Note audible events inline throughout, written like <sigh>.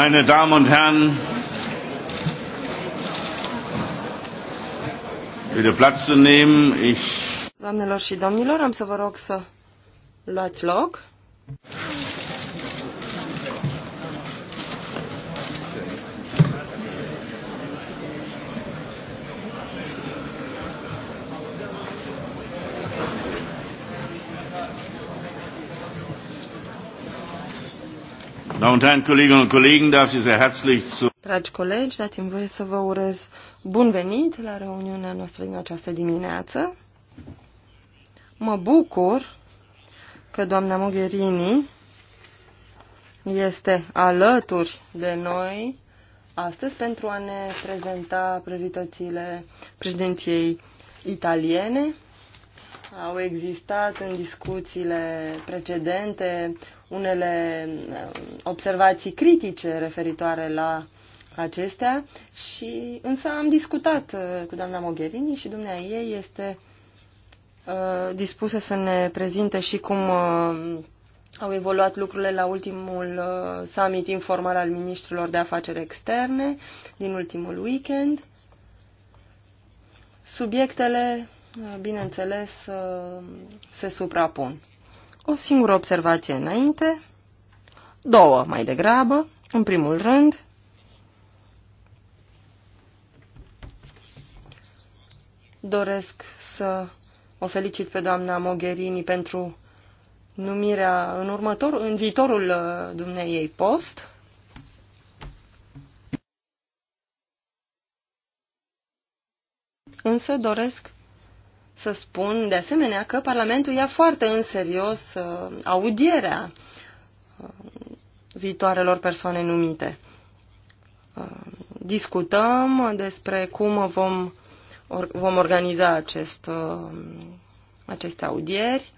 Meine Damen und Herren, bitte Platz zu nehmen. Ich Doamnelor și domnilor, am să vă rog să luați loc. Dragi colegi, dați-mi voie să vă urez bun venit la reuniunea noastră din această dimineață. Mă bucur că doamna Mogherini este alături de noi astăzi pentru a ne prezenta prioritățile președinției italiene au existat în discuțiile precedente unele um, observații critice referitoare la acestea și însă am discutat uh, cu doamna Mogherini și dumnea ei este uh, dispusă să ne prezinte și cum uh, au evoluat lucrurile la ultimul summit informal al ministrilor de afaceri externe din ultimul weekend. Subiectele bineînțeles, uh, se suprapun. O singură observație înainte, două mai degrabă, în primul rând, doresc să o felicit pe doamna Mogherini pentru numirea în, următor, în viitorul uh, dumneiei post. Însă doresc să spun de asemenea că Parlamentul ia foarte în serios uh, audierea uh, viitoarelor persoane numite. Uh, discutăm despre cum vom, vom organiza acest, aceste audieri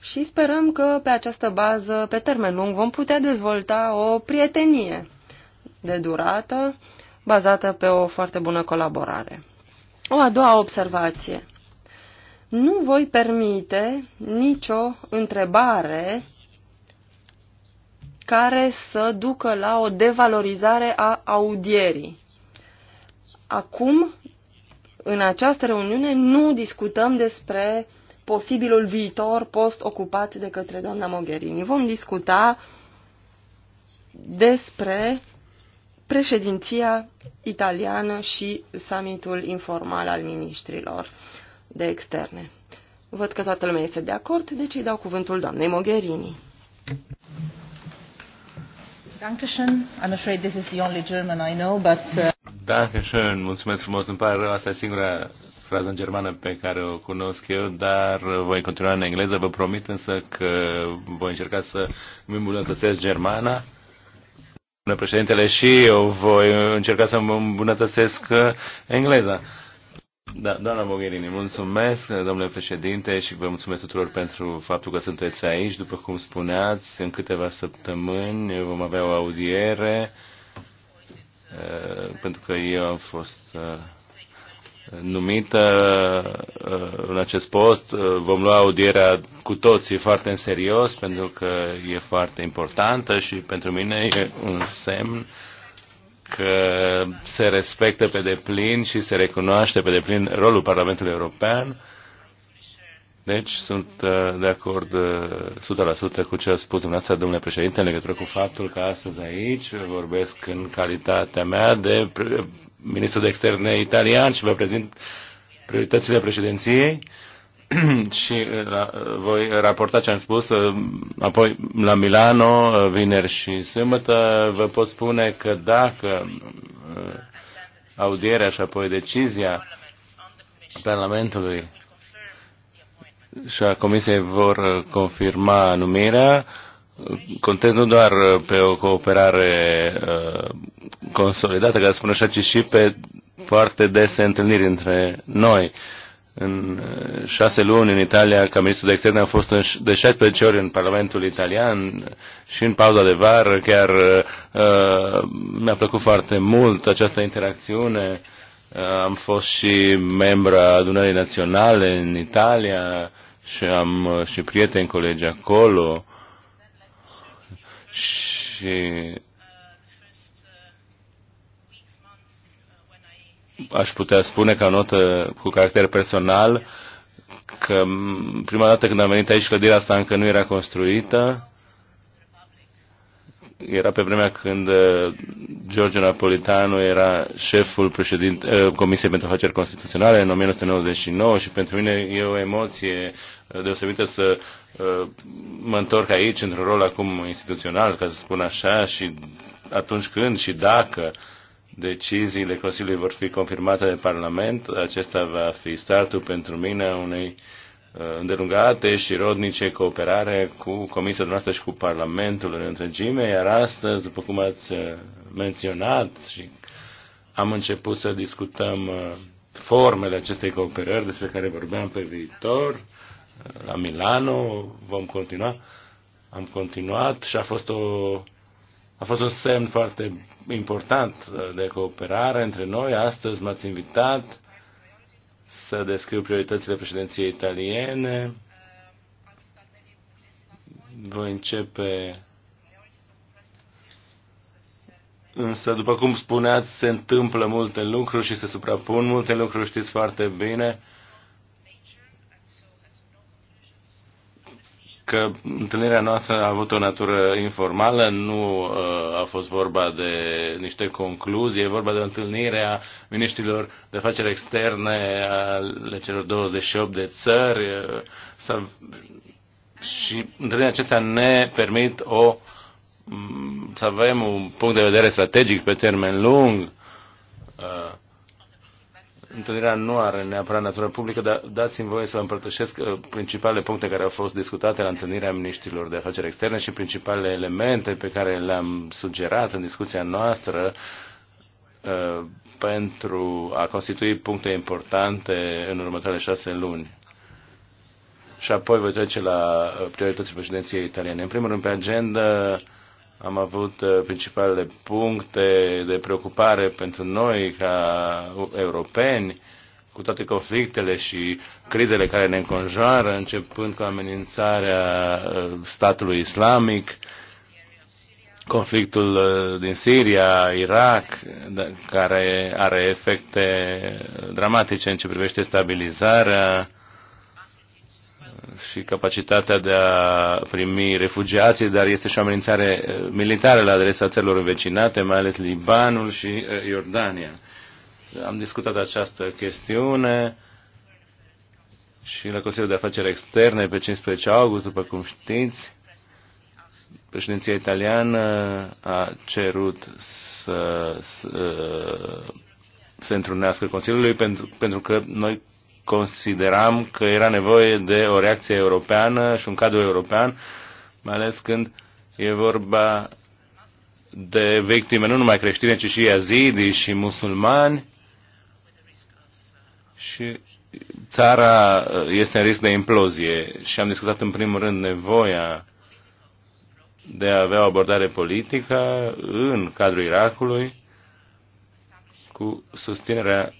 și sperăm că pe această bază, pe termen lung, vom putea dezvolta o prietenie de durată bazată pe o foarte bună colaborare. O a doua observație. Nu voi permite nicio întrebare care să ducă la o devalorizare a audierii. Acum, în această reuniune, nu discutăm despre posibilul viitor post ocupat de către doamna Mogherini. Vom discuta despre președinția italiană și summitul informal al ministrilor de externe. Văd că toată lumea este de acord, deci îi dau cuvântul doamnei Mogherini. Dankeschön. I'm afraid this is the only German I know, but... Uh... Dankeschön. Mulțumesc frumos. Îmi pare rău, asta e singura frază în germană pe care o cunosc eu, dar voi continua în engleză. Vă promit însă că voi încerca să îmi îmbunătățesc germana Domnule președintele, și eu voi încerca să mă îmbunătățesc uh, engleza. Da, doamna Mogherini, mulțumesc, domnule președinte, și vă mulțumesc tuturor pentru faptul că sunteți aici. După cum spuneați, în câteva săptămâni vom avea o audiere, uh, pentru că eu am fost uh, numită uh, în acest post. Uh, vom lua audierea cu toții foarte în serios pentru că e foarte importantă și pentru mine e un semn că se respectă pe deplin și se recunoaște pe deplin rolul Parlamentului European. Deci sunt uh, de acord 100% cu ce a spus dumneavoastră, domnule președinte, în legătură cu faptul că astăzi aici vorbesc în calitatea mea de Ministru de externe italian și vă prezint prioritățile președinției <clears throat> și eh, la, eh, voi raporta ce am spus eh, apoi la Milano, vineri și sâmbătă. Vă pot spune că dacă audierea și apoi decizia Parlamentului și a Comisiei vor confirma numirea, contez nu doar uh, pe o cooperare uh, consolidată, ca să spun așa, ci și pe foarte dese întâlniri între noi. În uh, șase luni în Italia, ca ministru de externe, am fost de 16 ori în Parlamentul Italian și în pauza de vară. Chiar uh, mi-a plăcut foarte mult această interacțiune. Uh, am fost și a adunării naționale în Italia și am uh, și prieteni colegi acolo. Uh, și aș putea spune ca notă cu caracter personal că prima dată când am venit aici clădirea asta încă nu era construită. Era pe vremea când uh, George Napolitano era șeful președinte, uh, Comisiei pentru Afaceri Constituționale în 1999 și pentru mine e o emoție uh, deosebită să Uh, mă întorc aici într-un rol acum instituțional, ca să spun așa, și atunci când și dacă deciziile Consiliului vor fi confirmate de Parlament, acesta va fi startul pentru mine unei uh, îndelungate și rodnice cooperare cu Comisia noastră și cu Parlamentul în întregime, iar astăzi, după cum ați uh, menționat, și am început să discutăm formele acestei cooperări despre care vorbeam pe viitor la Milano, vom continua. Am continuat și a fost, o, a fost un semn foarte important de cooperare între noi. Astăzi m-ați invitat să descriu prioritățile președinției italiene. Voi începe Însă, după cum spuneați, se întâmplă multe lucruri și se suprapun multe lucruri, știți foarte bine. că întâlnirea noastră a avut o natură informală, nu uh, a fost vorba de niște concluzii, e vorba de o întâlnire a miniștrilor de afaceri externe ale celor 28 de țări uh, și întâlnirea acestea ne permit o, să avem un punct de vedere strategic pe termen lung, uh, întâlnirea nu are neapărat natură publică, dar dați-mi voie să împărtășesc uh, principalele puncte care au fost discutate la întâlnirea miniștrilor de afaceri externe și principalele elemente pe care le-am sugerat în discuția noastră uh, pentru a constitui puncte importante în următoarele șase luni. Și apoi voi trece la uh, prioritățile președinției italiene. În primul rând, pe agenda am avut uh, principalele puncte de preocupare pentru noi ca europeni, cu toate conflictele și crizele care ne înconjoară, începând cu amenințarea uh, statului islamic, conflictul uh, din Siria, Irak, da, care are efecte dramatice în ce privește stabilizarea și capacitatea de a primi refugiații, dar este și o amenințare eh, militară la adresa țărilor învecinate, mai ales Libanul și eh, Iordania. Am discutat această chestiune și la Consiliul de Afaceri Externe pe 15 august, după cum știți, președinția italiană a cerut să, să se întrunească Consiliului pentru, pentru că noi consideram că era nevoie de o reacție europeană și un cadru european, mai ales când e vorba de victime nu numai creștine, ci și yazidi și musulmani. Și țara uh, este în risc de implozie și am discutat în primul rând nevoia de a avea o abordare politică în cadrul Irakului cu susținerea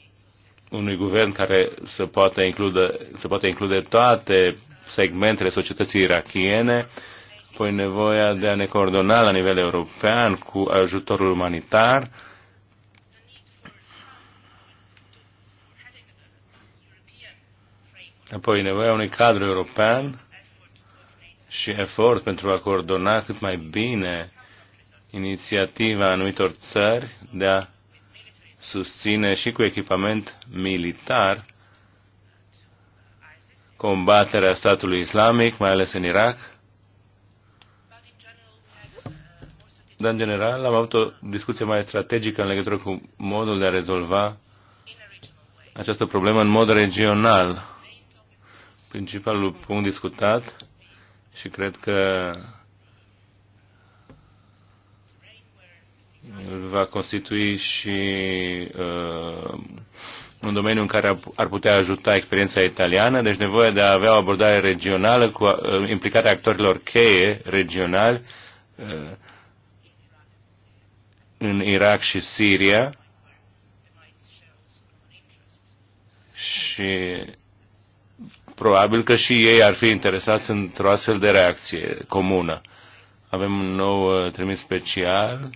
unui guvern care să poată include, să poată include toate segmentele societății irachiene, apoi nevoia de a ne coordona la nivel european cu ajutorul umanitar, apoi nevoia unui cadru european și efort pentru a coordona cât mai bine inițiativa anumitor țări de a susține și cu echipament militar combaterea statului islamic, mai ales în Irak. Dar, în general, am avut o discuție mai strategică în legătură cu modul de a rezolva această problemă în mod regional. Principalul punct discutat și cred că va constitui și uh, un domeniu în care ar putea ajuta experiența italiană, deci nevoie de a avea o abordare regională cu uh, implicarea actorilor cheie regionali uh, în Irak și Siria și probabil că și ei ar fi interesați într-o astfel de reacție comună. Avem un nou uh, trimis special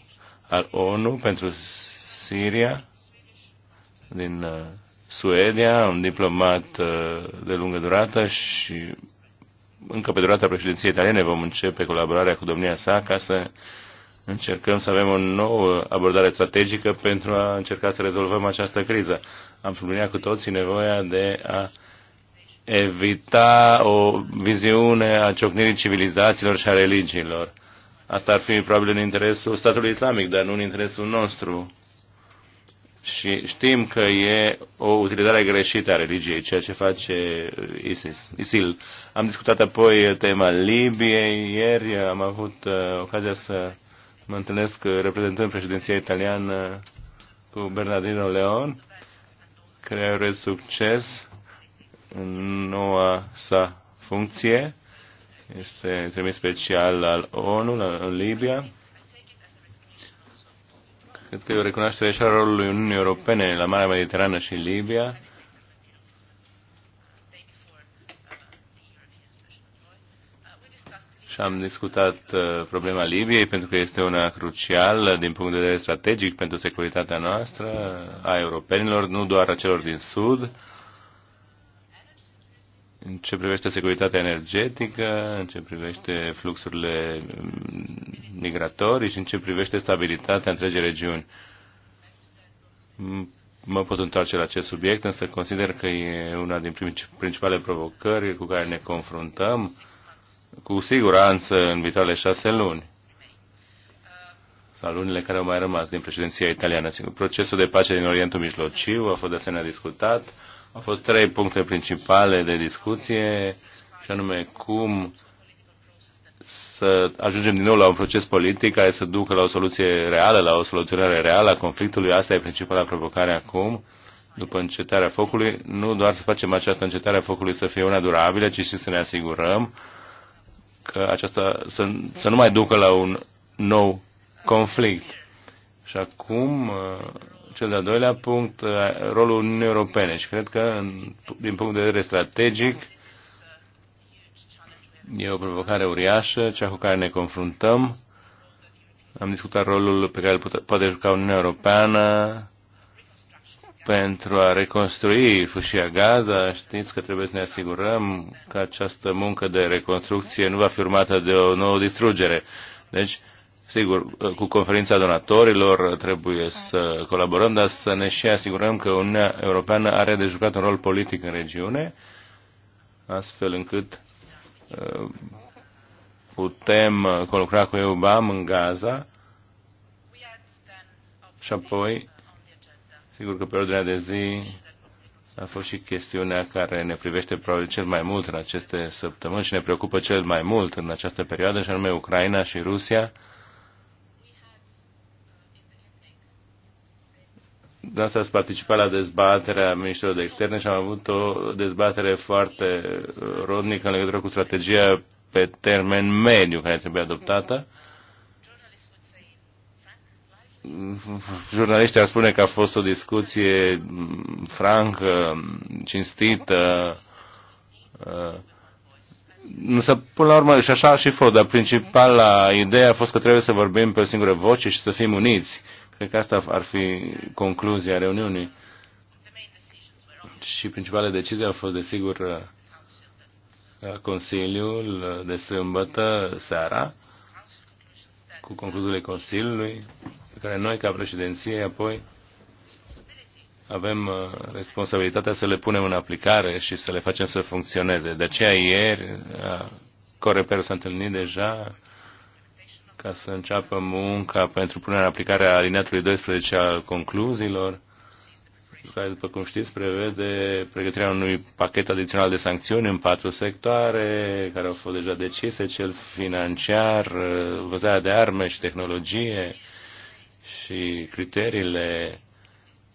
al ONU pentru Siria din uh, Suedia, un diplomat uh, de lungă durată și încă pe durata președinției italiene vom începe colaborarea cu domnia sa ca să încercăm să avem o nouă abordare strategică pentru a încerca să rezolvăm această criză. Am subliniat cu toții nevoia de a evita o viziune a ciocnirii civilizațiilor și a religiilor. Asta ar fi probabil în interesul statului islamic, dar nu în interesul nostru. Și știm că e o utilizare greșită a religiei, ceea ce face ISIS, ISIL. Am discutat apoi tema Libiei. Ieri am avut uh, ocazia să mă întâlnesc reprezentând președinția italiană cu Bernardino Leon, care a succes în noua sa funcție este trimis special al ONU la, în Libia. Cred că e o recunoaștere și a rolului Uniunii Europene la Marea Mediterană și Libia. și am discutat uh, problema Libiei pentru că este una crucială din punct de vedere strategic pentru securitatea noastră, a europenilor, nu doar a celor din Sud în ce privește securitatea energetică, în ce privește fluxurile mm, migratorii și în ce privește stabilitatea întregii regiuni. Mă pot întoarce la acest subiect, însă consider că e una din principalele provocări cu care ne confruntăm cu siguranță în viitoarele șase luni sau lunile care au mai rămas din președinția italiană. Procesul de pace din Orientul Mijlociu a fost de asemenea discutat au fost trei puncte principale de discuție, și anume cum să ajungem din nou la un proces politic care să ducă la o soluție reală, la o soluționare reală a conflictului. Asta e principala provocare acum, după încetarea focului. Nu doar să facem această încetare a focului să fie una durabilă, ci și să ne asigurăm că aceasta să, să nu mai ducă la un nou conflict. Și acum cel de-al doilea punct, uh, rolul Uniunii Europene. Și cred că, din punct de vedere strategic, e o provocare uriașă, cea cu care ne confruntăm. Am discutat rolul pe care îl poate juca Uniunea Europeană pentru a reconstrui fâșia Gaza. Știți că trebuie să ne asigurăm că această muncă de reconstrucție nu va fi urmată de o nouă distrugere. Deci, Sigur, cu conferința donatorilor trebuie să colaborăm, dar să ne și asigurăm că Uniunea Europeană are de jucat un rol politic în regiune, astfel încât uh, putem uh, colucra cu EUBAM în Gaza și apoi, sigur că pe ordinea de zi a fost și chestiunea care ne privește probabil cel mai mult în aceste săptămâni și ne preocupă cel mai mult în această perioadă, și anume Ucraina și Rusia dumneavoastră ați participat la dezbaterea Ministrilor de Externe și am avut o dezbatere foarte uh, rodnică în legătură cu strategia pe termen mediu care trebuie adoptată. Jurnaliștii ar spune că a fost o discuție mm, francă, mm, cinstită, uh, Însă, până la urmă, și așa a și fost, dar principala idee a fost că trebuie să vorbim pe o singură voce și să fim uniți. Cred că asta ar fi concluzia reuniunii. Și principalele decizii au fost, desigur, Consiliul de sâmbătă seara, cu concluziile Consiliului, pe care noi, ca președinție, apoi avem uh, responsabilitatea să le punem în aplicare și să le facem să funcționeze. De aceea ieri uh, Coreper s-a întâlnit deja ca să înceapă munca pentru punerea în aplicare a alineatului 12 al concluziilor, care, după cum știți, prevede pregătirea unui pachet adițional de sancțiuni în patru sectoare, care au fost deja decise, cel financiar, vânzarea de arme și tehnologie și criteriile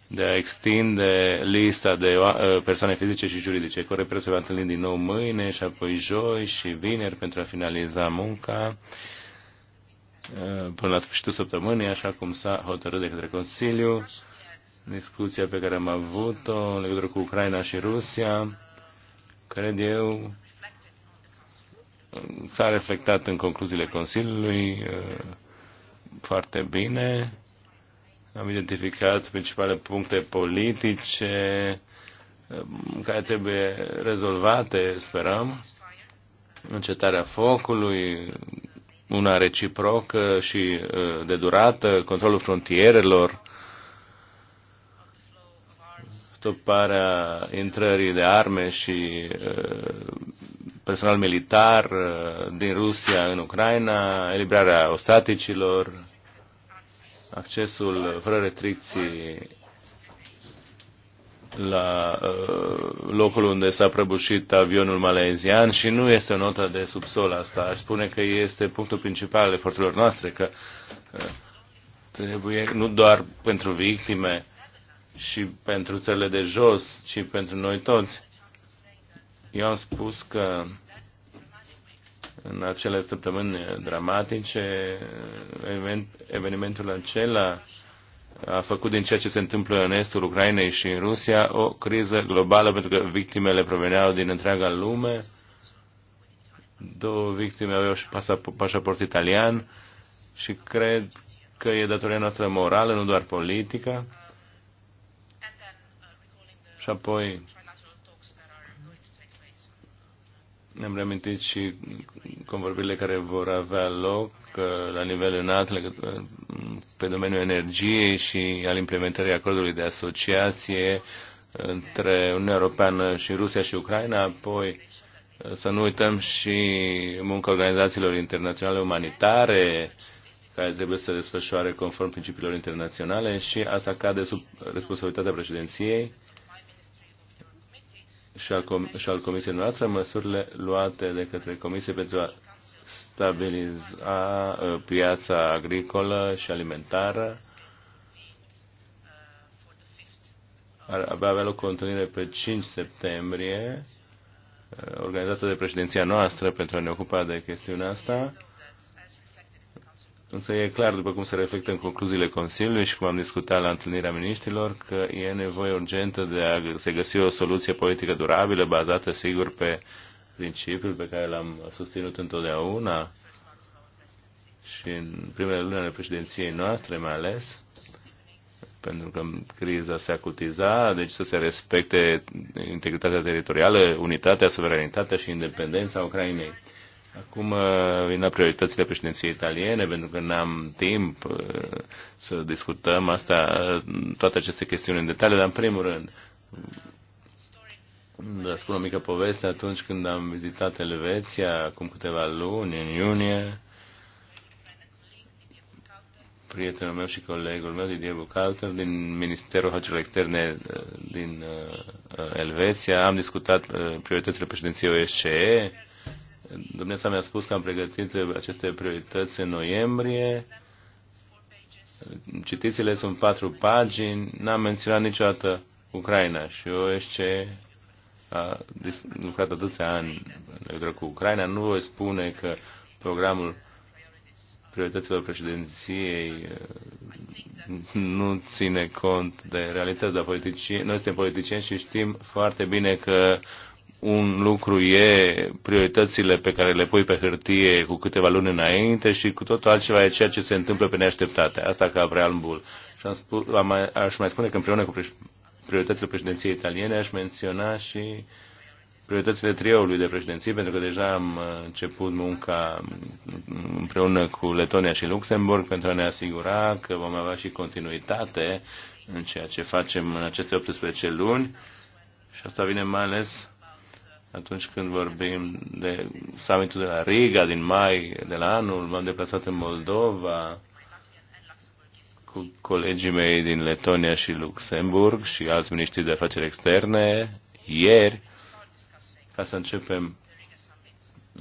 de a extinde lista de uh, persoane fizice și juridice. Coreper se va întâlni din nou mâine și apoi joi și vineri pentru a finaliza munca Uh, până la sfârșitul săptămânii, așa cum s-a hotărât de către Consiliu, discuția pe care am avut-o în legătură cu Ucraina și Rusia, cred eu, s-a reflectat în concluziile Consiliului uh, foarte bine. Am identificat principale puncte politice uh, care trebuie rezolvate, sperăm, încetarea focului, una reciprocă și uh, de durată, controlul frontierelor, stoparea intrării de arme și uh, personal militar uh, din Rusia în Ucraina, eliberarea ostaticilor, accesul fără restricții la uh, locul unde s-a prăbușit avionul malezian și nu este o notă de subsol asta. Aș spune că este punctul principal al eforturilor noastre, că uh, trebuie nu doar pentru victime și pentru țările de jos, ci pentru noi toți. Eu am spus că în acele săptămâni dramatice, uh, evenimentul acela a făcut din ceea ce se întâmplă în estul Ucrainei și în Rusia o criză globală, pentru că victimele proveneau din întreaga lume. Două victime aveau și pașaport italian și cred că e datoria noastră morală, nu doar politică. Și apoi Ne-am reamintit și convorbirile care vor avea loc la nivel înalt pe domeniul energiei și al implementării acordului de asociație între Uniunea Europeană și Rusia și Ucraina, apoi uh, să nu uităm și munca organizațiilor internaționale umanitare, care trebuie să desfășoare conform principiilor internaționale și asta cade sub responsabilitatea președinției și al, com- și al Comisiei noastre măsurile luate de către Comisie pentru a stabiliza uh, piața agricolă și alimentară. Ar avea loc o întâlnire pe 5 septembrie, uh, organizată de președinția noastră pentru a ne ocupa de chestiunea asta. Însă e clar, după cum se reflectă în concluziile Consiliului și cum am discutat la întâlnirea miniștilor, că e nevoie urgentă de a se găsi o soluție politică durabilă, bazată, sigur, pe principiul pe care l-am susținut întotdeauna și în primele luni ale președinției noastre mai ales, pentru că criza se acutiza, deci să se respecte integritatea teritorială, unitatea, suveranitatea și independența Ucrainei. Acum uh, vin la prioritățile președinției italiene, pentru că n-am timp uh, să discutăm asta, uh, toate aceste chestiuni în detaliu, dar în primul rând, da, spun o mică poveste, atunci când am vizitat Elveția, acum câteva luni, în iunie, prietenul meu și colegul meu, Didier Bucalter, din Ministerul Afacerilor Externe din Elveția, am discutat prioritățile președinției OSCE, Dumneata mi-a spus că am pregătit aceste priorități în noiembrie. Citițiile sunt patru pagini. N-am menționat niciodată Ucraina și OSCE a lucrat atâția ani în legătură cu Ucraina. Nu voi spune că programul priorităților președinției uh, nu ține cont de realități, dar politici, noi suntem politicieni și știm foarte bine că un lucru e prioritățile pe care le pui pe hârtie cu câteva luni înainte și cu totul altceva e ceea ce se întâmplă pe neașteptate. Asta ca preambul. Și am spus, am, aș mai spune că împreună cu prioritățile președinției italiene aș menționa și prioritățile trioului de președinție, pentru că deja am început munca împreună cu Letonia și Luxemburg pentru a ne asigura că vom avea și continuitate în ceea ce facem în aceste 18 luni. Și asta vine mai ales atunci când vorbim de summitul de la Riga din mai de la anul, m-am deplasat în Moldova cu colegii mei din Letonia și Luxemburg și alți miniștri de afaceri externe ieri ca să începem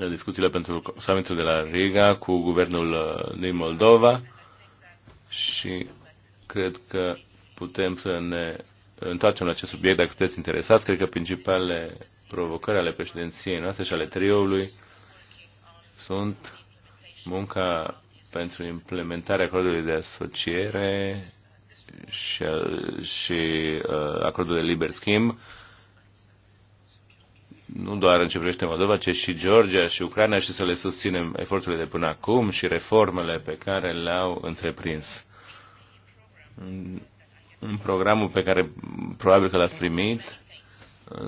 discuțiile pentru summitul de la Riga cu guvernul uh, din Moldova și cred că putem să ne întoarcem la acest subiect dacă sunteți interesați. Cred că principalele provocări ale președinției noastre și ale trioului sunt munca pentru implementarea acordului de asociere și, și uh, acordul de liber schimb, nu doar în ce privește Moldova, ci și Georgia și Ucraina și să le susținem eforturile de până acum și reformele pe care le-au întreprins. În programul pe care probabil că l-ați primit,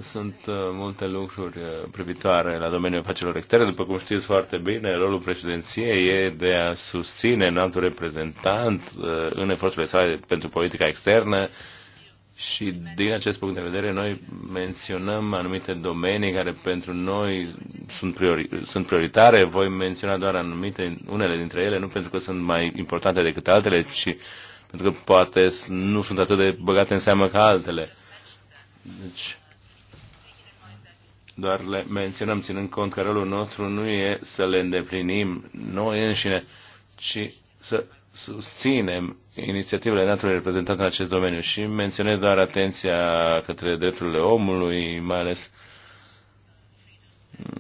sunt uh, multe lucruri uh, privitoare la domeniul afacerilor externe. După cum știți foarte bine, rolul președinției e de a susține înaltul reprezentant uh, în eforturile sale pentru politica externă și din acest punct de vedere noi menționăm anumite domenii care pentru noi sunt, priori, sunt prioritare. Voi menționa doar anumite, unele dintre ele, nu pentru că sunt mai importante decât altele, ci pentru că poate nu sunt atât de băgate în seamă ca altele. Deci, doar le menționăm ținând cont că rolul nostru nu e să le îndeplinim noi înșine, ci să susținem inițiativele naturii reprezentate în acest domeniu și menționez doar atenția către drepturile omului, mai ales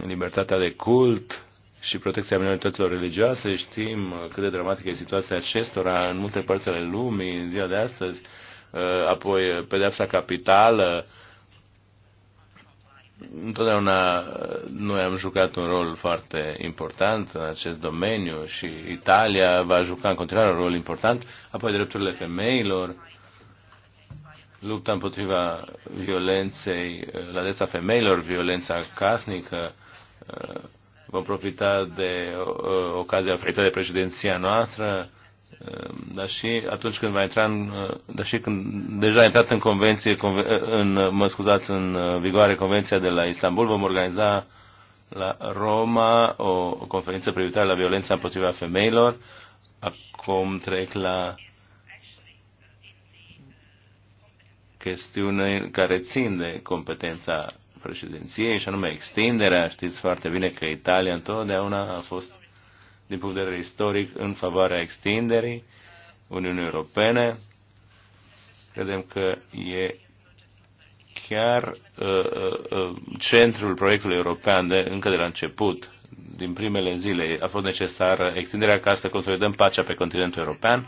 libertatea de cult și protecția minorităților religioase. Știm cât de dramatică e situația acestora în multe părți ale lumii în ziua de astăzi, apoi pedeapsa capitală, întotdeauna uh, noi am jucat un rol foarte important în acest domeniu și Italia va juca în continuare un rol important, apoi drepturile femeilor, lupta împotriva violenței, uh, la adresa femeilor, violența casnică, uh, vom profita de ocazia oferită de președinția noastră Ehm, dar și atunci când va intra în, eh, dar și când deja a intrat în convenție, eh, în, eh, mă scuzați, în vigoare convenția de la Istanbul, vom organiza la Roma o conferință privitoare la violența împotriva femeilor. Acum trec la chestiune care țin de competența președinției și anume extinderea. Știți foarte bine că Italia întotdeauna a fost din punct de vedere istoric în favoarea extinderii Uniunii Europene. Credem că e chiar uh, uh, uh, centrul proiectului european de, încă de la început, din primele zile, a fost necesară extinderea ca să consolidăm pacea pe continentul european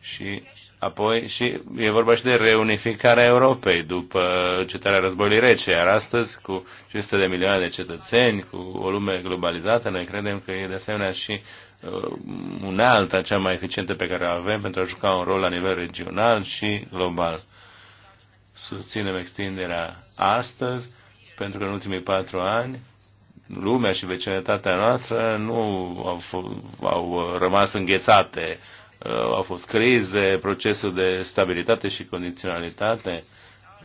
și Apoi și e vorba și de reunificarea Europei după cetarea războiului rece, iar astăzi cu 500 de milioane de cetățeni, cu o lume globalizată, noi credem că e de asemenea și uh, alta cea mai eficientă pe care o avem pentru a juca un rol la nivel regional și global. Susținem extinderea astăzi, pentru că în ultimii patru ani lumea și vecinătatea noastră nu au, au uh, rămas înghețate Uh, au fost crize, procesul de stabilitate și condiționalitate,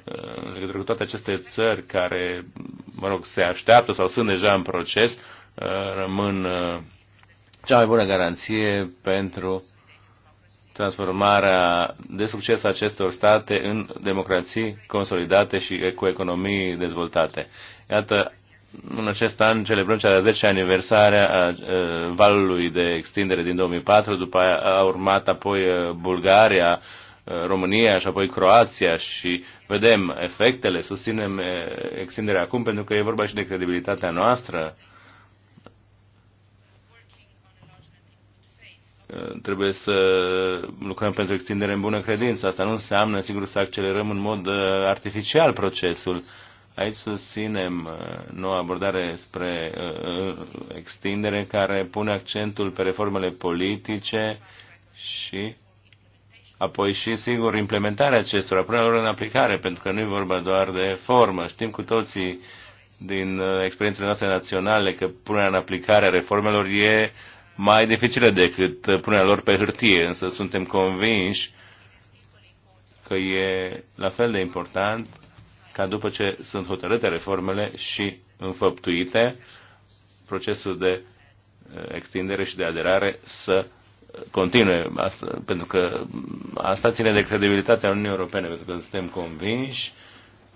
uh, în legătură cu toate aceste țări care, mă rog, se așteaptă sau sunt deja în proces, uh, rămân cea mai bună garanție pentru transformarea de succes a acestor state în democrații consolidate și cu economii dezvoltate. Iată, în acest an celebrăm cea de-a 10 aniversare a valului de extindere din 2004, după aia a urmat apoi Bulgaria, România și apoi Croația și vedem efectele, susținem extinderea acum pentru că e vorba și de credibilitatea noastră. Trebuie să lucrăm pentru extindere în bună credință. Asta nu înseamnă, sigur, să accelerăm în mod artificial procesul Aici susținem uh, noua abordare spre uh, uh, extindere care pune accentul pe reformele politice și apoi și, sigur, implementarea acestora, punerea lor în aplicare, pentru că nu e vorba doar de formă. Știm cu toții din experiențele noastre naționale că punerea în aplicare a reformelor e mai dificilă decât punerea lor pe hârtie, însă suntem convinși că e la fel de important ca după ce sunt hotărâte reformele și înfăptuite, procesul de uh, extindere și de aderare să uh, continue, asta, pentru că asta ține de credibilitatea Uniunii Europene, pentru că suntem convinși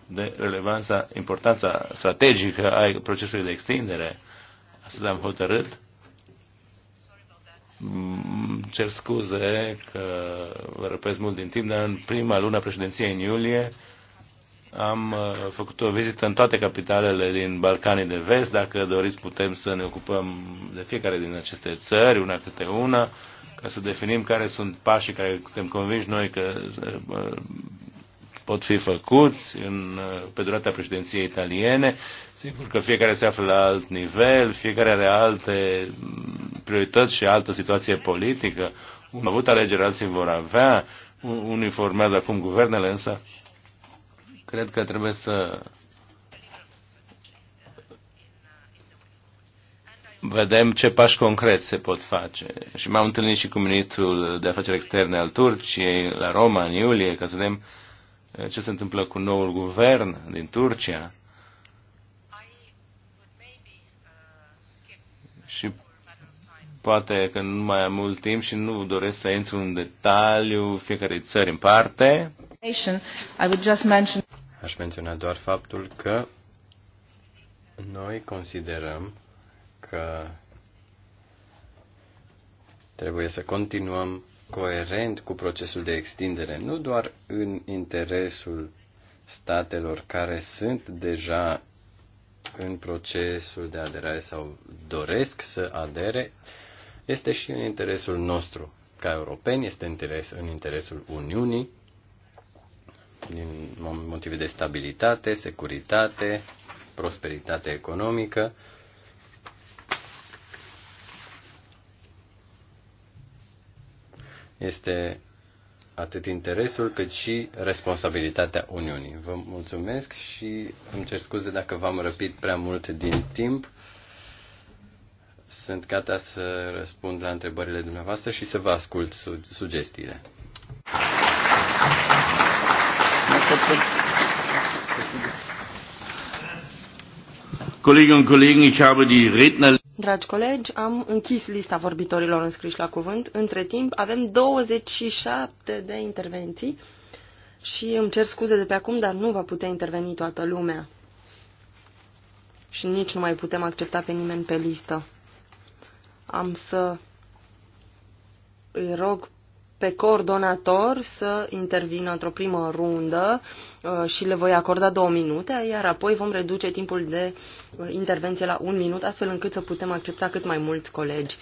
de relevanța, importanța strategică a procesului de extindere. Asta am hotărât. Cer scuze că vă răpesc mult din timp, dar în prima lună președinției în iulie am uh, făcut o vizită în toate capitalele din Balcanii de Vest. Dacă doriți, putem să ne ocupăm de fiecare din aceste țări, una câte una, ca să definim care sunt pașii care putem convinși noi că uh, pot fi făcuți în, uh, pe durata președinției italiene. Sigur că fiecare se află la alt nivel, fiecare are alte mm, priorități și altă situație politică. Unii avut alegeri, alții vor avea, unii formează acum guvernele, însă cred că trebuie să vedem ce pași concreți se pot face. Și m-am întâlnit și cu ministrul de afaceri externe al Turciei la Roma în iulie, ca să vedem eh, ce se întâmplă cu noul guvern din Turcia. Și poate că nu mai am mult timp și nu doresc să intru în detaliu fiecare țări în parte. I would just mention... Aș menționa doar faptul că noi considerăm că trebuie să continuăm coerent cu procesul de extindere, nu doar în interesul statelor care sunt deja în procesul de aderare sau doresc să adere, este și în interesul nostru ca europeni, este interes, în interesul Uniunii din motive de stabilitate, securitate, prosperitate economică. Este atât interesul cât și responsabilitatea Uniunii. Vă mulțumesc și îmi cer scuze dacă v-am răpit prea mult din timp. Sunt gata să răspund la întrebările dumneavoastră și să vă ascult su- sugestiile. Dragi colegi, am închis lista vorbitorilor înscriși la cuvânt. Între timp avem 27 de intervenții și îmi cer scuze de pe acum, dar nu va putea interveni toată lumea. Și nici nu mai putem accepta pe nimeni pe listă. Am să îi rog pe coordonator să intervină într-o primă rundă uh, și le voi acorda două minute, iar apoi vom reduce timpul de uh, intervenție la un minut, astfel încât să putem accepta cât mai mulți colegi.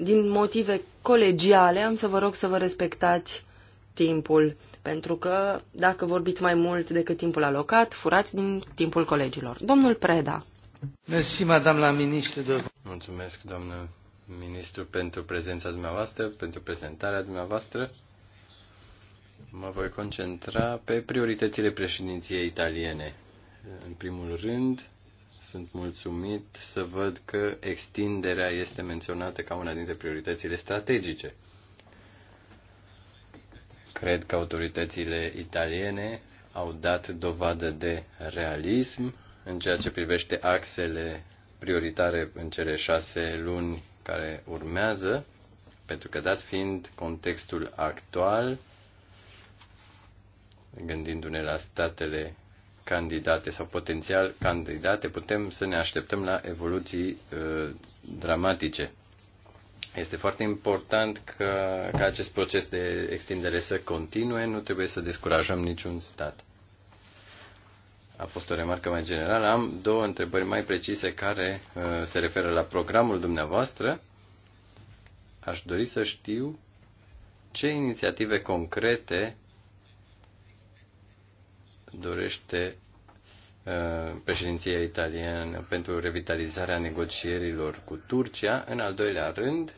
Din motive colegiale am să vă rog să vă respectați timpul, pentru că dacă vorbiți mai mult decât timpul alocat, furați din timpul colegilor. Domnul Preda. Mersi, madame la ministre. Mulțumesc, doamnă ministru, pentru prezența dumneavoastră, pentru prezentarea dumneavoastră. Mă voi concentra pe prioritățile președinției italiene. În primul rând, sunt mulțumit să văd că extinderea este menționată ca una dintre prioritățile strategice. Cred că autoritățile italiene au dat dovadă de realism în ceea ce privește axele prioritare în cele șase luni care urmează, pentru că dat fiind contextul actual, gândindu-ne la statele candidate sau potențial candidate, putem să ne așteptăm la evoluții uh, dramatice. Este foarte important că, că acest proces de extindere să continue, nu trebuie să descurajăm niciun stat a fost o remarcă mai generală. Am două întrebări mai precise care uh, se referă la programul dumneavoastră. Aș dori să știu ce inițiative concrete dorește uh, președinția italiană pentru revitalizarea negocierilor cu Turcia. În al doilea rând,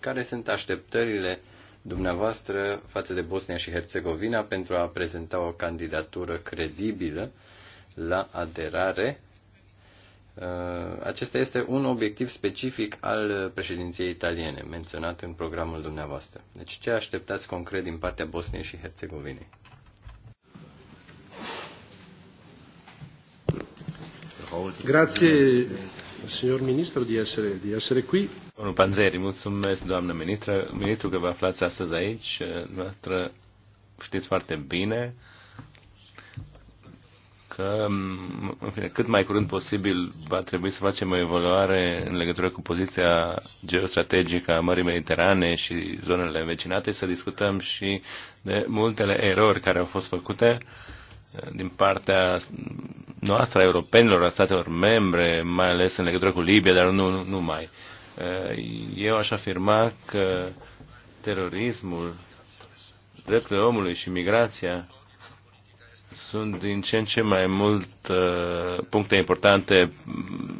care sunt așteptările dumneavoastră față de Bosnia și Herțegovina pentru a prezenta o candidatură credibilă la aderare. Uh, acesta este un obiectiv specific al președinției italiene, menționat în programul dumneavoastră. Deci ce așteptați concret din partea Bosniei și Herțegovinei? Grazie, signor Ministro, di essere, di essere qui. Domnul Panzeri, mulțumesc, doamnă ministră, ministru că vă aflați astăzi aici. Uh, Noastră știți foarte bine că mm, în fine, cât mai curând posibil va trebui să facem o evaluare în legătură cu poziția geostrategică a Mării Mediterane și zonele învecinate să discutăm și de multele erori care au fost făcute eh, din partea noastră, a europenilor, a statelor membre, mai ales în legătură cu Libia, dar nu, numai. nu mai. Eh, eu aș afirma că terorismul, drepturile omului și migrația sunt din ce în ce mai mult uh, puncte importante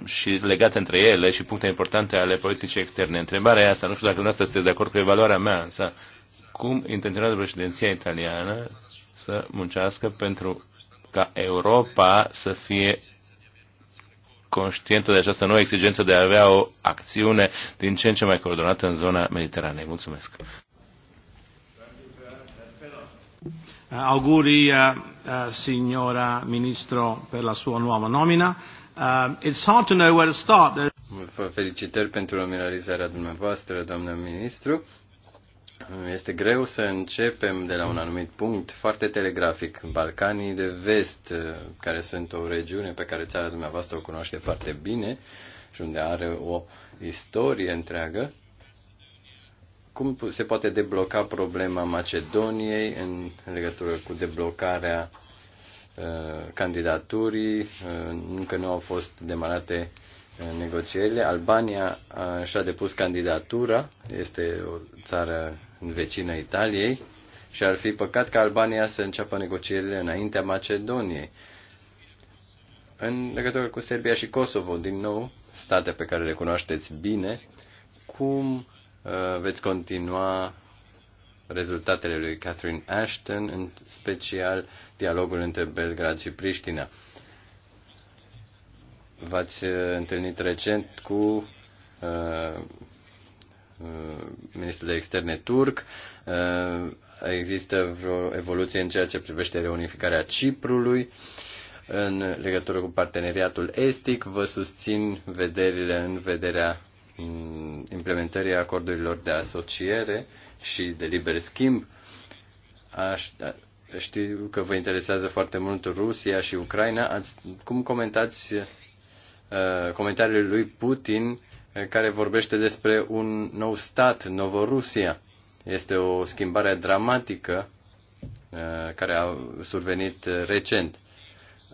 și legate între ele și puncte importante ale politicii externe. Întrebarea e asta, nu știu dacă dumneavoastră sunteți de acord cu evaluarea mea, însă cum intenționează președinția italiană să muncească pentru ca Europa să fie conștientă de această nouă exigență de a avea o acțiune din ce în ce mai coordonată în zona Mediteranei. Mulțumesc! Eh, auguri eh, eh, signora Ministro per la sua nuova nomina. Uh, it's hard to know where to start. There... felicitări pentru nominalizarea dumneavoastră, doamnă ministru. Este greu să începem de la un anumit punct foarte telegrafic. Balcanii de vest, care sunt o regiune pe care țara dumneavoastră o cunoaște foarte bine și unde are o istorie întreagă, cum se poate debloca problema Macedoniei în legătură cu deblocarea uh, candidaturii, uh, încă nu au fost demarate uh, negocierile. Albania și-a depus candidatura, este o țară vecină Italiei și ar fi păcat ca Albania să înceapă negocierile înaintea Macedoniei. În legătură cu Serbia și Kosovo, din nou, state pe care le cunoașteți bine, cum Uh, veți continua rezultatele lui Catherine Ashton, în special dialogul între Belgrad și Priștina. V-ați uh, întâlnit recent cu uh, uh, ministrul de externe turc. Uh, există vreo evoluție în ceea ce privește reunificarea Ciprului. În legătură cu parteneriatul estic, vă susțin vederile în vederea implementării acordurilor de asociere și de liber schimb. Aș, da, știu că vă interesează foarte mult Rusia și Ucraina. Ați, cum comentați uh, comentariile lui Putin uh, care vorbește despre un nou stat, Novorusia? Este o schimbare dramatică uh, care a survenit uh, recent.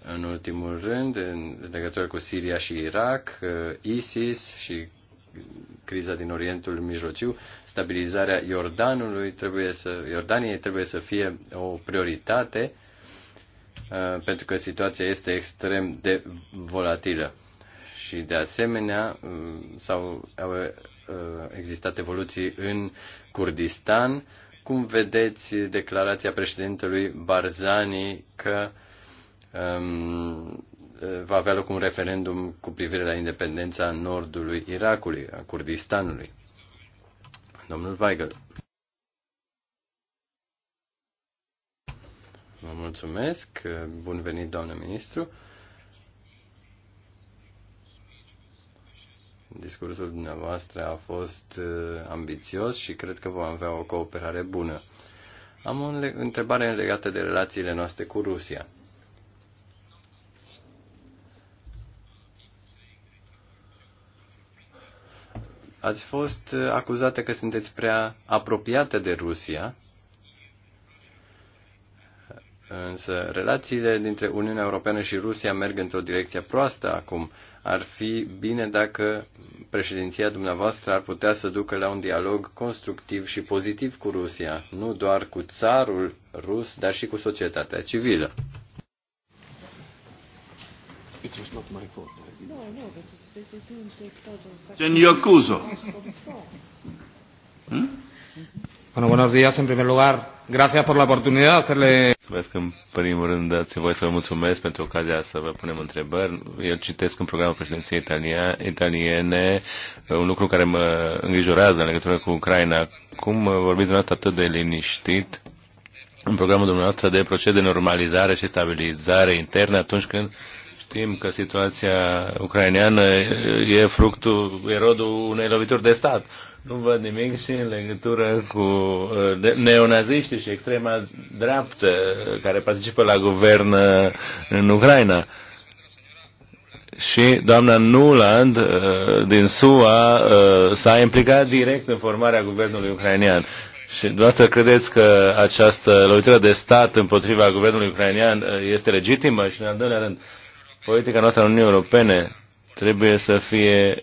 În ultimul rând, în legătură cu Siria și Irak, uh, ISIS și criza din Orientul Mijlociu, stabilizarea Iordanului trebuie să, Iordaniei trebuie să fie o prioritate uh, pentru că situația este extrem de volatilă. Și de asemenea uh, s-au au uh, existat evoluții în Kurdistan. Cum vedeți declarația președintelui Barzani că um, va avea loc un referendum cu privire la independența nordului Irakului, a Kurdistanului. Domnul Weigel. Vă mulțumesc. Bun venit, doamnă ministru. Discursul dumneavoastră a fost uh, ambițios și cred că vom avea o cooperare bună. Am o întrebare legată de relațiile noastre cu Rusia. Ați fost uh, acuzată că sunteți prea apropiată de Rusia, însă relațiile dintre Uniunea Europeană și Rusia merg într-o direcție proastă acum. Ar fi bine dacă președinția dumneavoastră ar putea să ducă la un dialog constructiv și pozitiv cu Rusia, nu doar cu țarul rus, dar și cu societatea civilă. It was not my fault. Eh? no, no, but it's, they, they take Then you accuse hmm? hmm? Bueno, buenos días. En primer lugar, gracias por la oportunidad de hacerle... Mulțumesc în primul rând, dați voi să vă mulțumesc pentru ocazia să vă punem întrebări. Eu citesc în programul președinției italia, italiene un lucru care mă îngrijorează în legătură cu Ucraina. Cum vorbiți dumneavoastră atât de liniștit în programul dumneavoastră de proces de normalizare și stabilizare internă atunci când uh, Știm că situația ucraineană e fructul, e rodul unei lovituri de stat. Nu văd nimic și în legătură cu uh, neonaziști și extrema dreaptă care participă la guvern uh, în Ucraina și doamna Nuland uh, din SUA s-a implicat direct în formarea guvernului ucrainean. Și dumneavoastră credeți că această lovitură de stat împotriva guvernului ucrainean este legitimă? Și în al doilea rând, politica noastră în Uniunea Europene trebuie să fie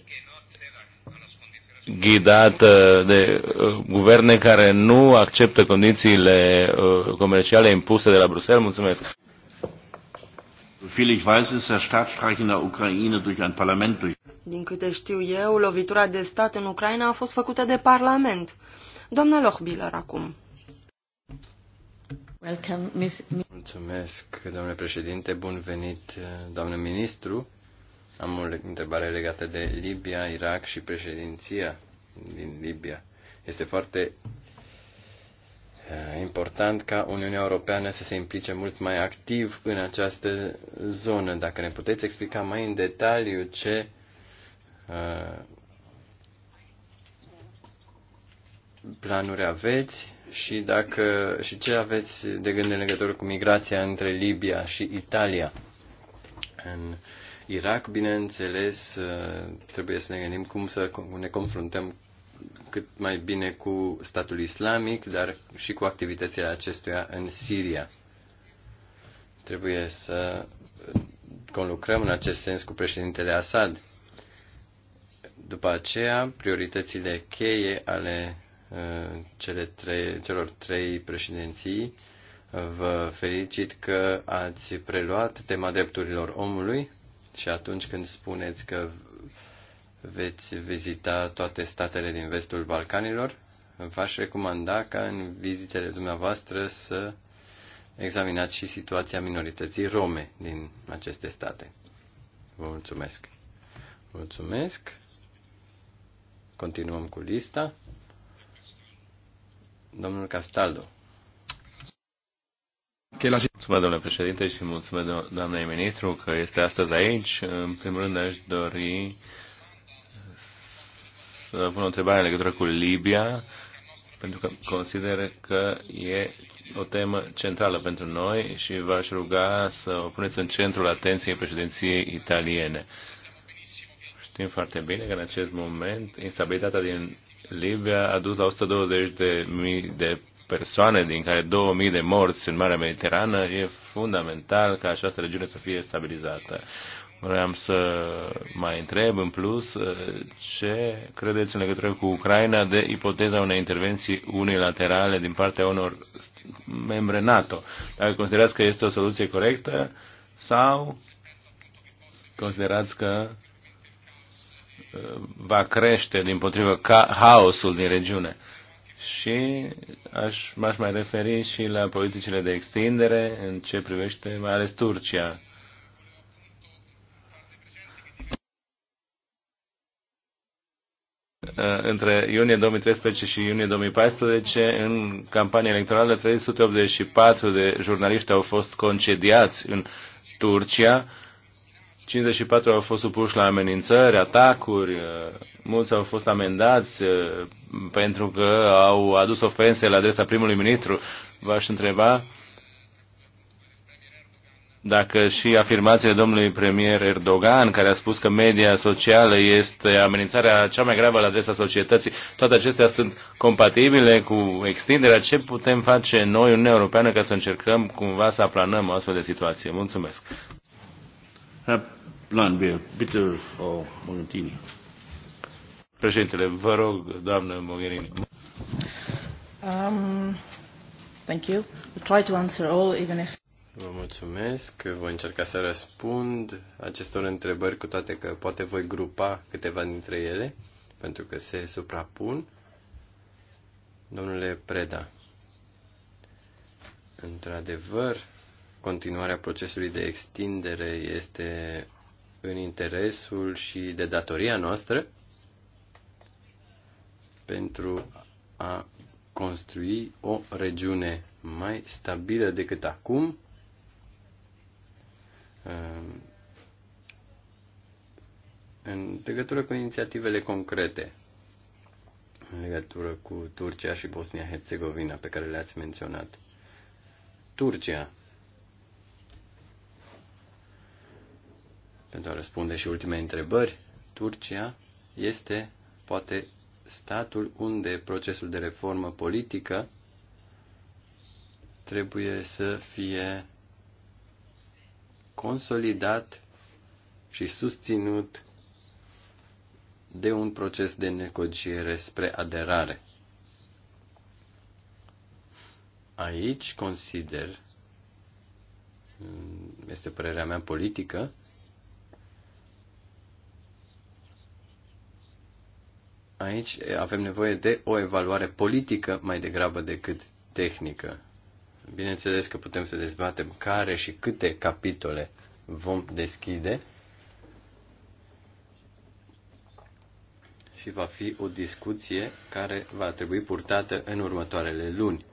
ghidată de uh, guverne care nu acceptă condițiile uh, comerciale impuse de la Bruxelles. Mulțumesc. Din câte știu eu, lovitura de stat în Ucraina a fost făcută de Parlament. Doamna Lochbiller acum. Mulțumesc, domnule președinte. Bun venit, doamnă ministru. Am o întrebare legată de Libia, Irak și președinția din Libia. Este foarte eh, important ca Uniunea Europeană să se implice mult mai activ în această zonă. Dacă ne puteți explica mai în detaliu ce eh, planuri aveți și, dacă, și ce aveți de gând în legătură cu migrația între Libia și Italia? În Irak, bineînțeles, uh, trebuie să ne gândim cum să ne confruntăm cât mai bine cu statul islamic, dar și cu activitățile acestuia în Siria. Trebuie să conlucrăm în acest sens cu președintele Assad. După aceea, prioritățile cheie ale cele trei, celor trei președinții. Vă felicit că ați preluat tema drepturilor omului și atunci când spuneți că veți vizita toate statele din vestul Balcanilor, v-aș recomanda ca în vizitele dumneavoastră să examinați și situația minorității rome din aceste state. Vă mulțumesc. Mulțumesc. Continuăm cu lista. Domnul Castaldo. Mulțumesc, domnule președinte, și mulțumesc, doamnei ministru, că este astăzi aici. În primul rând, aș dori să pun o întrebare în legătură cu Libia, pentru că consider că e o temă centrală pentru noi și v-aș ruga să o puneți în centrul atenției președinției italiene. Știm foarte bine că în acest moment instabilitatea din Libia a dus la 120.000 de, de persoane, din care 2.000 de morți în Marea Mediterană, e fundamental ca această regiune să fie stabilizată. Vreau să mai întreb în plus ce credeți în legătură cu Ucraina de ipoteza unei intervenții unilaterale din partea unor membre NATO. Dacă considerați că este o soluție corectă sau considerați că va crește, din potrivă, ca haosul din regiune. Și aș, m-aș mai referi și la politicile de extindere în ce privește mai ales Turcia. Între iunie 2013 și iunie 2014, în campania electorală, 384 de jurnaliști au fost concediați în Turcia 54 au fost supuși la amenințări, atacuri, uh, mulți au fost amendați uh, pentru că au adus ofense la adresa primului ministru. V-aș întreba dacă și afirmațiile domnului premier Erdogan, care a spus că media socială este amenințarea cea mai gravă la adresa societății, toate acestea sunt compatibile cu extinderea. Ce putem face noi, Uniunea Europeană, ca să încercăm cumva să aplanăm o astfel de situație? Mulțumesc! Herr Landwehr, bitte, Frau Morgentini. Președintele, vă rog, doamnă Mogherini. Um, thank you. I'll try to answer all, even if... Vă mulțumesc. Voi încerca să răspund acestor întrebări, cu toate că poate voi grupa câteva dintre ele, pentru că se suprapun. Domnule Preda, într-adevăr, continuarea procesului de extindere este în interesul și de datoria noastră pentru a construi o regiune mai stabilă decât acum, ehm, în legătură cu inițiativele concrete, în legătură cu Turcia și Bosnia-Herzegovina, pe care le-ați menționat. Turcia. pentru a răspunde și ultime întrebări, Turcia este poate statul unde procesul de reformă politică trebuie să fie consolidat și susținut de un proces de negociere spre aderare. Aici consider, este părerea mea politică, Aici avem nevoie de o evaluare politică mai degrabă decât tehnică. Bineînțeles că putem să dezbatem care și câte capitole vom deschide și va fi o discuție care va trebui purtată în următoarele luni.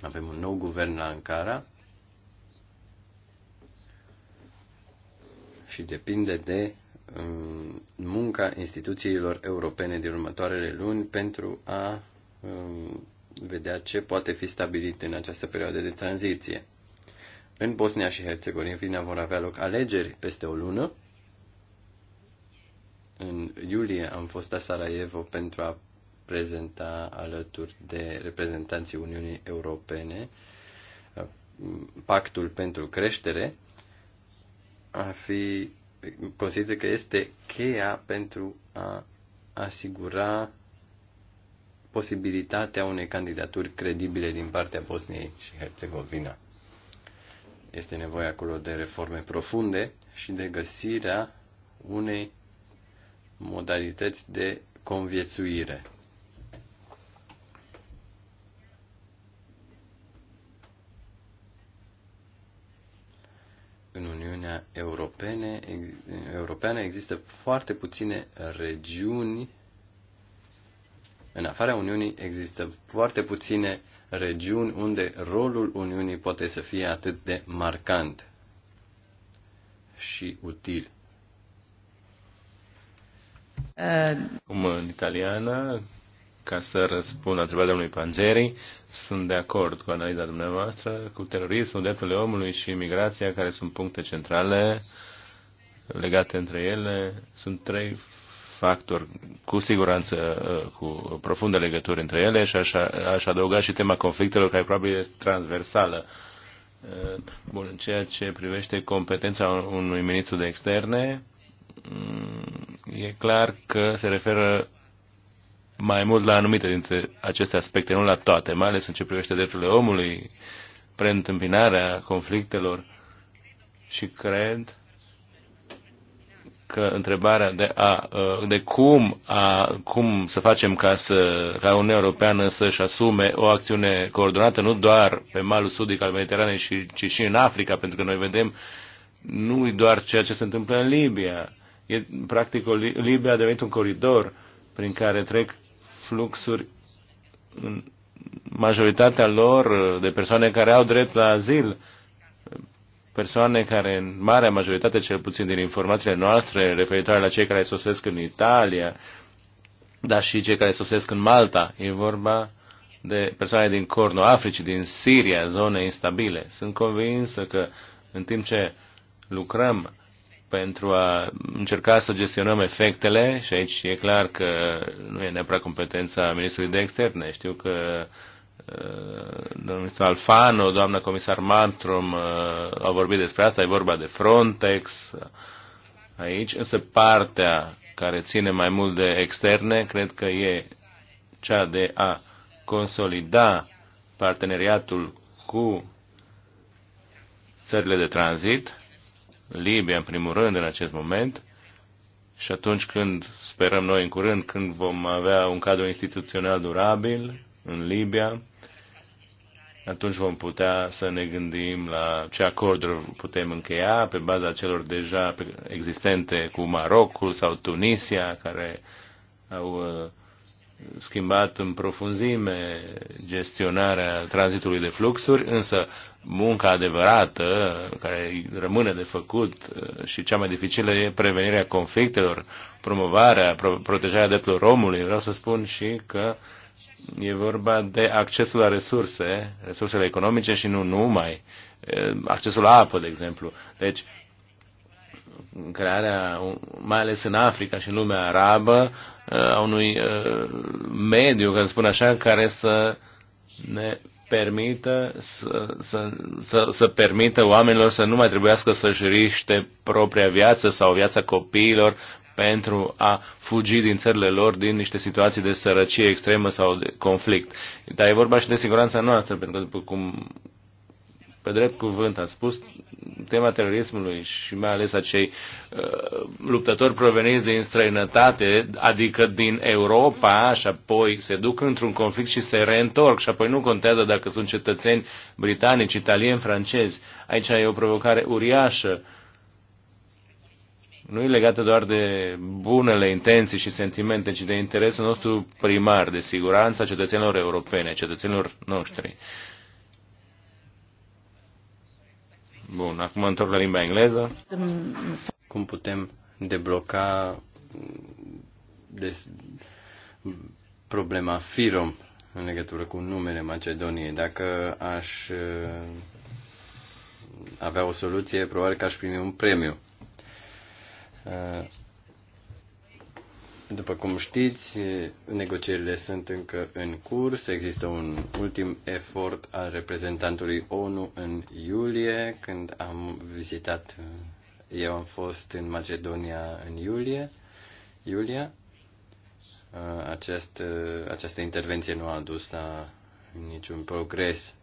Avem un nou guvern la Ankara și depinde de munca instituțiilor europene din următoarele luni pentru a um, vedea ce poate fi stabilit în această perioadă de tranziție. În Bosnia și Herțegovina vor avea loc alegeri peste o lună. În iulie am fost la Sarajevo pentru a prezenta alături de reprezentanții Uniunii Europene uh, pactul pentru creștere. A fi consider că este cheia pentru a asigura posibilitatea unei candidaturi credibile din partea Bosniei și Herțegovina. Este nevoie acolo de reforme profunde și de găsirea unei modalități de conviețuire. Uniunea Europene, Europeană există foarte puține regiuni, în afara Uniunii există foarte puține regiuni unde rolul Uniunii poate să fie atât de marcant și util. Uh. Cum în italiană, ca să răspund la întrebarea domnului Panzeri, sunt de acord cu analiza dumneavoastră, cu terorismul, drepturile omului și imigrația care sunt puncte centrale legate între ele. Sunt trei factori cu siguranță uh, cu profundă legătură între ele și aș, aș adăuga și tema conflictelor, care probabil e transversală. Uh, bun, în ceea ce privește competența unui ministru de externe, mm, e clar că se referă mai mult la anumite dintre aceste aspecte, nu la toate, mai ales în ce privește drepturile omului, preîntâmpinarea conflictelor și cred că întrebarea de, a, uh, de cum, a, cum să facem ca, să, ca Uniunea Europeană să-și asume o acțiune coordonată nu doar pe malul sudic al Mediteranei, ci, ci și în Africa, pentru că noi vedem nu doar ceea ce se întâmplă în Libia. E, practic, o, Libia a devenit un coridor prin care trec fluxuri în majoritatea lor de persoane care au drept la azil, persoane care, în marea majoritate, cel puțin din informațiile noastre, referitoare la cei care sosesc în Italia, dar și cei care sosesc în Malta, e vorba de persoane din Cornul Africii, din Siria, zone instabile. Sunt convinsă că în timp ce lucrăm pentru a încerca să gestionăm efectele și aici e clar că nu e neapărat competența ministrului de externe. Știu că uh, domnul ministru Alfano, doamna comisar Mantrom uh, au vorbit despre asta, e vorba de Frontex aici, însă partea care ține mai mult de externe, cred că e cea de a consolida parteneriatul cu țările de tranzit, Libia, în primul rând, în acest moment. Și atunci când, sperăm noi în curând, când vom avea un cadru instituțional durabil în Libia, atunci vom putea să ne gândim la ce acorduri putem încheia pe baza celor deja existente cu Marocul sau Tunisia, care au uh, schimbat în profunzime gestionarea tranzitului de fluxuri, însă munca adevărată care rămâne de făcut uh, și cea mai dificilă e prevenirea conflictelor, promovarea, pro- protejarea drepturilor omului. Vreau să spun și că e vorba de accesul la resurse, resursele economice și nu numai, uh, accesul la apă, de exemplu. Deci, crearea, mai ales în Africa și în lumea arabă, uh, a unui uh, mediu, ca să spun așa, care să ne permită să, să, să, să permită oamenilor să nu mai trebuiască să-și riște propria viață sau viața copiilor pentru a fugi din țările lor din niște situații de sărăcie extremă sau de conflict. Dar e vorba și de siguranța noastră, pentru că, după cum pe drept cuvânt ați spus tema terorismului și mai ales acei uh, luptători proveniți din străinătate, adică din Europa și apoi se duc într-un conflict și se reîntorc și apoi nu contează dacă sunt cetățeni britanici, italieni, francezi. Aici e o provocare uriașă. Nu e legată doar de bunele intenții și sentimente, ci de interesul nostru primar, de siguranța cetățenilor europene, cetățenilor noștri. Uh, Bun, acum întorc la limba engleză. Cum putem debloca des, problema FIROM în legătură cu numele Macedoniei? Dacă aș avea o soluție, probabil că aș primi un premiu. După cum știți, negocierile sunt încă în curs. Există un ultim efort al reprezentantului ONU în iulie, când am vizitat, uh, eu am fost în Macedonia în iulie, iulia. Uh, această, uh, această intervenție nu a dus la niciun progres.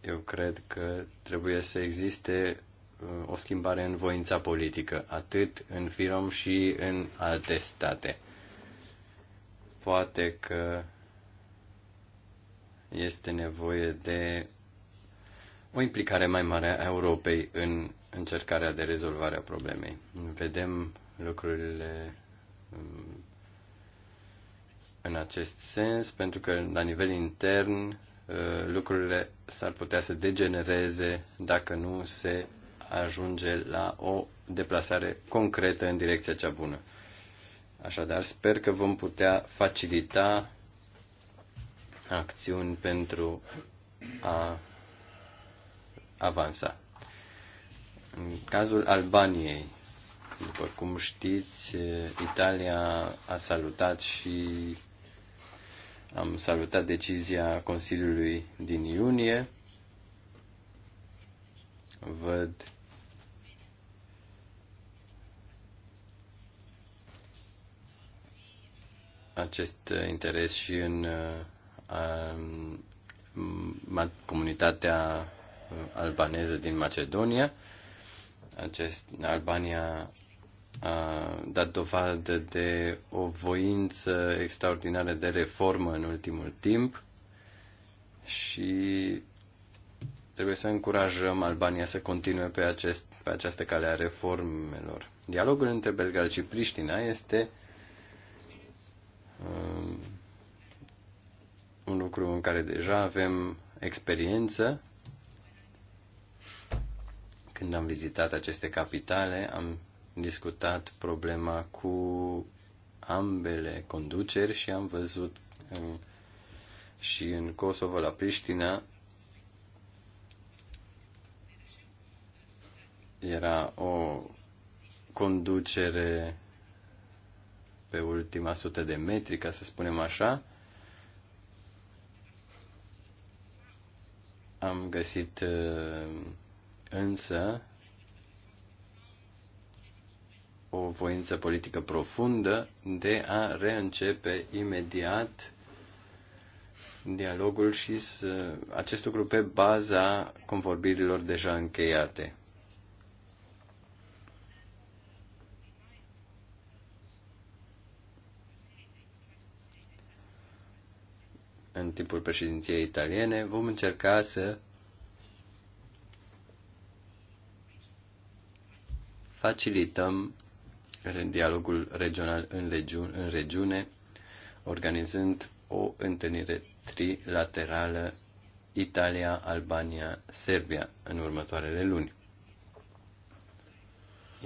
Eu cred că trebuie să existe Uh, o schimbare în voința politică, atât în Firom și în alte state. Poate că este nevoie de o implicare mai mare a Europei în încercarea de rezolvare a problemei. Vedem lucrurile um, în acest sens, pentru că la nivel intern uh, lucrurile s-ar putea să degenereze dacă nu se ajunge la o deplasare concretă în direcția cea bună. Așadar, sper că vom putea facilita acțiuni pentru a avansa. În cazul Albaniei, după cum știți, Italia a salutat și am salutat decizia Consiliului din iunie. Văd acest uh, interes și în uh, comunitatea uh, albaneză din Macedonia. Acest, Albania a dat dovadă de o voință extraordinară de reformă în ultimul timp și trebuie să încurajăm Albania să continue pe, acest, pe această cale a reformelor. Dialogul între belgari și Priștina este uh, Um, un lucru în care deja avem experiență. Când am vizitat aceste capitale, am discutat problema cu ambele conduceri și am văzut în, um, și în Kosovo, la Priștina, era o conducere pe ultima sută de metri, ca să spunem așa, am găsit uh, însă o voință politică profundă de a reîncepe imediat dialogul și să, acest lucru pe baza convorbirilor deja încheiate. timpul președinției italiene, vom încerca să facilităm dialogul regional în, regiune, în regiune, organizând o întâlnire trilaterală Italia, Albania, Serbia în următoarele luni.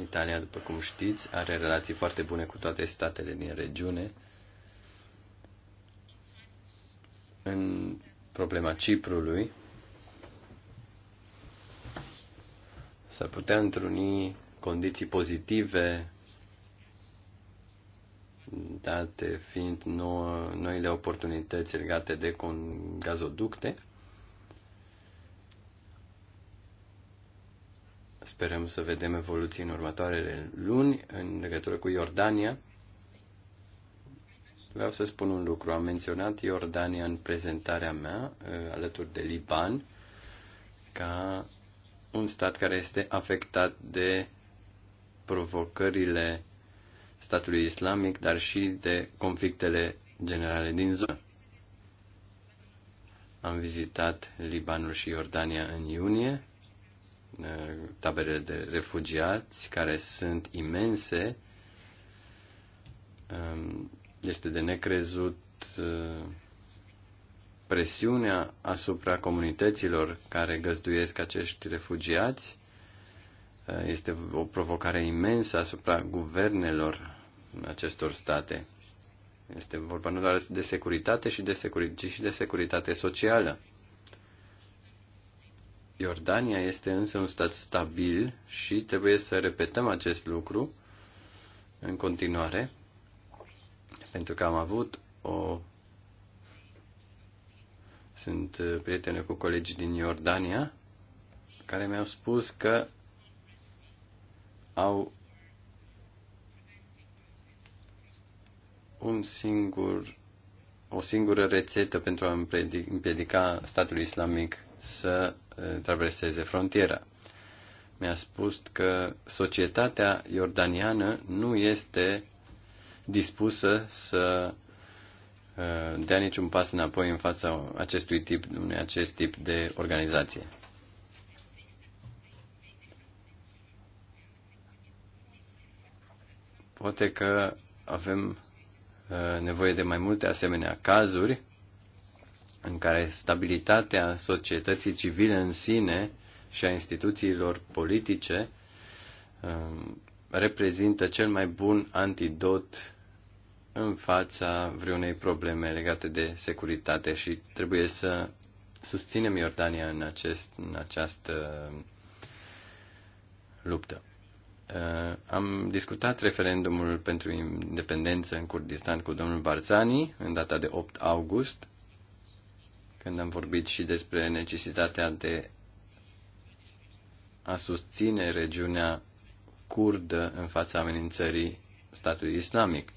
Italia, după cum știți, are relații foarte bune cu toate statele din regiune în problema Ciprului, s-ar putea întruni condiții pozitive date fiind nouă, noile oportunități legate de gazoducte. Sperăm să vedem evoluții în următoarele luni în legătură cu Iordania. Vreau să spun un lucru. Am menționat Iordania în prezentarea mea, uh, alături de Liban, ca un stat care este afectat de provocările statului islamic, dar și de conflictele generale din zonă. Am vizitat Libanul și Iordania în iunie, uh, taberele de refugiați, care sunt imense, um, este de necrezut uh, presiunea asupra comunităților care găzduiesc acești refugiați. Uh, este o provocare imensă asupra guvernelor acestor state. Este vorba nu doar de securitate, și de securi- ci și de securitate socială. Iordania este însă un stat stabil și trebuie să repetăm acest lucru în continuare pentru că am avut o... Sunt uh, prietene cu colegii din Iordania care mi-au spus că au un singur, o singură rețetă pentru a împiedica statul islamic să uh, traverseze frontiera. Mi-a spus că societatea iordaniană nu este dispusă să uh, dea niciun pas înapoi în fața acestui tip, unui acest tip de organizație. Poate că avem uh, nevoie de mai multe asemenea cazuri în care stabilitatea societății civile în sine și a instituțiilor politice uh, reprezintă cel mai bun antidot în fața vreunei probleme legate de securitate și trebuie să susținem Iordania în, acest, în această luptă. Uh, am discutat referendumul pentru independență în Kurdistan cu domnul Barzani în data de 8 august, când am vorbit și despre necesitatea de a susține regiunea kurdă în fața amenințării statului islamic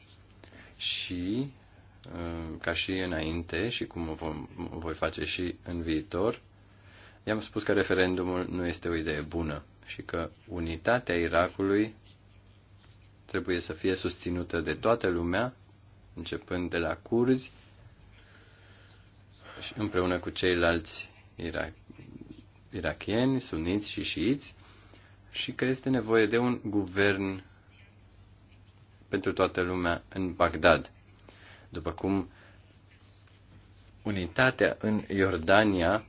și uh, ca și înainte și cum vom, voi face și în viitor, i-am spus că referendumul nu este o idee bună și că unitatea Irakului trebuie să fie susținută de toată lumea, începând de la curzi și împreună cu ceilalți ira- irachieni, suniți și șiiți, și că este nevoie de un guvern pentru toată lumea în Bagdad. După cum unitatea în Iordania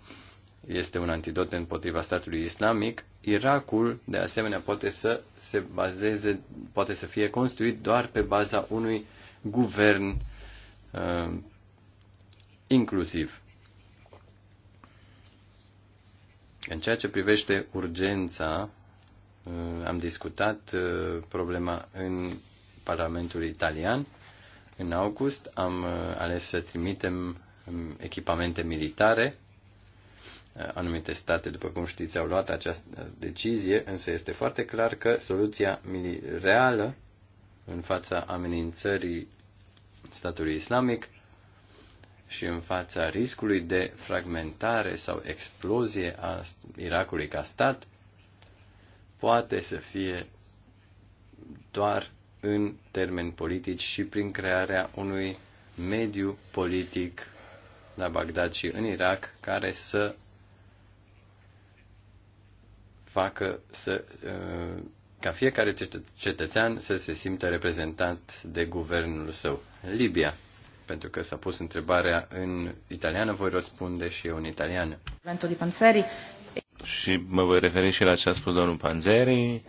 este un antidot împotriva statului islamic, Irakul, de asemenea, poate să se bazeze, poate să fie construit doar pe baza unui guvern uh, inclusiv. În ceea ce privește urgența, uh, am discutat uh, problema în Parlamentul Italian. În august am uh, ales să trimitem um, echipamente militare. Uh, anumite state, după cum știți, au luat această decizie, însă este foarte clar că soluția reală în fața amenințării statului islamic și în fața riscului de fragmentare sau explozie a Irakului ca stat, poate să fie doar în termeni politici și prin crearea unui mediu politic la Bagdad și în Irak care să facă să, uh, ca fiecare cetățean să se simtă reprezentat de guvernul său. Libia, pentru că s-a pus întrebarea în italiană, voi răspunde și eu în italiană. Și mă voi referi și la ce a spus domnul Panzeri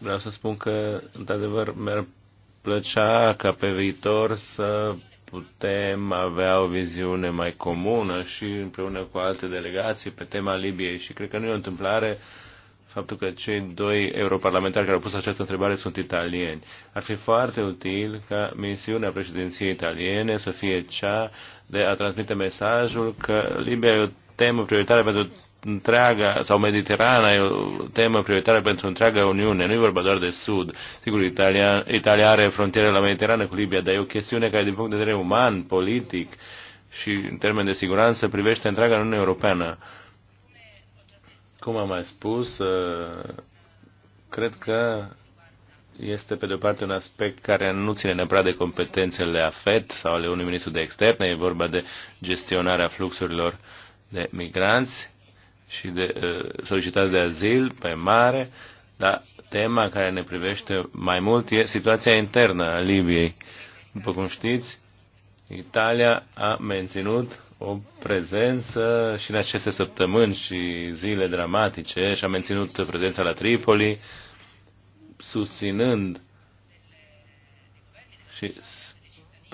vreau să spun că, într-adevăr, mi-ar plăcea ca pe viitor să putem avea o viziune mai comună și împreună cu alte delegații pe tema Libiei. Și cred că nu e o întâmplare faptul că cei doi europarlamentari care au pus această întrebare sunt italieni. Ar fi foarte util ca misiunea președinției italiene să fie cea de a transmite mesajul că Libia e o temă prioritară pentru întreaga, sau Mediterana e o temă prioritară pentru întreaga Uniune, nu e vorba doar de Sud. Sigur, Italia, Italia are frontiere la Mediterană cu Libia, dar e o chestiune care, din punct de vedere uman, politic și în termen de siguranță, privește întreaga Uniune Europeană. Cum am mai spus, uh, cred că este, pe de-o parte, un aspect care nu ține neapărat de competențele AFET sau ale unui ministru de externe, e vorba de gestionarea fluxurilor de migranți și de uh, solicitați de azil pe mare, dar tema care ne privește mai mult e situația internă a Libiei. După cum știți, Italia a menținut o prezență și în aceste săptămâni și zile dramatice și a menținut prezența la Tripoli, susținând și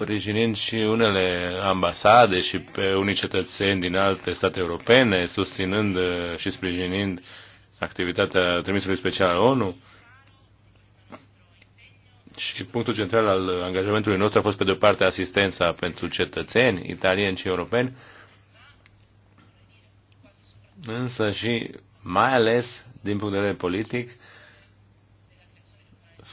sprijinind și unele ambasade și pe unii cetățeni din alte state europene, susținând uh, și sprijinind activitatea trimisului special al ONU. Și punctul central al angajamentului nostru a fost, pe de-o parte, asistența pentru cetățeni italieni și europeni, însă și mai ales din punct de vedere politic,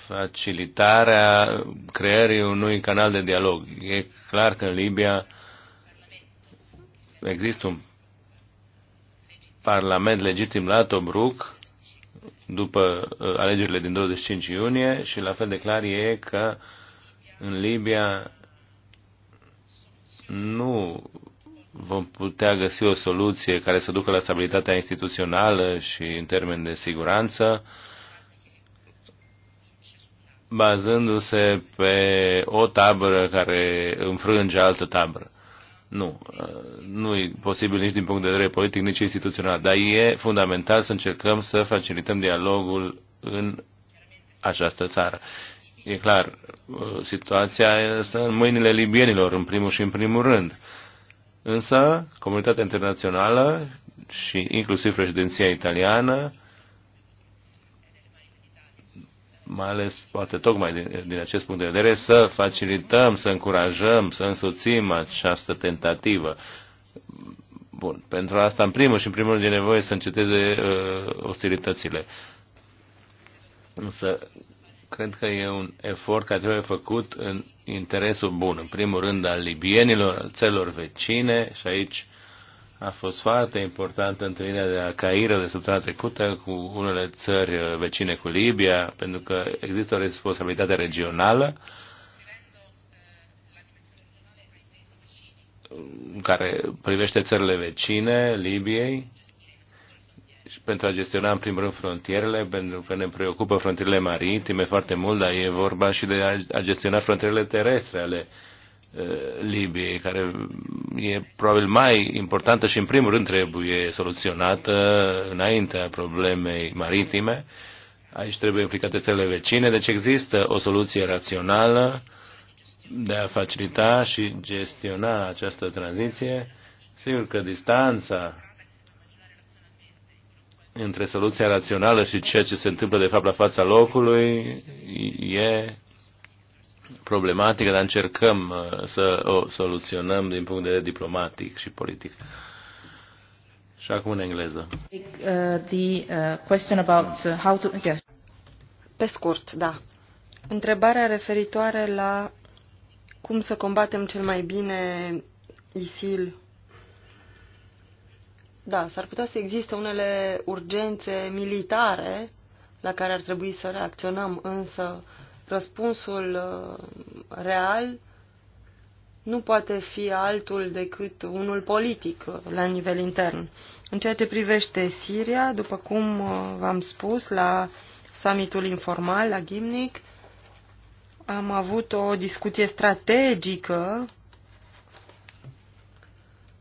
facilitarea creării unui canal de dialog. E clar că în Libia există un parlament legitim la Tobruk după uh, alegerile din 25 iunie și la fel de clar e că în Libia nu vom putea găsi o soluție care să ducă la stabilitatea instituțională și în termen de siguranță bazându-se pe o tabără care înfrânge altă tabără. Nu, uh, nu e posibil nici din punct de vedere politic, nici instituțional, dar e fundamental să încercăm să facilităm dialogul în această țară. E clar, uh, situația este în mâinile libienilor, în primul și în primul rând. Însă, comunitatea internațională și inclusiv președinția italiană mai ales poate tocmai din, din acest punct de vedere, să facilităm, să încurajăm, să însuțim această tentativă. Bun, pentru asta, în primul și în primul rând, e nevoie să înceteze uh, ostilitățile. Însă, cred că e un efort care trebuie făcut în interesul bun, în primul rând al libienilor, al țelor vecine și aici a fost foarte importantă întâlnirea de la Cairo de săptămâna trecută cu unele țări vecine cu Libia, pentru că există o responsabilitate regională care privește țările vecine Libiei și pentru a gestiona în primul rând frontierele, pentru că ne preocupă frontierele maritime foarte mult, dar e vorba și de a gestiona frontierele terestre ale Uh, Libiei, care e probabil mai importantă și în primul rând trebuie soluționată înaintea problemei maritime. Aici trebuie implicate țările vecine, deci există o soluție rațională de a facilita și gestiona această tranziție. Sigur că distanța între soluția rațională și ceea ce se întâmplă de fapt la fața locului e problematică, dar încercăm uh, să o soluționăm din punct de vedere diplomatic și politic. Și acum în engleză. Uh, the uh, question about how to... Pe scurt, da. Întrebarea referitoare la cum să combatem cel mai bine ISIL. Da, s-ar putea să existe unele urgențe militare la care ar trebui să reacționăm, însă răspunsul uh, real nu poate fi altul decât unul politic uh, la nivel intern. În ceea ce privește Siria, după cum uh, v-am spus la summitul informal la Gimnic, am avut o discuție strategică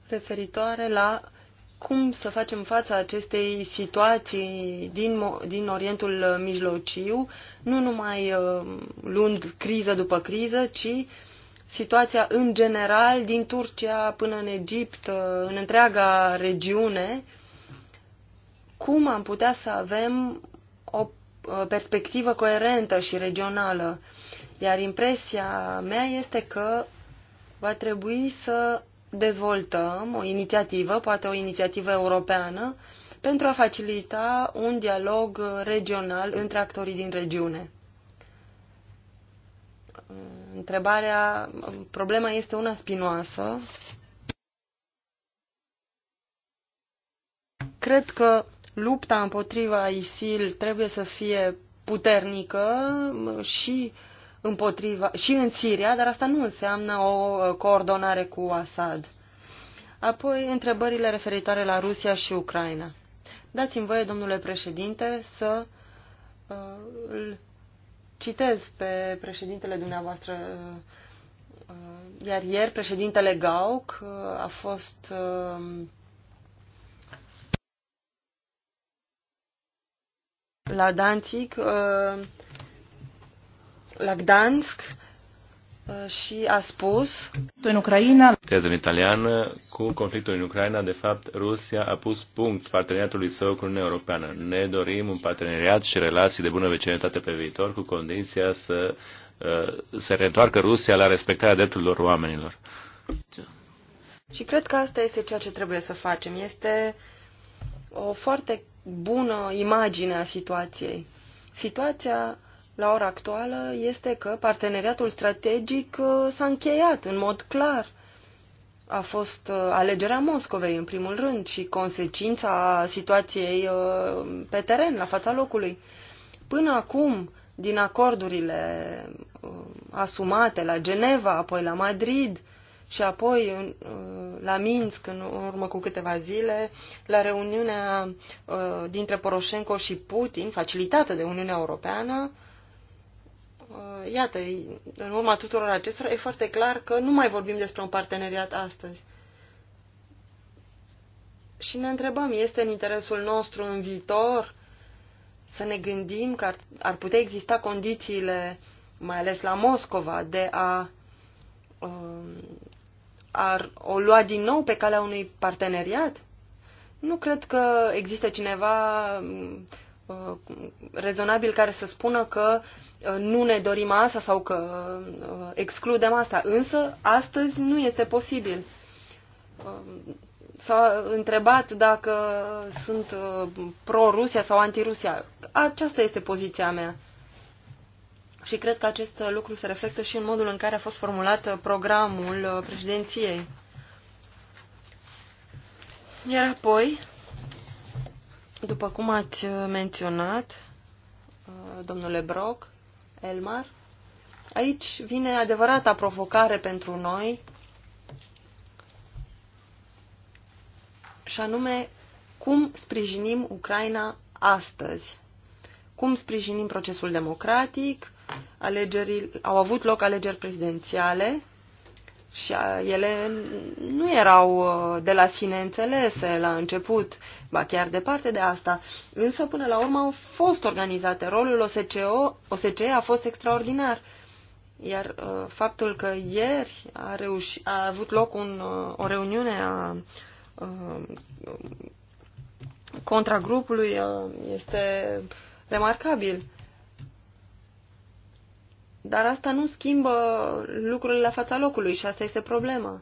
referitoare la cum să facem fața acestei situații din, din Orientul Mijlociu, nu numai uh, luând criză după criză, ci situația în general din Turcia până în Egipt, uh, în întreaga regiune, cum am putea să avem o uh, perspectivă coerentă și regională. Iar impresia mea este că va trebui să dezvoltăm o inițiativă, poate o inițiativă europeană, pentru a facilita un dialog regional între actorii din regiune. Întrebarea, problema este una spinoasă. Cred că lupta împotriva ISIL trebuie să fie puternică și uh, împotriva, și în Siria, dar asta nu înseamnă o uh, coordonare cu Assad. Apoi, întrebările referitoare la Rusia și Ucraina. Dați-mi voie, domnule președinte, să uh, îl citez pe președintele dumneavoastră. Uh, uh iar ieri, președintele Gauck uh, a fost uh, la Danzig uh, la Gdansk uh, și a spus în Ucraina. Teza în italiană, cu conflictul în Ucraina, de fapt, Rusia a pus punct parteneriatului său cu Uniunea Europeană. Ne dorim un parteneriat și relații de bună vecinătate pe viitor, cu condiția să uh, se reîntoarcă Rusia la respectarea drepturilor oamenilor. Și cred că asta este ceea ce trebuie să facem. Este o foarte bună imagine a situației. Situația la ora actuală este că parteneriatul strategic uh, s-a încheiat în mod clar. A fost uh, alegerea Moscovei, în primul rând, și consecința situației uh, pe teren, la fața locului. Până acum, din acordurile asumate la Geneva, apoi la Madrid și apoi la Minsk în urmă cu câteva zile, la reuniunea dintre Poroșenko și Putin, facilitată de Uniunea Europeană, Uh, iată, în urma tuturor acestora, e foarte clar că nu mai vorbim despre un parteneriat astăzi. Și ne întrebăm, este în interesul nostru în viitor să ne gândim că ar, ar putea exista condițiile, mai ales la Moscova, de a, um, a o lua din nou pe calea unui parteneriat? Nu cred că există cineva um, uh, rezonabil care să spună că uh, Uh, nu ne dorim asta sau că uh, excludem asta, însă astăzi nu este posibil. Uh, s-a întrebat dacă sunt pro-Rusia sau anti-Rusia. Aceasta este poziția mea. Și cred că acest lucru se reflectă și în modul în care a fost formulat programul președinției. Iar apoi, după cum ați menționat, domnule Brock, Elmar. Aici vine adevărata provocare pentru noi, și anume cum sprijinim Ucraina astăzi. Cum sprijinim procesul democratic, alegerii, au avut loc alegeri prezidențiale, și ele nu erau uh, de la sine înțelese la început, ba chiar departe de asta. Însă, până la urmă, au fost organizate. Rolul OSCO, OSCE a fost extraordinar. Iar uh, faptul că ieri a, reuși, a avut loc un, uh, o reuniune a uh, contragrupului uh, este remarcabil. Uh, dar asta nu schimbă lucrurile la fața locului și asta este problema.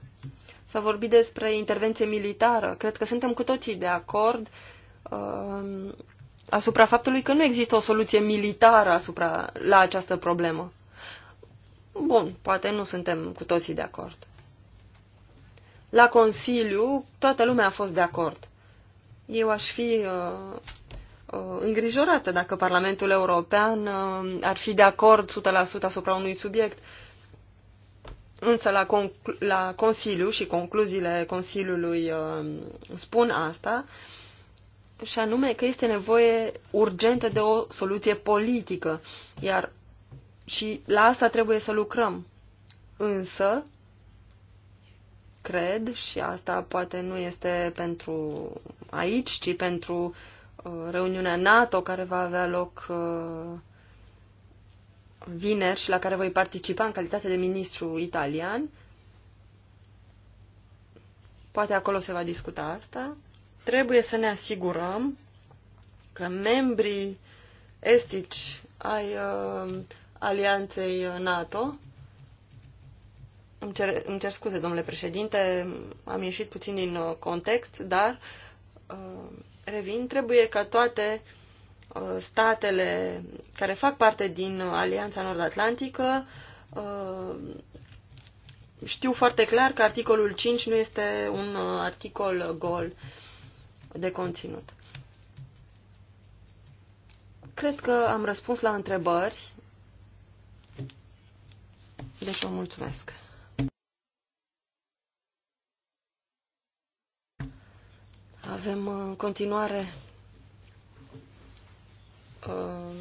S-a vorbit despre intervenție militară. Cred că suntem cu toții de acord uh, asupra faptului că nu există o soluție militară asupra, la această problemă. Bun, poate nu suntem cu toții de acord. La Consiliu, toată lumea a fost de acord. Eu aș fi uh, Uh, îngrijorată dacă Parlamentul European uh, ar fi de acord 100% asupra unui subiect. Însă la, conclu- la Consiliu și concluziile Consiliului uh, spun asta, și anume că este nevoie urgentă de o soluție politică, iar și la asta trebuie să lucrăm. Însă, cred, și asta poate nu este pentru aici, ci pentru uh, Uh, reuniunea NATO care va avea loc uh, vineri și la care voi participa în calitate de ministru italian. Poate acolo se va discuta asta. Trebuie să ne asigurăm că membrii estici ai uh, alianței uh, NATO îmi cer, îmi cer scuze, domnule președinte, am ieșit puțin din context, dar uh, revin, trebuie ca toate uh, statele care fac parte din Alianța Nord-Atlantică uh, știu foarte clar că articolul 5 nu este un uh, articol gol de conținut. Cred că am răspuns la întrebări. Deci vă mulțumesc. Avem în continuare uh,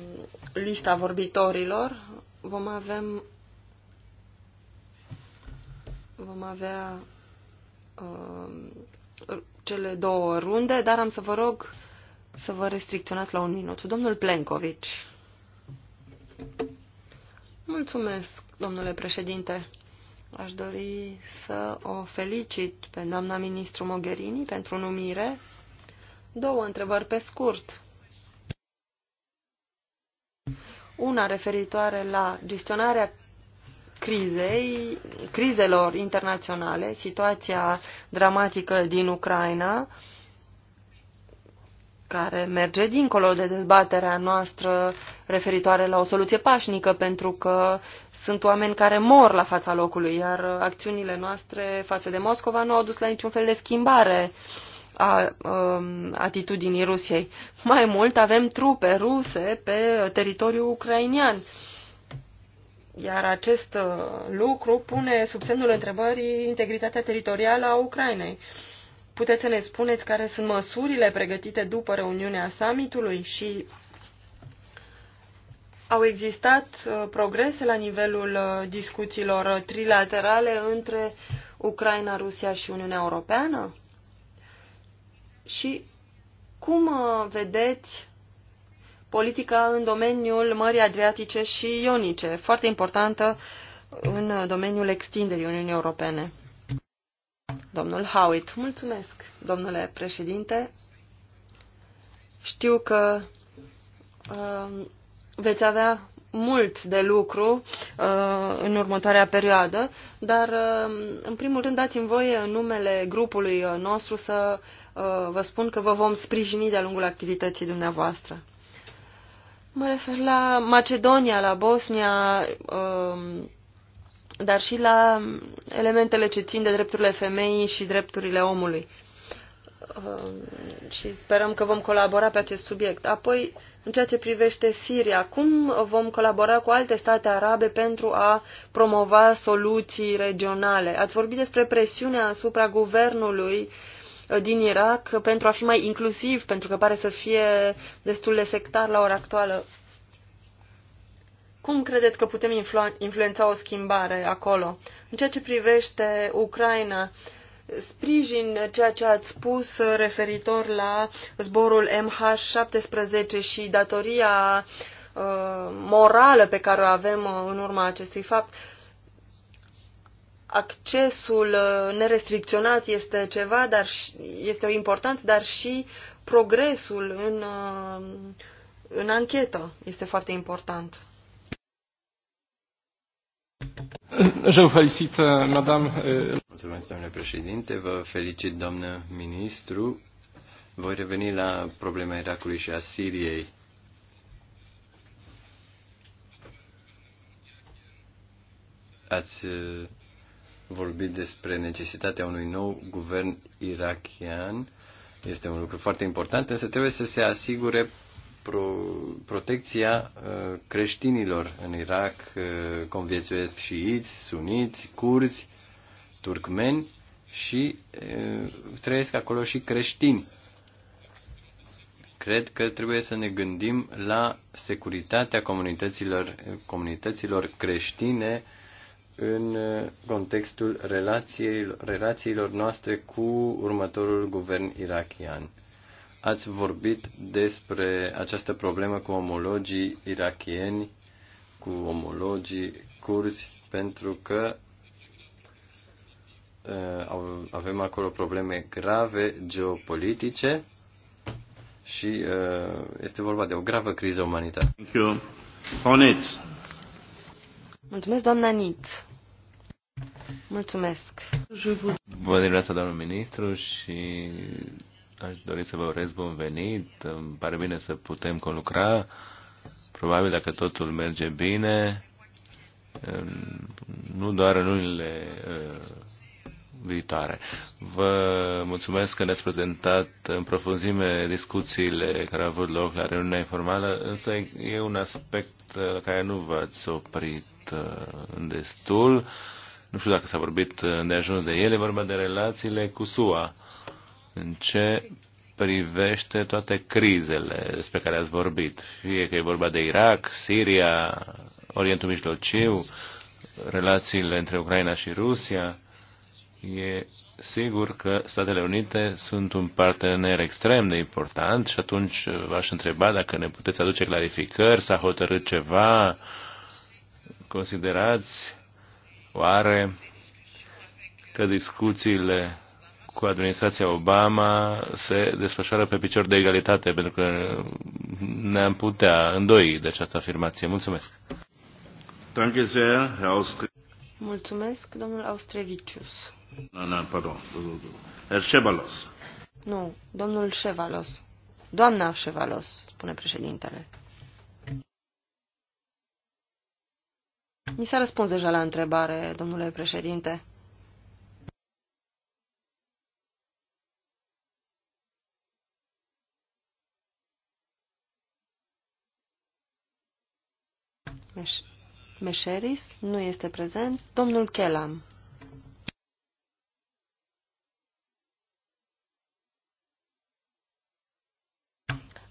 lista vorbitorilor. Vom avem vom avea uh, cele două runde, dar am să vă rog să vă restricționați la un minut. Domnul Plencovici. Mulțumesc, domnule președinte. Aș dori să o felicit pe doamna ministru Mogherini pentru numire. Două întrebări pe scurt. Una referitoare la gestionarea crizei, crizelor internaționale, situația dramatică din Ucraina, uh, care merge dincolo de dezbaterea noastră referitoare la o soluție pașnică, pentru că sunt oameni care mor la fața locului, iar acțiunile noastre față de Moscova nu au dus la niciun fel de schimbare a um, atitudinii Rusiei. Mai mult, avem trupe ruse pe teritoriul ucrainian. Iar acest uh, lucru pune sub semnul întrebării integritatea teritorială a Ucrainei. Uh, Puteți să ne spuneți care sunt măsurile pregătite după reuniunea summitului și au existat uh, progrese la nivelul uh, discuțiilor trilaterale între Ucraina, Rusia și Uniunea Europeană? Și cum uh, vedeți politica în domeniul Mării Adriatice și Ionice, foarte importantă în domeniul extinderii Uniunii Europene? Domnul Howitt, mulțumesc, domnule președinte. Știu că uh, veți avea mult de lucru uh, în următoarea perioadă, dar uh, în primul rând dați-mi voie în numele grupului uh, nostru să uh, vă spun că vă vom sprijini de-a lungul activității dumneavoastră. Mă refer la Macedonia, la Bosnia, uh, dar și la elementele ce țin de drepturile femeii și drepturile omului. Um, și sperăm că vom colabora pe acest subiect. Apoi, în ceea ce privește Siria, cum vom colabora cu alte state arabe pentru a promova soluții regionale? Ați vorbit despre presiunea asupra guvernului uh, din Irak pentru a fi mai inclusiv, pentru că pare să fie destul de sectar la ora actuală. Cum credeți că putem influ influența o schimbare acolo? În ceea ce privește Ucraina, sprijin ceea ce ați spus referitor la zborul MH17 și datoria uh, morală pe care o avem uh, în urma acestui fapt. Accesul uh, nerestricționat este ceva, dar este important, dar și progresul în, uh, în anchetă este foarte important. Je felicit, madame. Euh, Mulțumesc, domnule președinte. Vă felicit, domnule ministru. Voi reveni la problema Irakului și a Siriei. Ați uh, vorbit despre necesitatea unui nou guvern irachian. Este un lucru foarte important, însă trebuie să se asigure pro, protecția uh, creștinilor în Irak, uh, conviețuiesc șiiți, suniți, curzi, turcmeni și uh, trăiesc acolo și creștini. Cred că trebuie să ne gândim la securitatea comunităților, comunităților creștine în uh, contextul relațiilor, relațiilor noastre cu următorul guvern irachian ați vorbit despre această problemă cu omologii irakieni, cu omologii curzi, pentru că uh, avem acolo probleme grave geopolitice și uh, este vorba de o gravă criză umanitară. Mulțumesc, doamna Nit. Mulțumesc. Bună dimineața, doamnă ministru, și aș dori să vă urez bun venit. Îmi pare bine să putem conlucra. Probabil dacă totul merge bine, nu doar în unile uh, viitoare. Vă mulțumesc că ne-ați prezentat în profunzime discuțiile care au avut loc la reuniunea informală, însă e un aspect uh, la care nu v-ați oprit uh, în destul. Nu știu dacă s-a vorbit de ajuns de ele, vorba de relațiile cu SUA în ce privește toate crizele despre care ați vorbit, fie că e vorba de Irak, Siria, Orientul Mijlociu, relațiile între Ucraina și Rusia, e sigur că Statele Unite sunt un partener extrem de important și atunci v-aș întreba dacă ne puteți aduce clarificări, s-a hotărât ceva, considerați oare că discuțiile cu administrația Obama se desfășoară pe picior de egalitate, pentru că ne-am putea îndoi de această afirmație. Mulțumesc! Mulțumesc, domnul Austrevicius. Nu, nu, pardon. Herr Chevalos. Nu, domnul Chevalos. Doamna Chevalos, spune președintele. Mi s-a răspuns deja la întrebare, domnule președinte. Meș Meșeris nu este prezent. Domnul Kelam.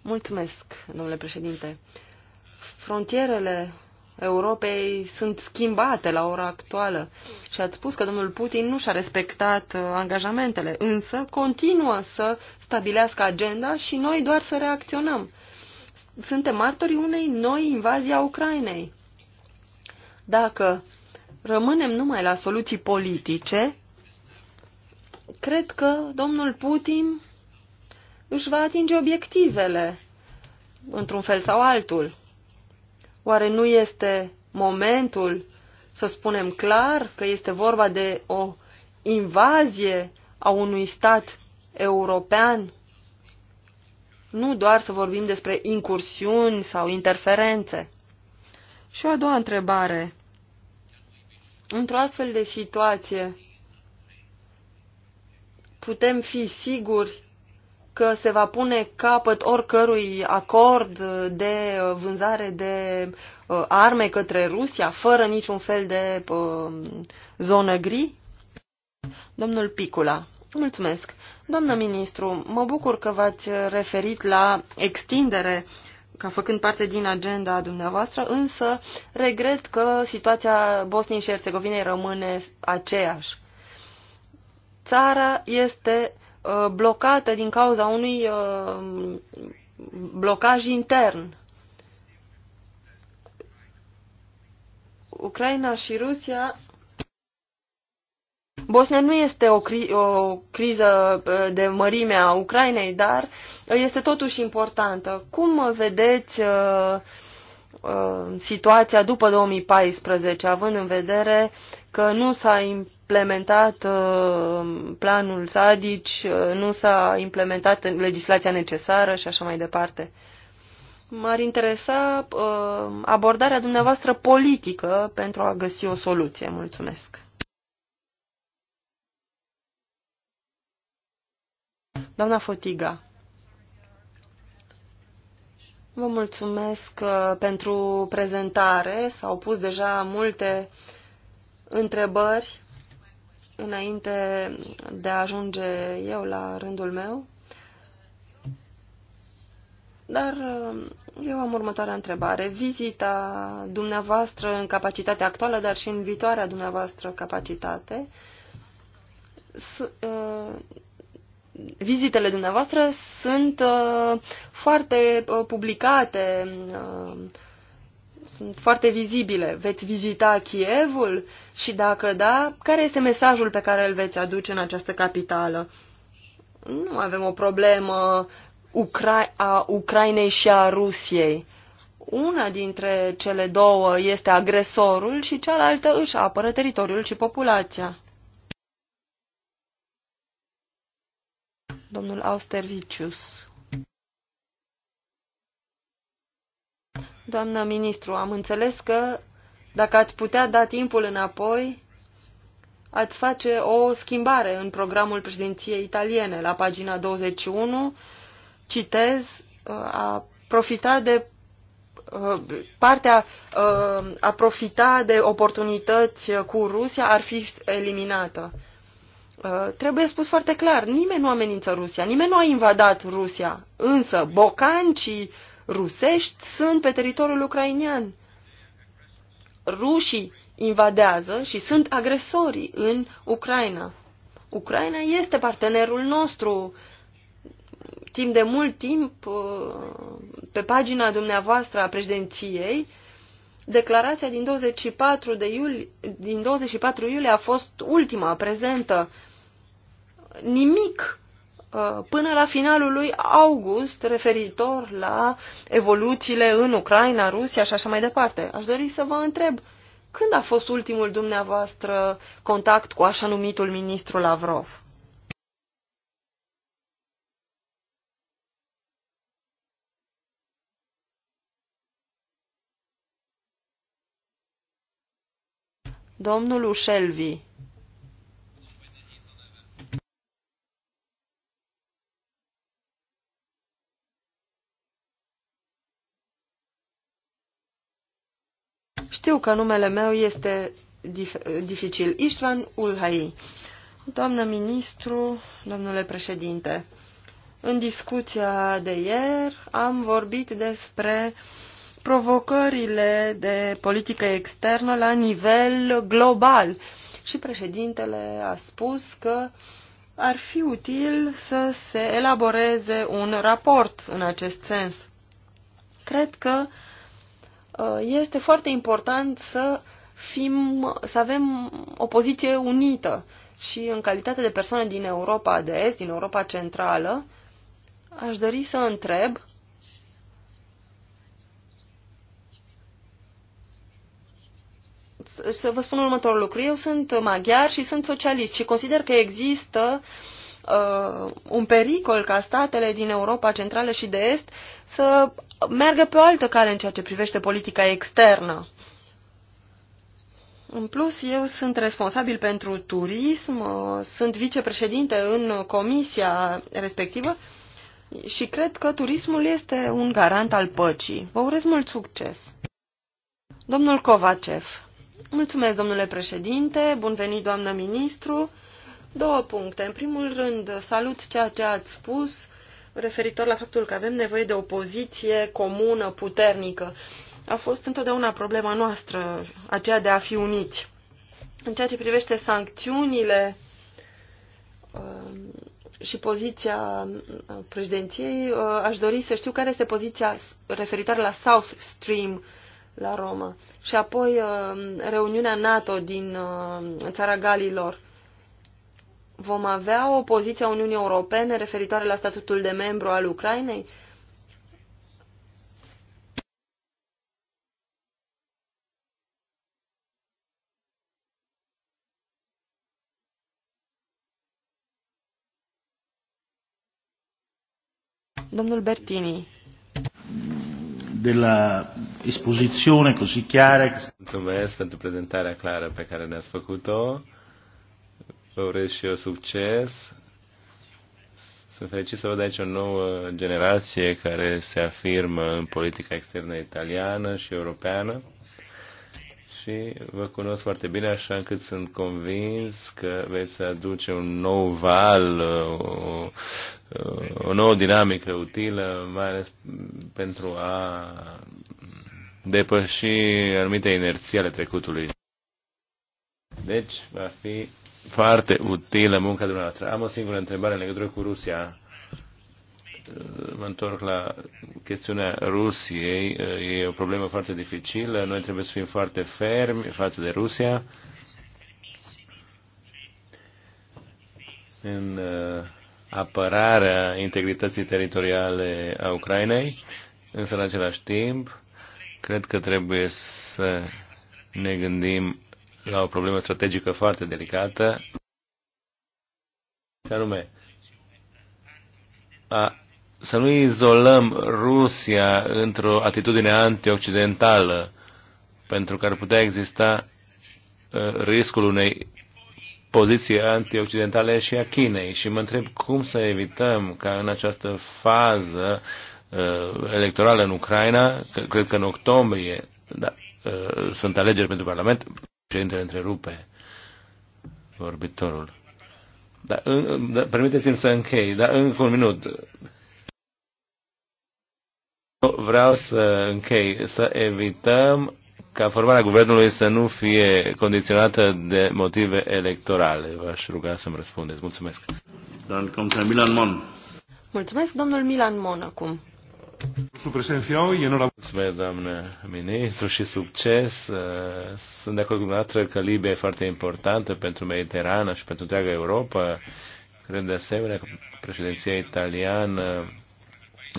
Mulțumesc, domnule președinte. Frontierele Europei sunt schimbate la ora actuală și ați spus că domnul Putin nu și-a respectat uh, angajamentele, însă continuă să stabilească agenda și noi doar să reacționăm suntem martorii unei noi invazii a Ucrainei. Dacă rămânem numai la soluții politice, cred că domnul Putin își va atinge obiectivele, într-un fel sau altul. Oare nu este momentul să spunem clar că este vorba de o invazie a unui stat european nu doar să vorbim despre incursiuni sau interferențe. Și o a doua întrebare. Într-o astfel de situație, putem fi siguri că se va pune capăt oricărui acord de vânzare de uh, arme către Rusia, fără niciun fel de uh, zonă gri? Domnul Picula, mulțumesc. Doamnă ministru, mă bucur că v-ați referit la extindere ca făcând parte din agenda dumneavoastră, însă regret că situația Bosniei și Herțegovinei rămâne aceeași. Țara este uh, blocată din cauza unui uh, blocaj intern. Ucraina și Rusia Bosnia nu este o, cri o criză de mărime a Ucrainei, dar este totuși importantă. Cum vedeți uh, uh, situația după 2014, având în vedere că nu s-a implementat uh, planul SADICI, uh, nu s-a implementat legislația necesară și așa mai departe? M-ar interesa uh, abordarea dumneavoastră politică pentru a găsi o soluție. Mulțumesc. Doamna Fotiga, vă mulțumesc uh, pentru prezentare. S-au pus deja multe întrebări înainte de a ajunge eu la rândul meu. Dar uh, eu am următoarea întrebare. Vizita dumneavoastră în capacitatea actuală, dar și în viitoarea dumneavoastră capacitate, uh, vizitele dumneavoastră sunt uh, foarte uh, publicate, uh, sunt foarte vizibile. Veți vizita Kievul și dacă da, care este mesajul pe care îl veți aduce în această capitală? Nu avem o problemă Ucra a Ucrainei și a Rusiei. Una dintre cele două este agresorul și cealaltă își apără teritoriul și populația. domnul Austervicius. Doamnă ministru, am înțeles că dacă ați putea da timpul înapoi, ați face o schimbare în programul președinției italiene. La pagina 21, citez, uh, a profita de uh, partea uh, a profita de oportunități cu Rusia ar fi eliminată. Uh, trebuie spus foarte clar, nimeni nu amenință Rusia, nimeni nu a invadat Rusia, însă bocancii rusești sunt pe teritoriul ucrainian. Rușii invadează și sunt agresorii în Ucraina. Ucraina este partenerul nostru. Timp de mult timp, uh, pe pagina dumneavoastră a președinției, declarația din 24, de iulie, din 24 iulie a fost ultima prezentă uh, nimic uh, până la finalul lui august referitor la evoluțiile în Ucraina, Rusia și așa mai departe. Aș dori să vă întreb, când a fost ultimul dumneavoastră contact cu așa numitul ministru Lavrov? Domnul Ușelvi Știu că numele meu este dif- dificil. Istvan Ulhai. Doamnă ministru, domnule președinte, în discuția de ieri am vorbit despre provocările de politică externă la nivel global și președintele a spus că ar fi util să se elaboreze un raport în acest sens. Cred că uh, Uh, este foarte important să fim, să avem o poziție unită și în calitate de persoană din Europa de Est, din Europa Centrală, aș dori să întreb să vă spun următorul lucru. Eu sunt maghiar și sunt socialist și consider că există uh, uh, un pericol ca statele din Europa Centrală și de Est să meargă pe o altă cale în ceea ce privește politica externă. În plus, eu sunt responsabil pentru turism, uh, sunt vicepreședinte în comisia respectivă și cred că turismul este un garant al păcii. Vă urez mult succes! Domnul Kovacev. Mulțumesc, domnule președinte, bun venit, doamnă ministru. Două puncte. În primul rând, salut ceea ce ați spus referitor la faptul că avem nevoie de o poziție comună, puternică. A fost întotdeauna problema noastră, aceea de a fi uniți. În ceea ce privește sancțiunile um, și poziția uh, președinției, uh, aș dori să știu care este poziția referitoare la South Stream la Roma. Și apoi uh, reuniunea NATO din țara Galilor vom avea o poziție a Uniunii Europene referitoare la statutul de membru al Ucrainei? Domnul Bertini. Della esposizione così chiara. Mulțumesc pentru prezentarea clară pe care ne-ați făcut-o. Vă urez și eu succes. Sunt fericit să văd aici o nouă generație care se afirmă în politica externă italiană și europeană și vă cunosc foarte bine, așa încât sunt convins că veți aduce un nou val, o, o nouă dinamică utilă, mai ales pentru a depăși anumite inerții ale trecutului. Deci, va fi foarte utilă munca dumneavoastră. Am o singură întrebare în legătură cu Rusia. Mă întorc la chestiunea Rusiei. E o problemă foarte dificilă. Noi trebuie să fim foarte fermi față de Rusia. În uh, apărarea integrității teritoriale a Ucrainei, însă în același timp cred că trebuie să ne gândim la o problemă strategică foarte delicată, și anume, a, să nu izolăm Rusia într-o atitudine antioccidentală, pentru că ar putea exista a, riscul unei poziții antioccidentale și a Chinei. Și mă întreb cum să evităm ca în această fază a, electorală în Ucraina, cred că în octombrie da, sunt alegeri pentru Parlament, Președintele întrerupe vorbitorul. Dar, în, da, permiteți-mi să închei, dar încă un minut. Vreau să închei, să evităm ca formarea guvernului să nu fie condiționată de motive electorale. V-aș ruga să-mi răspundeți. Mulțumesc. Milan Mon. Mulțumesc, domnul Milan Mon, acum. Mulțumesc, doamnă ministru, și succes. Uh, sunt de acord cu dumneavoastră că Libia e foarte importantă pentru Mediterana și pentru întreaga Europa. Cred de asemenea că președinția italiană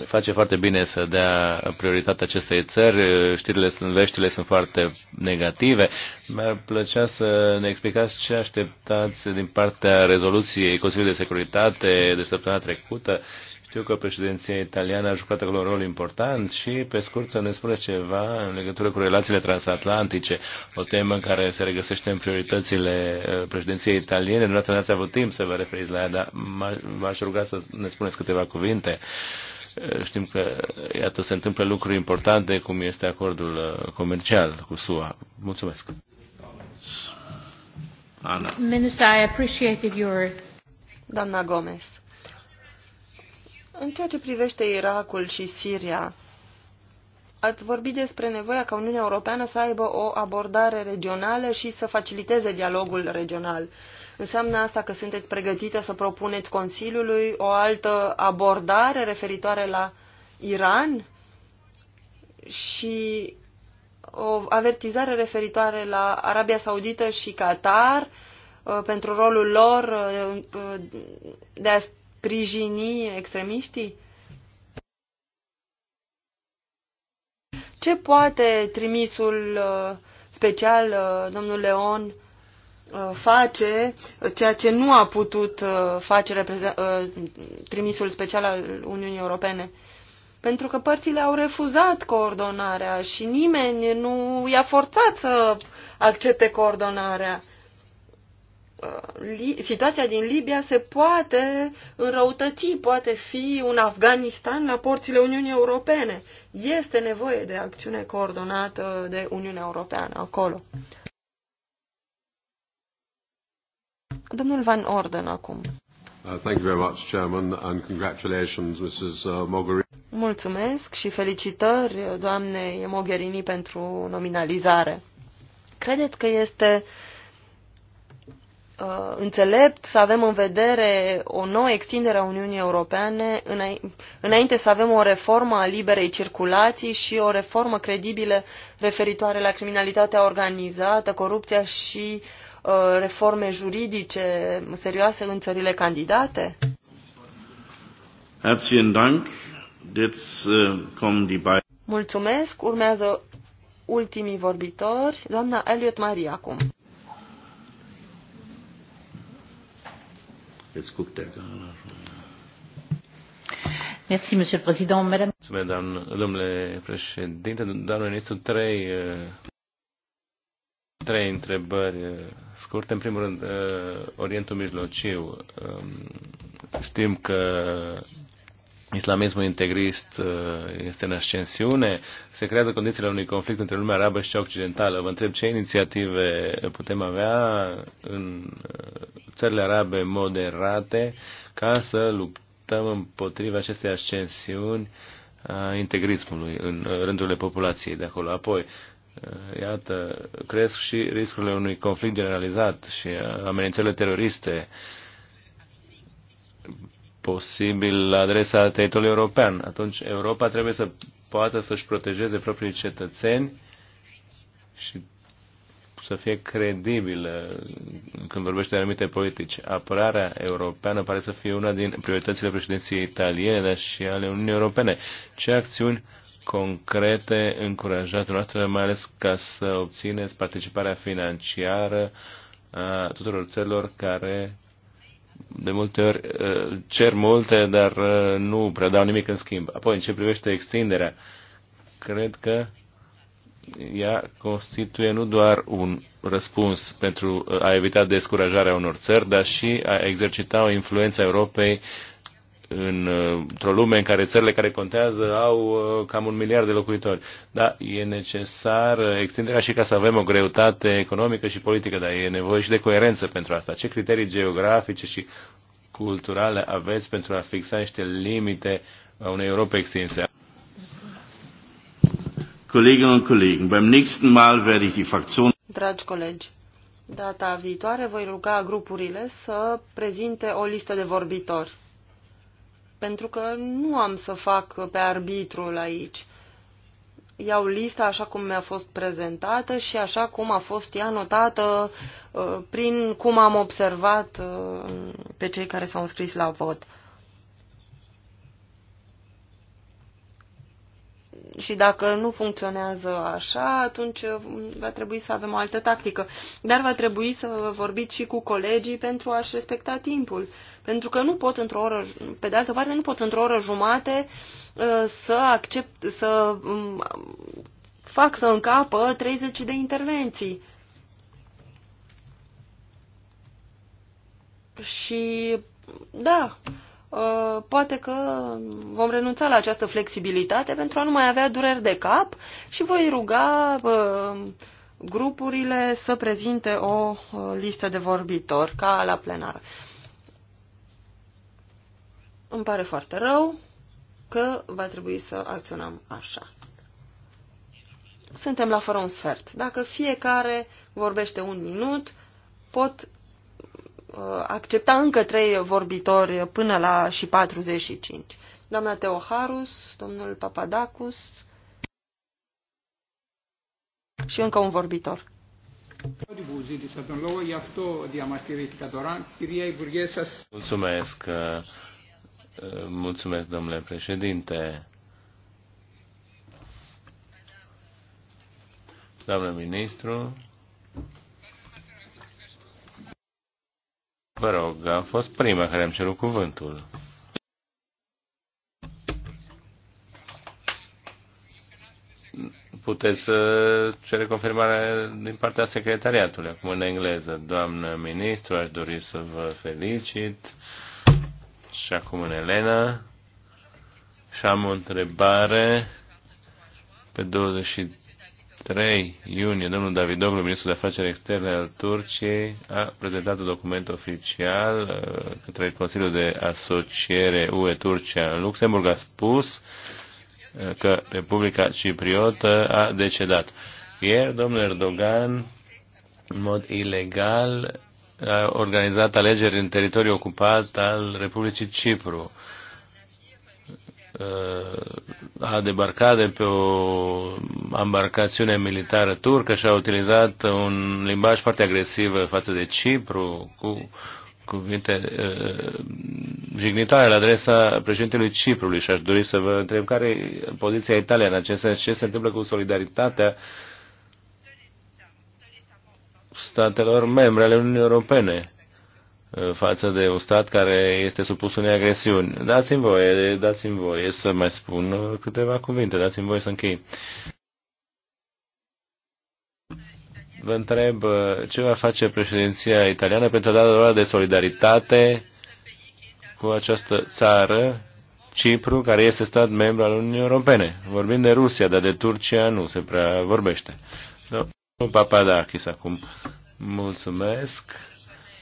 face foarte bine să dea prioritate acestei țări. Știrile sunt, veștile sunt foarte negative. Mi-ar plăcea să ne explicați ce așteptați din partea rezoluției Consiliului de Securitate de săptămâna trecută știu că președinția italiană a jucat acolo un rol important și, pe scurt, să ne spune ceva în legătură cu relațiile transatlantice, o temă în care se regăsește în prioritățile uh, președinției italiene. Dumneavoastră n-ați avut timp să vă referiți la ea, dar v-aș ruga să ne spuneți câteva cuvinte. Uh, știm că, iată, se întâmplă lucruri importante, cum este acordul uh, comercial cu SUA. Mulțumesc! Ana. Minister, I appreciated your... Doamna Gomez. În ceea ce privește Irakul și Siria, ați vorbit despre nevoia ca Uniunea Europeană să aibă o abordare regională și să faciliteze dialogul regional. Înseamnă asta că sunteți pregătită să propuneți Consiliului o altă abordare referitoare la Iran și o avertizare referitoare la Arabia Saudită și Qatar uh, pentru rolul lor uh, uh, de a sprijini extremiștii? Ce poate trimisul uh, special, uh, domnul Leon, uh, face ceea ce nu a putut face trimisul special al Uniunii Europene? Pentru că părțile au refuzat coordonarea și nimeni nu i-a forțat să accepte coordonarea. Uh, situația din Libia se poate înrăutăți, poate fi un Afganistan la porțile Uniunii Europene. Este nevoie de acțiune coordonată de Uniunea Europeană acolo. Domnul Van Orden acum. Uh, thank you very much, Chairman, and congratulations, Mrs. Uh, Mogherini. Mulțumesc și felicitări doamnei Mogherini pentru nominalizare. Credeți că este uh, uh, înțelept să avem în vedere o nouă extindere a Uniunii Europene înainte să avem o reformă a liberei circulații și o reformă credibilă referitoare la criminalitatea organizată, corupția și uh, reforme juridice serioase în țările candidate? Uh, Mulțumesc. Urmează ultimii vorbitori, doamna Elliot Marie acum. domnule președinte. Doamnă ministru, trei, uh, trei întrebări uh, scurte. În primul rând, uh, Orientul Mijlociu. Um, știm că islamismul integrist uh, este în ascensiune, se creează condițiile unui conflict între lumea arabă și cea occidentală. Vă întreb ce inițiative putem avea în uh, țările arabe moderate ca să luptăm împotriva acestei ascensiuni a integrismului în uh, rândurile populației de acolo. Apoi, iată, cresc și riscurile unui conflict generalizat și amenințările teroriste posibil la adresa teritoriului european. Atunci Europa trebuie să poată să-și protejeze proprii cetățeni și să fie credibilă când vorbește de anumite politici. Apărarea europeană pare să fie una din prioritățile președinției italiene, dar și ale Uniunii Europene. Ce acțiuni concrete încurajate noastră, mai ales ca să obțineți participarea financiară a tuturor țărilor care de multe ori uh, cer multe, dar uh, nu predau nimic în schimb. Apoi, în ce privește extinderea, cred că ea constituie nu doar un răspuns pentru uh, a evita descurajarea unor țări, dar și a exercita o influență a Europei într-o lume în care țările care contează au uh, cam un miliard de locuitori. Da, e necesar extinderea și ca să avem o greutate economică și politică, dar e nevoie și de coerență pentru asta. Ce criterii geografice și culturale aveți pentru a fixa niște limite a unei Europe extinse? Dragi colegi, data viitoare voi ruga grupurile să prezinte o listă de vorbitori pentru că nu am să fac pe arbitrul aici. Iau lista așa cum mi-a fost prezentată și așa cum a fost ea notată uh, prin cum am observat uh, pe cei care s-au înscris la vot. și dacă nu funcționează așa, atunci uh, va trebui să avem o altă tactică. Dar va trebui să vorbiți și cu colegii pentru a-și respecta timpul pentru că nu pot într-o oră, pe de altă parte, nu pot într-o oră jumate uh, să accept, să um, fac să încapă 30 de intervenții. Și da, uh, poate că vom renunța la această flexibilitate pentru a nu mai avea dureri de cap și voi ruga uh, grupurile să prezinte o listă de vorbitori ca la plenară. Îmi pare foarte rău că va trebui să acționăm așa. Suntem la fără un sfert. Dacă fiecare vorbește un minut, pot uh, accepta încă trei vorbitori până la și 45. Doamna Teoharus, domnul Papadacus și încă un vorbitor. Mulțumesc. Mulțumesc, domnule președinte. Doamnă ministru, vă rog, a fost prima care am cerut cuvântul. Puteți să cere confirmare din partea secretariatului, acum în engleză. Doamnă ministru, aș dori să vă felicit și acum în Elena. Și am o întrebare pe 23 iunie. Domnul Davidoglu, ministrul de afaceri externe al Turciei, a prezentat un document oficial uh, către Consiliul de Asociere UE-Turcia în Luxemburg. A spus uh, că Republica Cipriotă a decedat. Ieri, domnul Erdogan, în mod ilegal, a organizat alegeri în teritoriul ocupat al Republicii Cipru. A debarcat de pe o embarcațiune militară turcă și a utilizat un limbaj foarte agresiv față de Cipru, cu cuvinte uh, jignitoare la adresa președintelui Ciprului și aș dori să vă întreb care e poziția Italia în acest sens, ce se întâmplă cu solidaritatea uh, statelor membre ale Uniunii Europene eh, față de un stat care este supus unei agresiuni. Dați-mi voie, dați-mi voie să mai spun câteva cuvinte, dați-mi voie să închei. Vă întreb eh, ce va face președinția italiană pentru a da dovadă de solidaritate cu această țară, Cipru, care este stat membru al Uniunii Europene. Vorbim de Rusia, dar de Turcia nu se prea vorbește. Domnul Papadakis acum. Mulțumesc.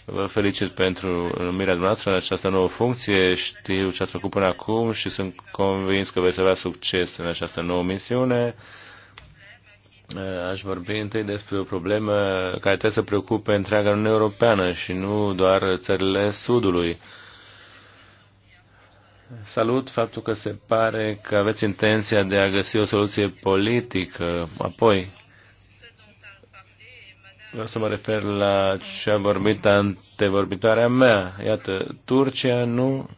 Vă felicit pentru numirea dumneavoastră în această nouă funcție. Știu ce ați făcut până acum și sunt convins că veți avea succes în această nouă misiune. Aș vorbi întâi despre o problemă care trebuie să preocupe întreaga Uniune Europeană și nu doar țările Sudului. Salut faptul că se pare că aveți intenția de a găsi o soluție politică. Apoi, Vreau să mă refer la ce a vorbit antevorbitoarea mea. Iată, Turcia nu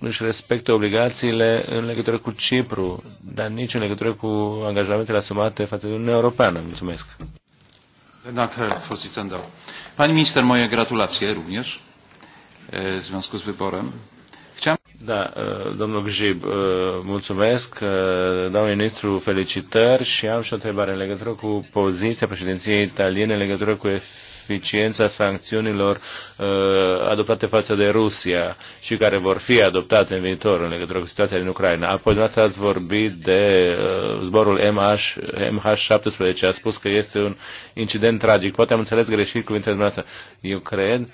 își respectă obligațiile în legătură cu Cipru, dar nici în legătură cu angajamentele asumate față de Uniunea Europeană. Mulțumesc. Jednak Pani minister, moje gratulacje również w związku z wyborem. Da, uh, domnul Gjib, uh, mulțumesc. Uh, domnul ministru, felicitări și am și o întrebare în legătură cu poziția președinției italiene în legătură cu eficiența sancțiunilor adoptate față de Rusia și care vor fi adoptate în viitor în legătură cu situația din Ucraina. Apoi, dumneavoastră ați vorbit de zborul MH, MH17, ați spus că este un incident tragic. Poate am înțeles greșit cuvintele dumneavoastră. Eu cred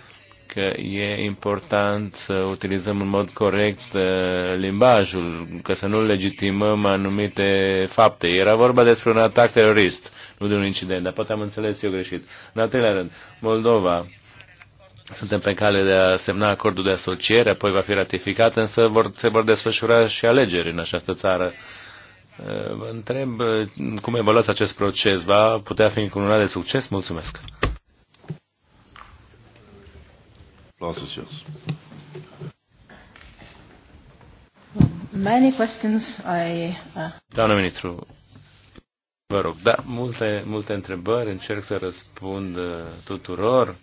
că e important să utilizăm în mod corect uh, limbajul, că să nu legitimăm anumite fapte. Era vorba despre un atac terorist, nu de un incident, dar poate am înțeles eu greșit. În al treilea rând, Moldova. Suntem pe cale de a semna acordul de asociere, apoi va fi ratificat, însă vor, se vor desfășura și alegeri în această țară. Uh, vă întreb uh, cum evoluați acest proces. Va putea fi încununat de succes? Mulțumesc! Aplausos jums. Many questions I... Uh... Doamna ministru, vă rog, da, multe, multe întrebări, încerc să răspund uh, tuturor.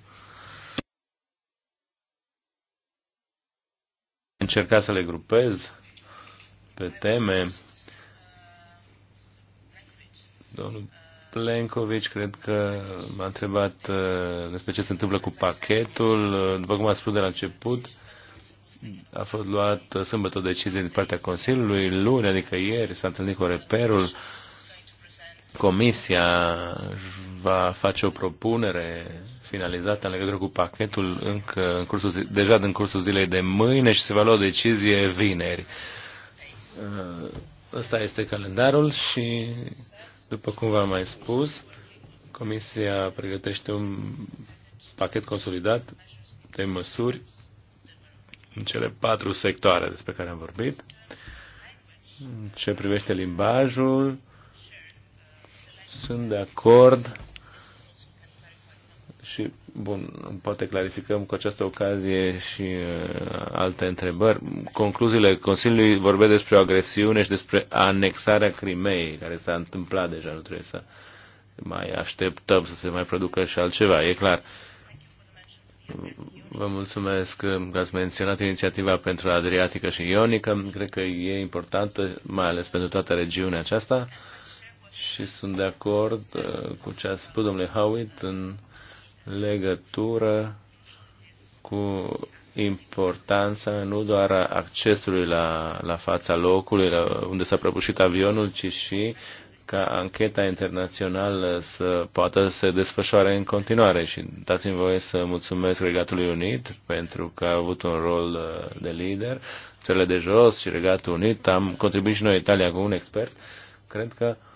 Încercat să le grupez pe teme. Domnul Plenković, cred că m-a întrebat uh, despre ce se întâmplă cu pachetul. Uh, după cum a spus de la început, a fost luat uh, sâmbătă o decizie din partea Consiliului, luni, adică ieri, s-a întâlnit cu reperul. Comisia va face o propunere finalizată în legătură cu pachetul încă în cursul, deja în cursul zilei de mâine și se va lua o decizie vineri. Ăsta este calendarul și după cum v-am mai spus, Comisia pregătește un pachet consolidat de măsuri în cele patru sectoare despre care am vorbit. În ce privește limbajul, sunt de acord și, bun, poate clarificăm cu această ocazie și uh, alte întrebări. Concluziile Consiliului vorbesc despre o agresiune și despre anexarea Crimeei, care s-a întâmplat deja, nu trebuie să mai așteptăm să se mai producă și altceva, e clar. Vă mulțumesc că ați menționat inițiativa pentru Adriatică și Ionică. Cred că e importantă, mai ales pentru toată regiunea aceasta. Și sunt de acord uh, cu ce a spus domnule Howitt în legătură cu importanța nu doar a accesului la, la fața locului, la unde s-a prăbușit avionul, ci și ca ancheta internațională să poată să se desfășoare în continuare. Și dați-mi voie să mulțumesc Regatului Unit pentru că a avut un rol uh, de lider. Cele de jos și Regatul Unit, am contribuit și noi Italia cu un expert. Cred că uh,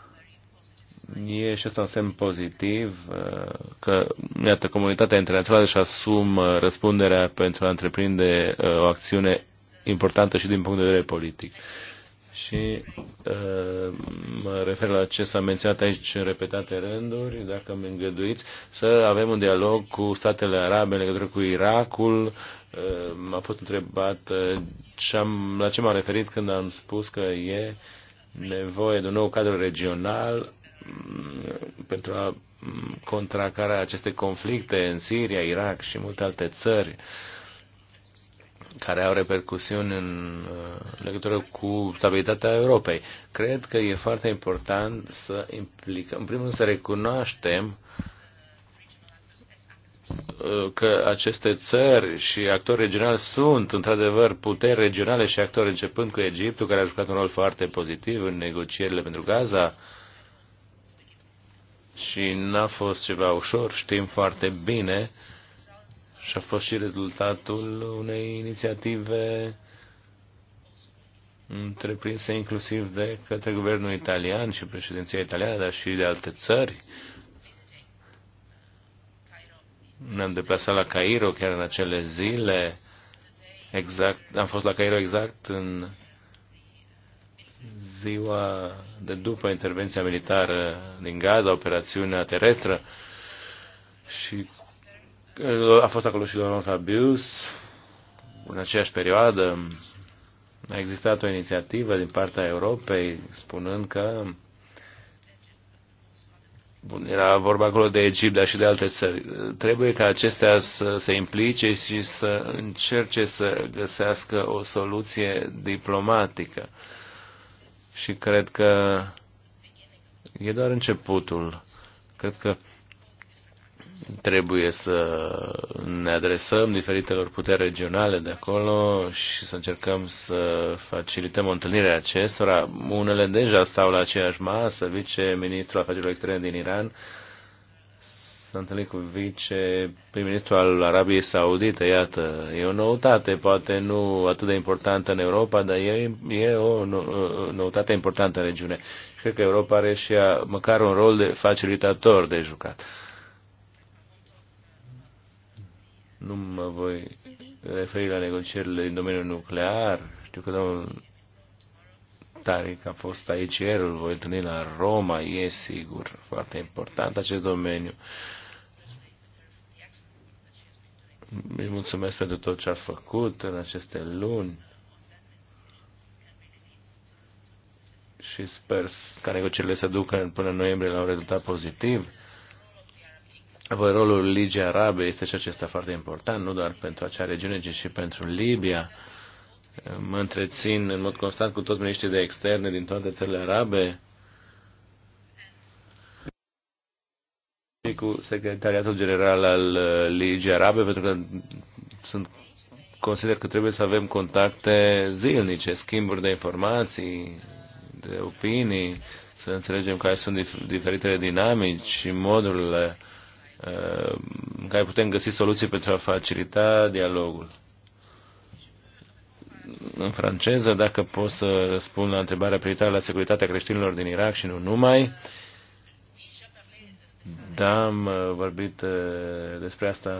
e și asta un semn pozitiv uh, că, iată, comunitatea internațională își asumă răspunderea pentru a întreprinde uh, o acțiune importantă și din punct de vedere politic. Și uh, mă refer la ce s-a menționat aici în repetate rânduri, dacă mă îngăduiți, să avem un dialog cu statele arabe în legătură cu Irakul. m-a fost întrebat ce am, la ce m-am referit când am spus că e nevoie de un nou cadru regional Mm, pentru a mm, contracara aceste conflicte în Siria, Irak și multe alte țări care au repercusiuni în uh, legătură cu stabilitatea Europei. Cred că e foarte important să implicăm, în primul rând să recunoaștem uh, că aceste țări și actori regionali sunt într-adevăr puteri regionale și actori începând cu Egiptul, care a jucat un rol foarte pozitiv în negocierile pentru Gaza, și n-a fost ceva ușor, știm foarte bine, și a fost și rezultatul unei inițiative întreprinse inclusiv de către guvernul italian și președinția italiană, dar și de alte țări. Ne-am deplasat la Cairo chiar în acele zile. Exact, am fost la Cairo exact în ziua de după intervenția militară din Gaza, operațiunea terestră, și uh, a fost acolo și Laurent Fabius. În aceeași perioadă a existat o inițiativă din partea Europei spunând că Bun, era vorba acolo de Egipt, dar și de alte țări. Trebuie ca acestea să se implice și să încerce să găsească o soluție diplomatică. Uh, și cred că e doar începutul. Cred că trebuie să ne adresăm diferitelor puteri regionale de acolo și să încercăm să facilităm o întâlnire a acestora. Unele deja stau la aceeași masă, viceministrul afacerilor externe din Iran s-a întâlnit cu vice-prim-ministru al Arabiei Saudite, iată, e o noutate, poate nu atât de importantă în Europa, dar e, e o noutate importantă în regiune. Și cred că Europa are și ea măcar un rol de facilitator de jucat. Nu mă voi referi la negocierile din domeniul nuclear. Știu că domnul Taric a fost aici ieri, îl voi întâlni la Roma, e sigur foarte important acest domeniu. Îi mulțumesc pentru tot ce a făcut în aceste luni și sper ca negocierile să ducă până în noiembrie la un rezultat pozitiv. Vă rolul Ligii Arabe este și acesta foarte important, nu doar pentru acea regiune, ci și pentru Libia. Mă întrețin în mod constant cu toți miniștrii de externe din toate țările arabe discuții cu Secretariatul General al uh, Ligii Arabe, pentru că sunt, consider că trebuie să avem contacte zilnice, schimburi de informații, de opinii, să înțelegem care sunt diferitele dinamici și modurile uh, în care putem găsi soluții pentru a facilita dialogul. În franceză, dacă pot să răspund la întrebarea privitoare la securitatea creștinilor din Irak și nu numai, uh, D-am da, uh, vorbit uh, despre asta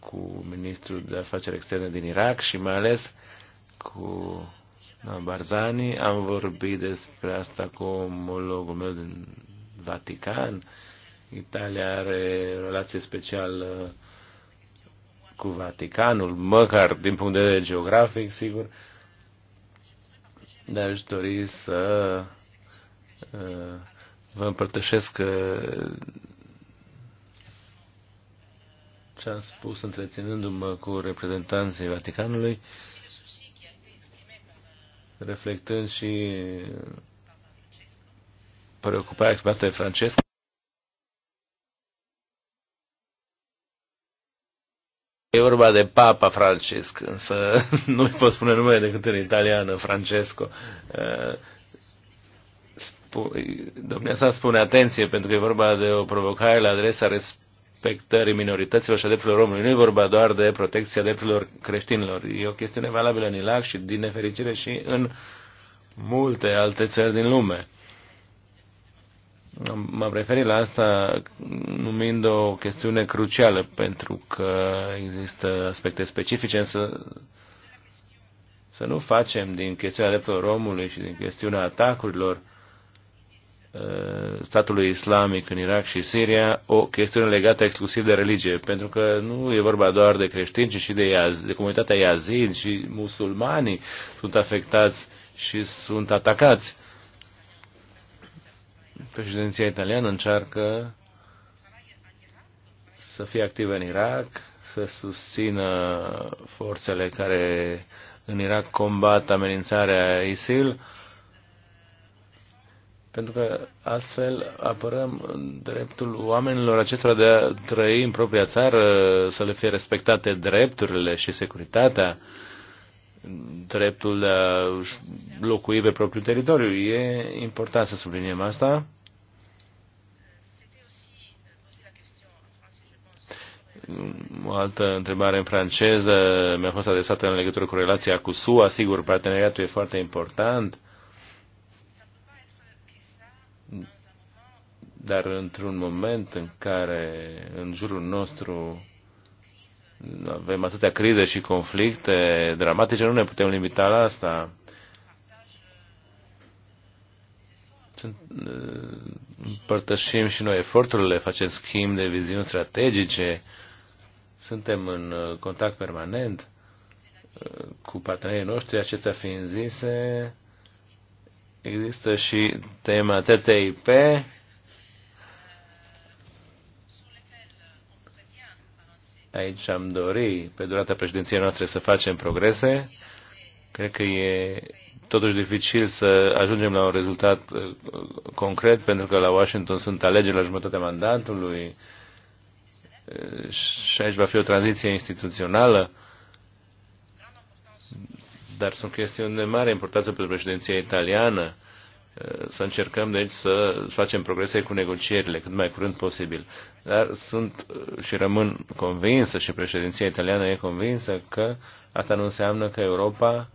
cu ministrul de afaceri externe din Irak și mai ales cu Barzani. Am vorbit despre asta cu omologul meu din Vatican. Italia are relație specială cu Vaticanul, măcar din punct de vedere geografic, sigur. Dar aș dori să uh, vă împărtășesc ce am spus întreținându-mă cu reprezentanții Vaticanului, reflectând și preocuparea exprimată de Francesc. E vorba de Papa Francesc, însă <laughs> nu îi pot spune numele decât în italiană, Francesco. Uh, Domnul sa spune atenție, pentru că e vorba de o provocare la adresa respectivă respectării minorităților și a drepturilor omului. Nu e vorba doar de protecția drepturilor creștinilor. E o chestiune valabilă în Irak și, din nefericire, și în multe alte țări din lume. M-am referit la asta numind o chestiune crucială, pentru că există aspecte specifice, însă să nu facem din chestiunea drepturilor omului și din chestiunea atacurilor Uh, statului islamic în Irak și Siria o chestiune legată exclusiv de religie, pentru că nu e vorba doar de creștini, ci și de, Iaz, de comunitatea iazin și musulmanii sunt afectați și sunt atacați. Președinția italiană încearcă să fie activă în Irak, să susțină forțele care în Irak combat amenințarea ISIL pentru că astfel apărăm dreptul oamenilor acestora de a trăi în propria țară, să le fie respectate drepturile și securitatea, dreptul de a locui pe propriul teritoriu. E important să subliniem asta. o altă întrebare în franceză mi-a fost adresată în legătură cu relația cu SUA. Sigur, parteneriatul e foarte important Dar într-un moment în care în jurul nostru avem atâtea crize și conflicte dramatice, nu ne putem limita la asta. Sunt, împărtășim și noi eforturile, facem schimb de viziuni strategice, suntem în uh, contact permanent uh, cu partenerii noștri, acestea fiind zise, există și tema TTIP, Aici am dori, pe durata președinției noastre, să facem progrese. Cred că e totuși dificil să ajungem la un rezultat uh, concret, pentru că la Washington sunt alegeri la jumătatea mandatului uh, și aici va fi o tranziție instituțională, dar sunt chestiuni de mare importanță pentru președinția italiană să încercăm, deci, să facem progrese cu negocierile cât mai curând posibil. Dar sunt uh, și rămân convinsă și președinția italiană e convinsă că asta nu înseamnă că Europa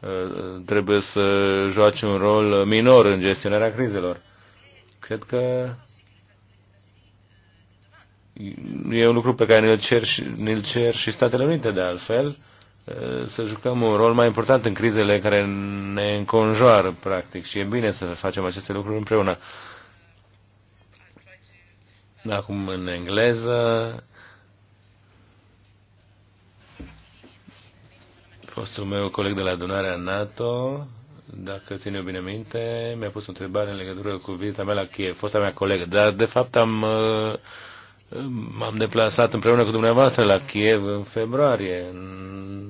uh, trebuie să joace un rol minor în gestionarea crizelor. Cred că e un lucru pe care ne-l cer, ne cer și Statele Unite, de altfel, Eh, să jucăm un rol mai important în crizele care ne înconjoară, practic, și e bine să facem aceste lucruri împreună. Acum în engleză, fostul meu coleg de la adunarea NATO, dacă țin eu bine minte, mi-a pus o întrebare în legătură cu vizita mea la Kiev, fosta mea colegă, dar de fapt am uh, M-am deplasat împreună cu dumneavoastră la Kiev în februarie, în...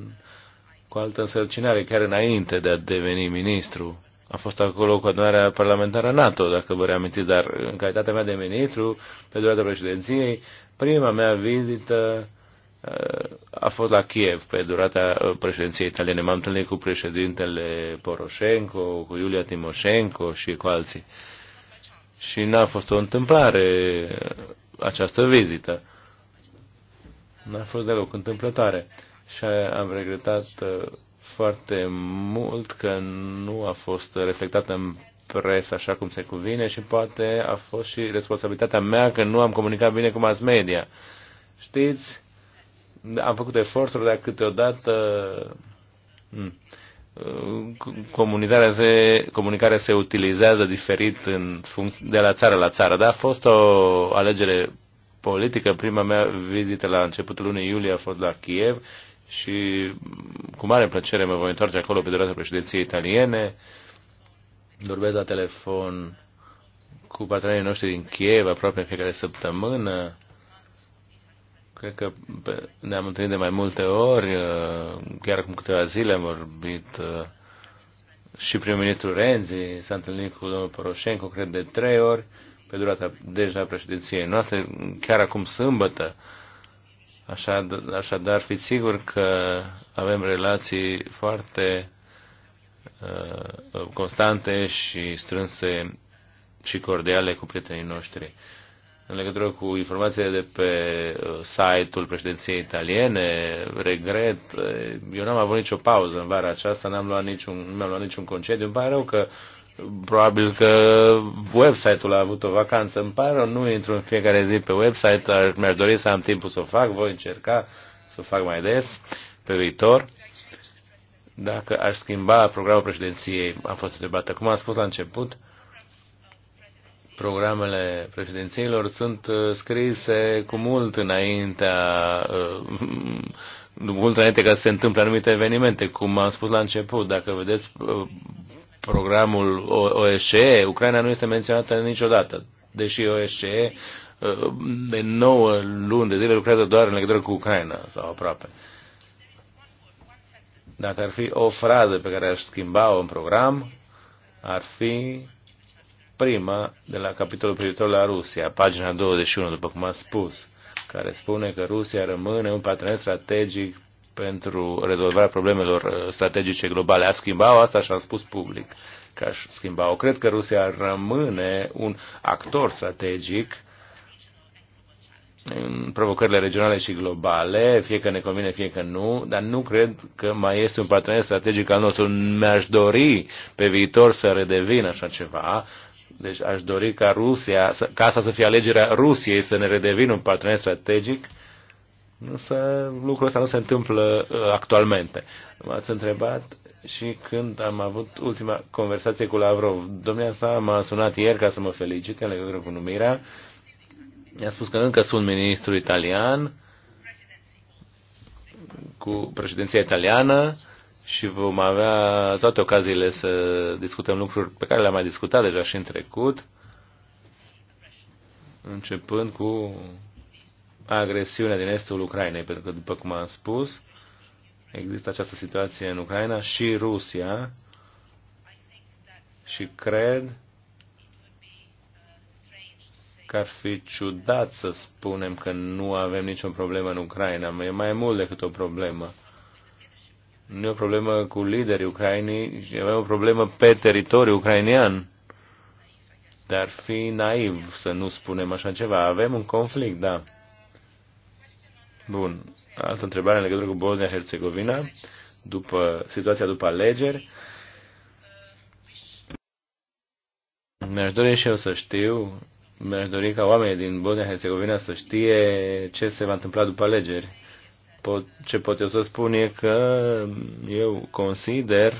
cu altă însărcinare, chiar înainte de a deveni ministru. Am fost acolo cu adunarea parlamentară NATO, dacă vă reamintiți, dar în calitatea mea de ministru, pe durata președinției, prima mea vizită uh, a fost la Kiev pe durata uh, președinției italiene. M-am întâlnit cu președintele Poroșenko, cu Iulia Timoșenko și cu alții. Și n-a fost o întâmplare această vizită. N-a fost deloc întâmplătoare și am regretat uh, foarte mult că nu a fost reflectată în presă așa cum se cuvine și poate a fost și responsabilitatea mea că nu am comunicat bine cu mass media. Știți, am făcut eforturi, dar câteodată... Hmm Uh, comunicarea se, comunicarea se utilizează diferit în de la țară la țară, dar a fost o alegere politică. Prima mea vizită la începutul lunii iulie a fost la Kiev și cu mare plăcere mă voi întoarce acolo pe durata președinției italiene. Vorbesc la telefon cu partenerii noștri din Kiev aproape în fiecare săptămână. Cred că ne-am întâlnit de mai multe ori, uh, chiar acum câteva zile am vorbit uh, și prim-ministrul Renzi s-a întâlnit cu domnul Poroșenco, cred, de trei ori pe durata deja președinției noastre, chiar acum sâmbătă. Așa, așadar, fiți sigur că avem relații foarte uh, constante și strânse și cordiale cu prietenii noștri în legătură cu informațiile de pe uh, site-ul președinției italiene. Regret, uh, eu n-am avut nicio pauză în vara aceasta, n-am luat niciun, nu mi-am luat niciun concediu. Îmi pare rău că probabil că website-ul a avut o vacanță. Îmi pare rău, nu intru în fiecare zi pe website, dar mi-aș dori să am timpul să o fac, voi încerca să o fac mai des pe viitor. Dacă aș schimba programul președinției, am fost întrebat. Cum am spus la început, uh, programele președințiilor sunt uh, scrise cu mult înaintea uh, <laughs> mult înainte ca să se întâmple anumite evenimente, cum am spus la început, dacă vedeți uh, programul OSCE, Ucraina nu este menționată niciodată, deși OSCE de 9 luni de zile lucrează doar în legătură cu Ucraina sau aproape. Dacă ar fi o frază pe care aș schimba-o în program, ar fi prima de la capitolul privitor la Rusia, pagina 21, după cum am spus, care spune că Rusia rămâne un partener strategic pentru rezolvarea problemelor uh, strategice globale. A schimbat asta și a spus public că aș schimba-o. Cred că Rusia rămâne un actor strategic în provocările regionale și globale, fie că ne convine, fie că nu, dar nu cred că mai este un partener strategic al nostru. Mi-aș dori pe viitor să redevină așa ceva, deci aș dori ca Rusia, ca asta să fie alegerea Rusiei să ne redevină un partener strategic, însă lucrul ăsta nu se întâmplă uh, actualmente. M-ați întrebat și când am avut ultima conversație cu Lavrov. Domnia sa m-a sunat ieri ca să mă felicite în legătură cu numirea. I-a spus că încă sunt ministru italian cu președinția italiană și vom avea toate ocaziile să discutăm lucruri pe care le-am mai discutat deja și în trecut, începând cu agresiunea din estul Ucrainei, pentru că, după cum am spus, există această situație în Ucraina și Rusia și cred că ar fi ciudat să spunem că nu avem nicio problemă în Ucraina. E mai mult decât o problemă. Nu e o problemă cu liderii ucrainii, avem o problemă pe teritoriul ucrainian. Dar fi naiv să nu spunem așa ceva. Avem un conflict, da. Bun. Altă întrebare în legătură cu Bosnia-Herzegovina, după, situația după alegeri. Mi-aș dori și eu să știu, mi-aș dori ca oamenii din Bosnia-Herzegovina să știe ce se va întâmpla după alegeri. Pot, ce pot eu să spun e că eu consider,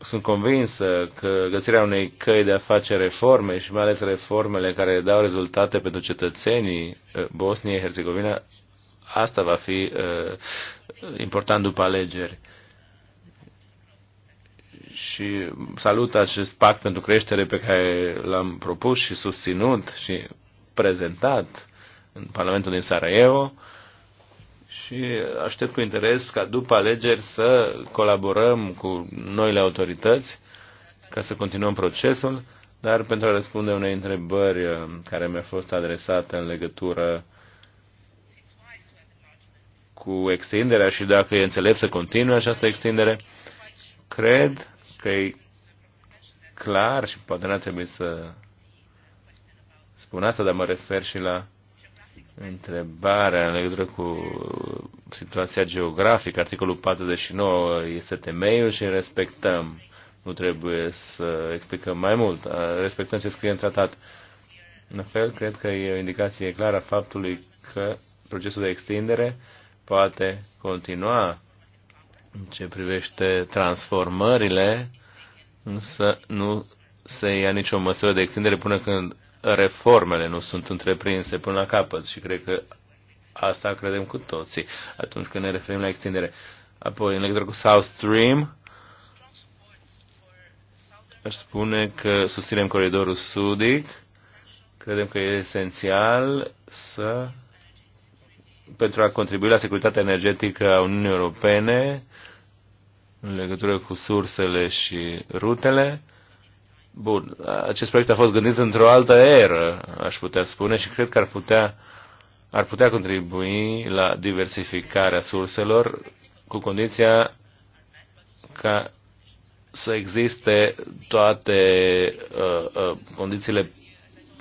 sunt convins că găsirea unei căi de a face reforme și mai ales reformele care dau rezultate pentru cetățenii uh, Bosniei, Herzegovina, asta va fi uh, important după alegeri și salut acest pact pentru creștere pe care l-am propus și susținut și prezentat în Parlamentul din Sarajevo și aștept cu interes ca după alegeri să colaborăm cu noile autorități ca să continuăm procesul, dar pentru a răspunde unei întrebări uh, care mi-a fost adresată în legătură cu extinderea și dacă e înțelept să continue această extindere, cred că e clar și poate n a trebuit să spun asta, dar mă refer și la întrebarea în legătură cu situația geografică. Articolul 49 este temeiul și respectăm. Nu trebuie să explicăm mai mult. Respectăm ce scrie în tratat. În fel, cred că e o indicație clară a faptului că procesul de extindere poate continua în ce privește transformările, însă nu se ia nicio măsură de extindere până când reformele nu sunt întreprinse până la capăt și cred că asta credem cu toții atunci când ne referim la extindere. Apoi, în legătură cu South Stream, aș spune că susținem coridorul sudic, credem că e esențial să pentru a contribui la securitatea energetică a Uniunii Europene în legătură cu sursele și rutele Bun, acest proiect a fost gândit într-o altă eră, aș putea spune, și cred că ar putea, ar putea contribui la diversificarea surselor cu condiția ca să existe toate uh, uh, condițiile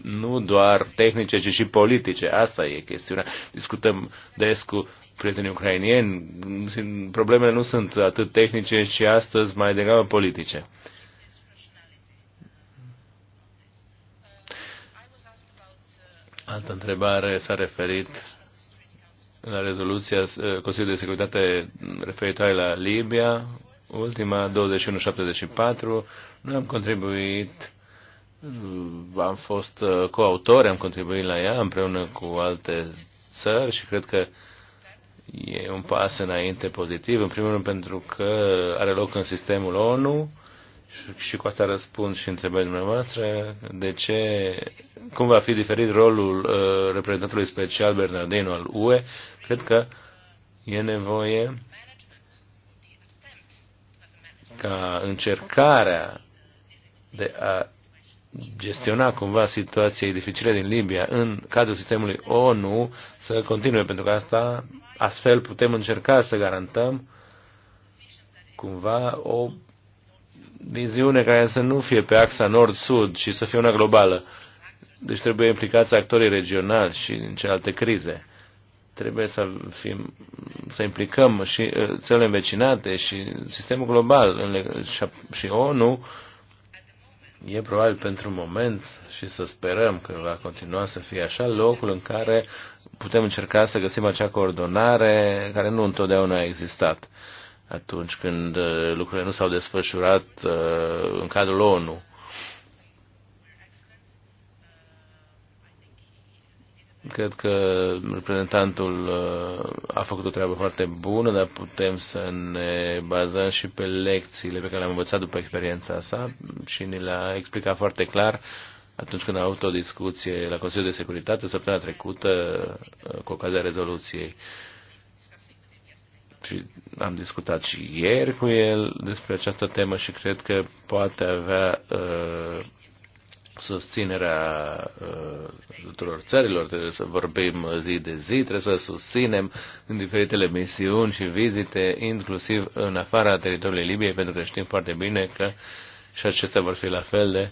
nu doar tehnice, ci și politice. Asta e chestiunea. Discutăm des cu prietenii ucrainieni. Problemele nu sunt atât tehnice, ci astăzi mai degrabă politice. Altă întrebare s-a referit la rezoluția eh, Consiliului de Securitate referitoare la Libia, ultima 2174. Noi am contribuit, am fost eh, coautori, am contribuit la ea împreună cu alte țări și cred că e un pas înainte pozitiv, în primul rând pentru că are loc în sistemul ONU și cu asta răspund și întrebările dumneavoastră, de ce, cum va fi diferit rolul uh, reprezentantului special Bernardino al UE, cred că e nevoie ca încercarea de a gestiona cumva situația dificile din Libia în cadrul sistemului ONU să continue, pentru că asta astfel putem încerca să garantăm cumva o viziune care să nu fie pe axa nord-sud, ci să fie una globală. Deci trebuie implicați actorii regionali și în celelalte crize. Trebuie să, fim, să implicăm și uh, țările învecinate și sistemul global și ONU e probabil pentru un moment și să sperăm că va continua să fie așa locul în care putem încerca să găsim acea coordonare care nu întotdeauna a existat atunci când uh, lucrurile nu s-au desfășurat uh, în cadrul ONU. Cred că reprezentantul uh, a făcut o treabă foarte bună, dar putem să ne bazăm și pe lecțiile pe care le-am învățat după experiența sa și ne le-a explicat foarte clar atunci când a avut o discuție la Consiliul de Securitate săptămâna trecută cu ocazia rezoluției și am discutat și ieri cu el despre această temă și cred că poate avea uh, susținerea uh, tuturor țărilor, trebuie să vorbim zi de zi, trebuie să susținem în diferitele misiuni și vizite, inclusiv în afara teritoriului Libiei, pentru că știm foarte bine că și acestea vor fi la fel de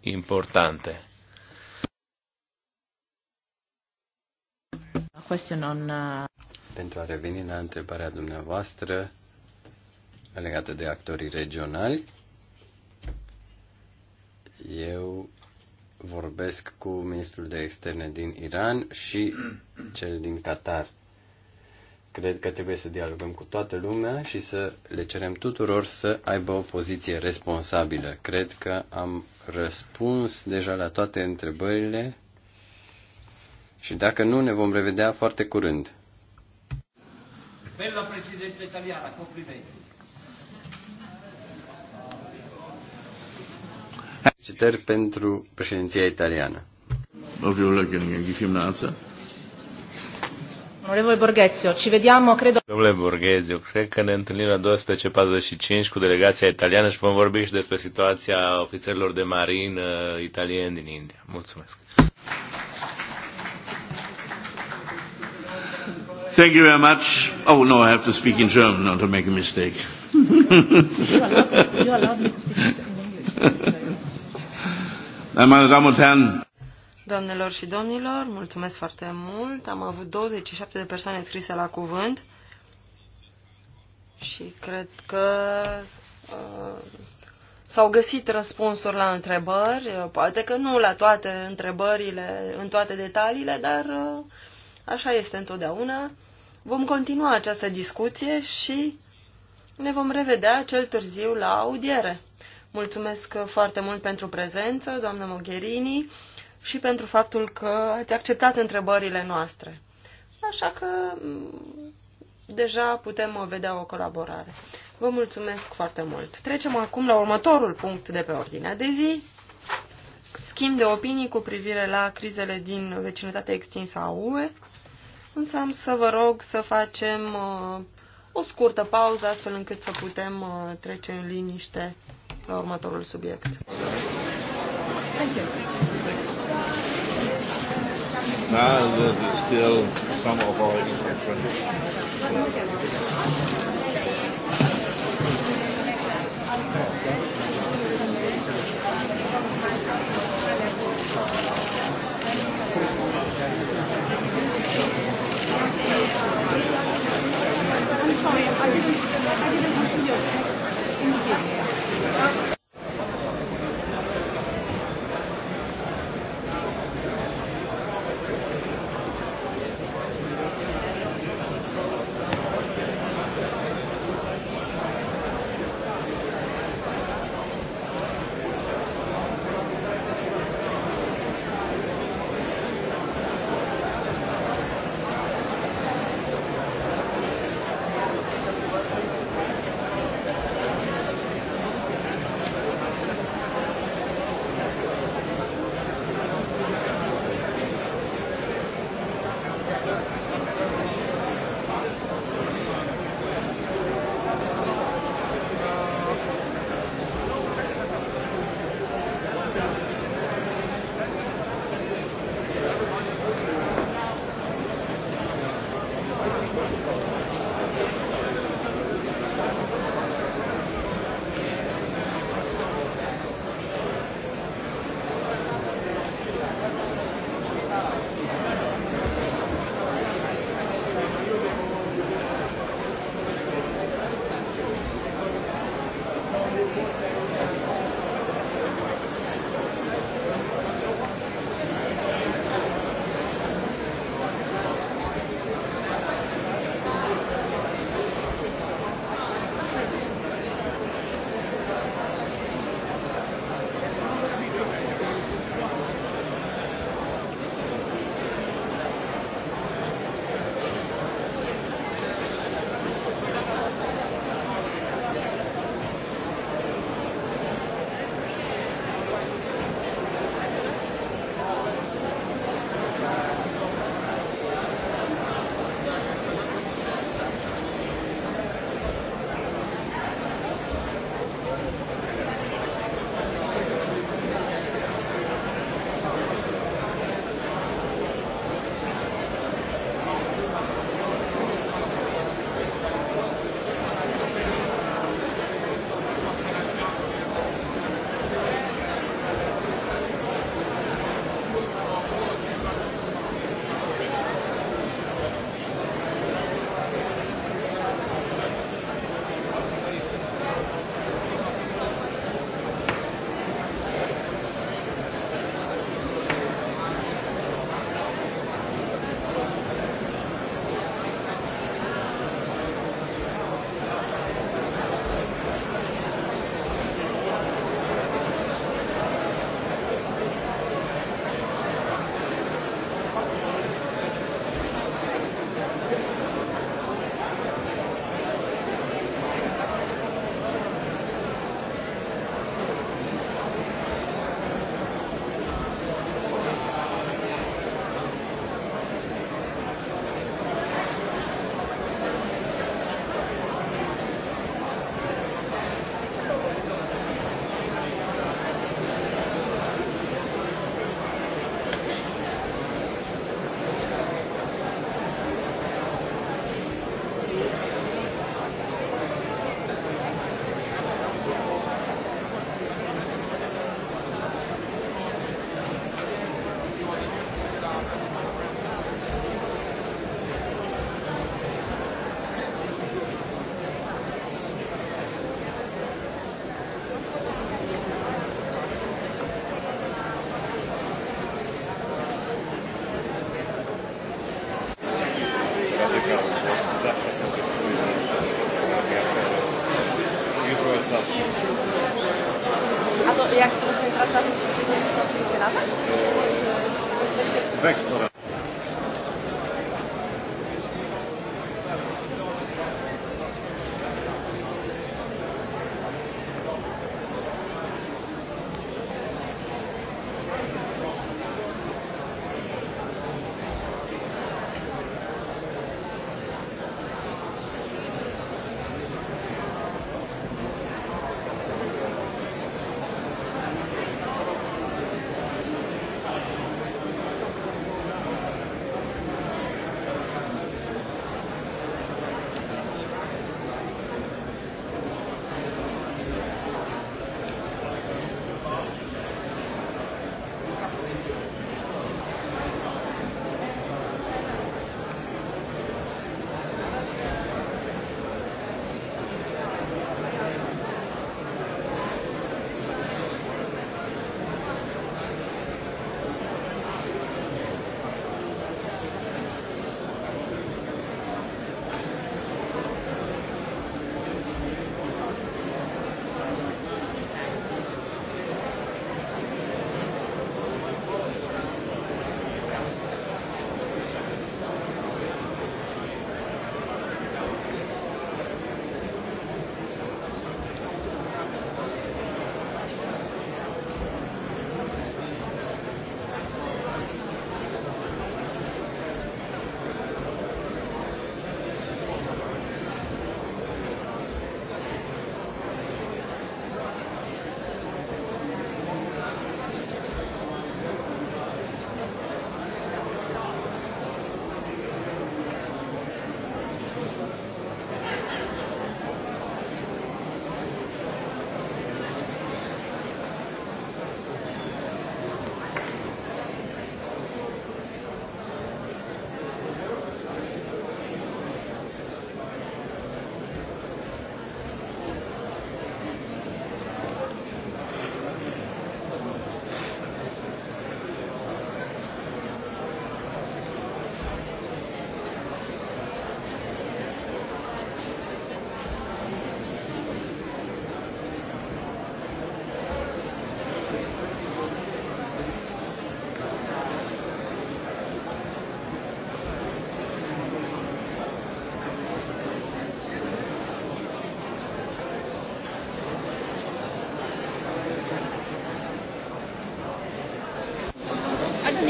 importante pentru a reveni la întrebarea dumneavoastră legată de actorii regionali. Eu vorbesc cu ministrul de externe din Iran și cel din Qatar. Cred că trebuie să dialogăm cu toată lumea și să le cerem tuturor să aibă o poziție responsabilă. Cred că am răspuns deja la toate întrebările și dacă nu, ne vom revedea foarte curând. Bella presidenza italiana, complimenti. Felicitări pentru președinția italiană. Domnule Borghezio, ci vediamo, credo... Domnule Borghezio, cred că ne întâlnim la 12.45 cu delegația italiană și vom vorbi și despre situația ofițerilor de marină italieni din India. Mulțumesc. Thank you very much. Oh no, I have to speak in German, not to make a mistake. you allowed me to speak Meine Damen und Herren. Doamnelor și domnilor, mulțumesc foarte mult. Am avut 27 de persoane scrise la cuvânt și cred că uh, s-au găsit răspunsuri la întrebări, uh, poate că nu la toate întrebările, în toate detaliile, dar uh, așa este întotdeauna. Vom continua această discuție și ne vom revedea cel târziu la audiere. Mulțumesc foarte mult pentru prezență, doamnă Mogherini, și pentru faptul că ați acceptat întrebările noastre. Așa că mm, deja putem vedea o colaborare. Vă mulțumesc foarte mult. Trecem acum la următorul punct de pe ordinea de zi. Schimb de opinii cu privire la crizele din vecinătatea extinsă a UE însă am să vă rog să facem uh, o scurtă pauză astfel încât să putem uh, trece în liniște la următorul subiect. Now still some of our Eastern friends. sorry, I didn't, I didn't see your text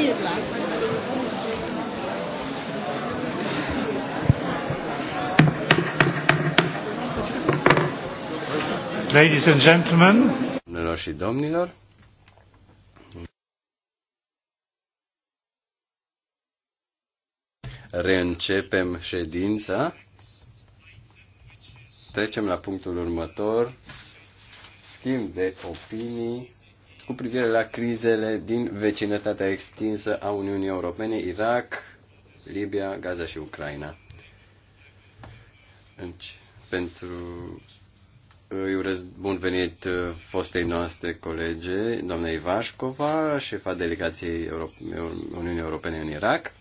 Irland. Ladies and gentlemen. Domnilor și domnilor. Reîncepem ședința. Trecem la punctul următor. Schimb de opinii cu privire la crizele din vecinătatea extinsă a Uniunii Europene, Irak, Libia, Gaza și Ucraina. Deci, pentru îi urez bun venit uh, fostei noastre colege, doamna Ivașcova, șefa delegației Europe, Uniunii Europene în Irak.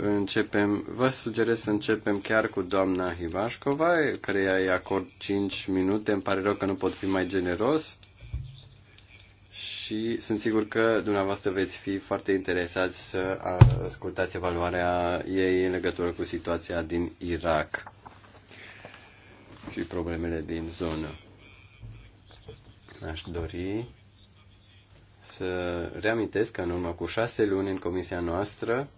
Începem, vă sugerez să începem chiar cu doamna Hivașcova, care îi acord 5 minute. Îmi pare rău că nu pot fi mai generos și sunt sigur că dumneavoastră veți fi foarte interesați să ascultați evaluarea ei în legătură cu situația din Irak și problemele din zonă. Aș dori să reamintesc că în urmă cu șase luni în comisia noastră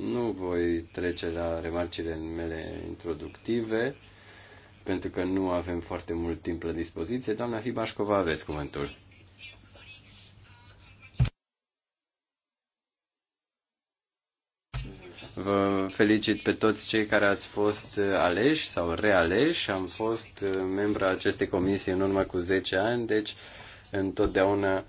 nu voi trece la remarcile mele introductive, pentru că nu avem foarte mult timp la dispoziție. Doamna Hibașcova, aveți cuvântul. Vă felicit pe toți cei care ați fost aleși sau realeși. Am fost membra acestei comisii în urmă cu 10 ani, deci întotdeauna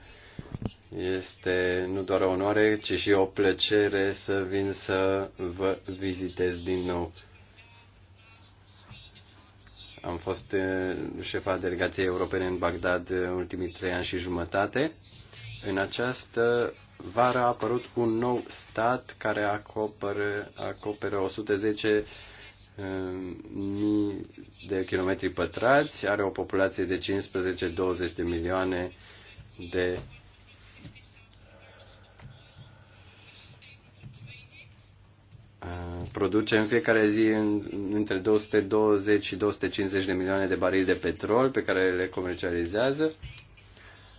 este nu doar o onoare, ci și o plăcere să vin să vă vizitez din nou. Am fost eh, șefa delegației europene în Bagdad eh, în ultimii trei ani și jumătate. În această vară a apărut un nou stat care acoperă, acoperă 110 eh, mii de kilometri pătrați, are o populație de 15-20 de milioane de produce în fiecare zi în, între 220 și 250 de milioane de barili de petrol pe care le comercializează.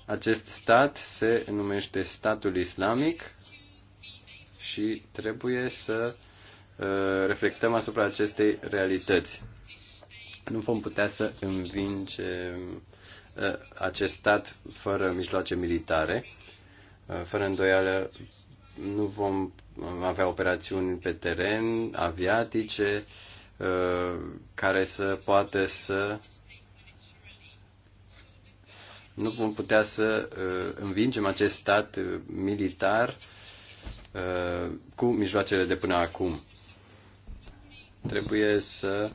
Acest stat se numește statul islamic și trebuie să uh, reflectăm asupra acestei realități. Nu vom putea să învingem uh, acest stat fără mijloace militare. Uh, fără îndoială, nu vom avea operațiuni pe teren, aviatice, uh, care să poată să nu vom putea să uh, învingem acest stat uh, militar cu mijloacele de până acum. Trebuie să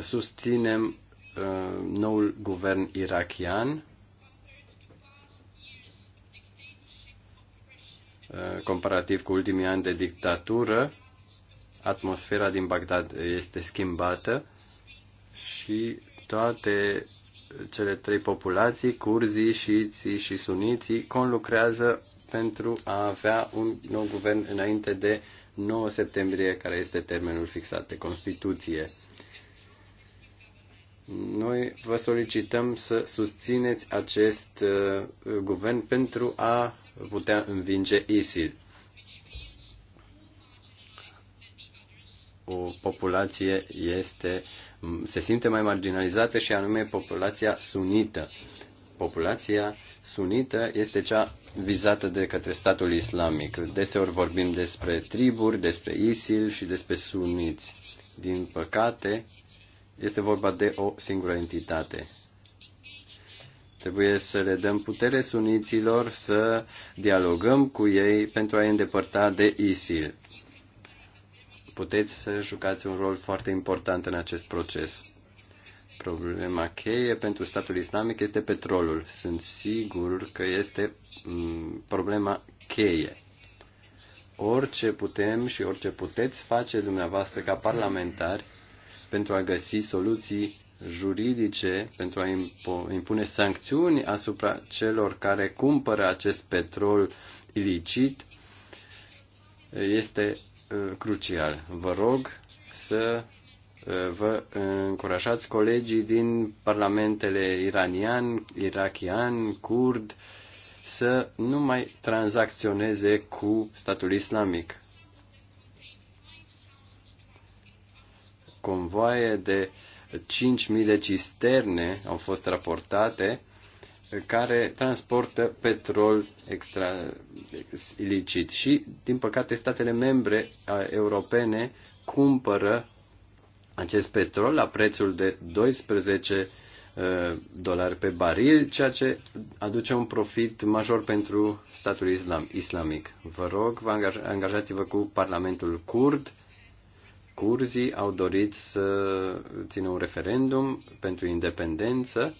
susținem noul guvern irachian Eh, comparativ cu ultimii ani de dictatură, atmosfera din Bagdad este schimbată și toate cele trei populații, curzii, șiiții și suniții, conlucrează pentru a avea un nou guvern înainte de 9 septembrie, care este termenul fixat de Constituție. Noi vă solicităm să susțineți acest uh, guvern pentru a putea învinge ISIL. O populație este, se simte mai marginalizată și anume populația sunită. Populația sunită este cea vizată de către statul islamic. Deseori vorbim despre triburi, despre ISIL și despre suniți. Din păcate, este vorba de o singură entitate. Trebuie să le dăm putere suniților să dialogăm cu ei pentru a-i îndepărta de ISIL. Puteți să jucați un rol foarte important în acest proces. Problema cheie pentru statul islamic este petrolul. Sunt sigur că este mm, problema cheie. Orice putem și orice puteți face dumneavoastră ca parlamentari pentru a găsi soluții juridice pentru a impune sancțiuni asupra celor care cumpără acest petrol ilicit este uh, crucial. Vă rog să uh, vă încurajați colegii din parlamentele iranian, irachian, kurd să nu mai tranzacționeze cu statul islamic. Convoaie de uh, 5.000 de cisterne au fost raportate care transportă petrol extra ilicit și, din păcate, statele membre europene cumpără acest petrol la prețul de 12 dolari pe baril, ceea ce aduce un profit major pentru statul islam, islamic. Vă rog, vă angajați-vă cu Parlamentul Kurd Curzii au dorit să țină un referendum pentru independență.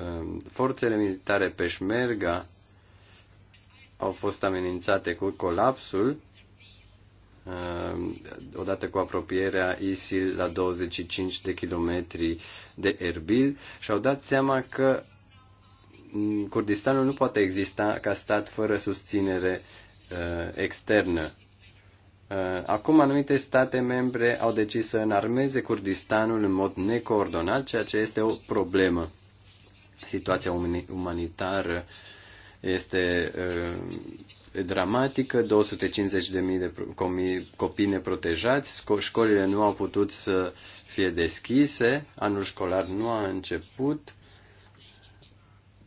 Ehm, forțele militare Peșmerga au fost amenințate cu colapsul ehm, odată cu apropierea ISIL la 25 de kilometri de Erbil și-au dat seama că mm, Kurdistanul nu poate exista ca stat fără susținere ehm, externă. Uh, acum anumite state membre au decis să înarmeze Kurdistanul în mod necoordonat, ceea ce este o problemă. Situația umanitară este uh, dramatică, 250.000 de copii neprotejați, școlile nu au putut să fie deschise, anul școlar nu a început,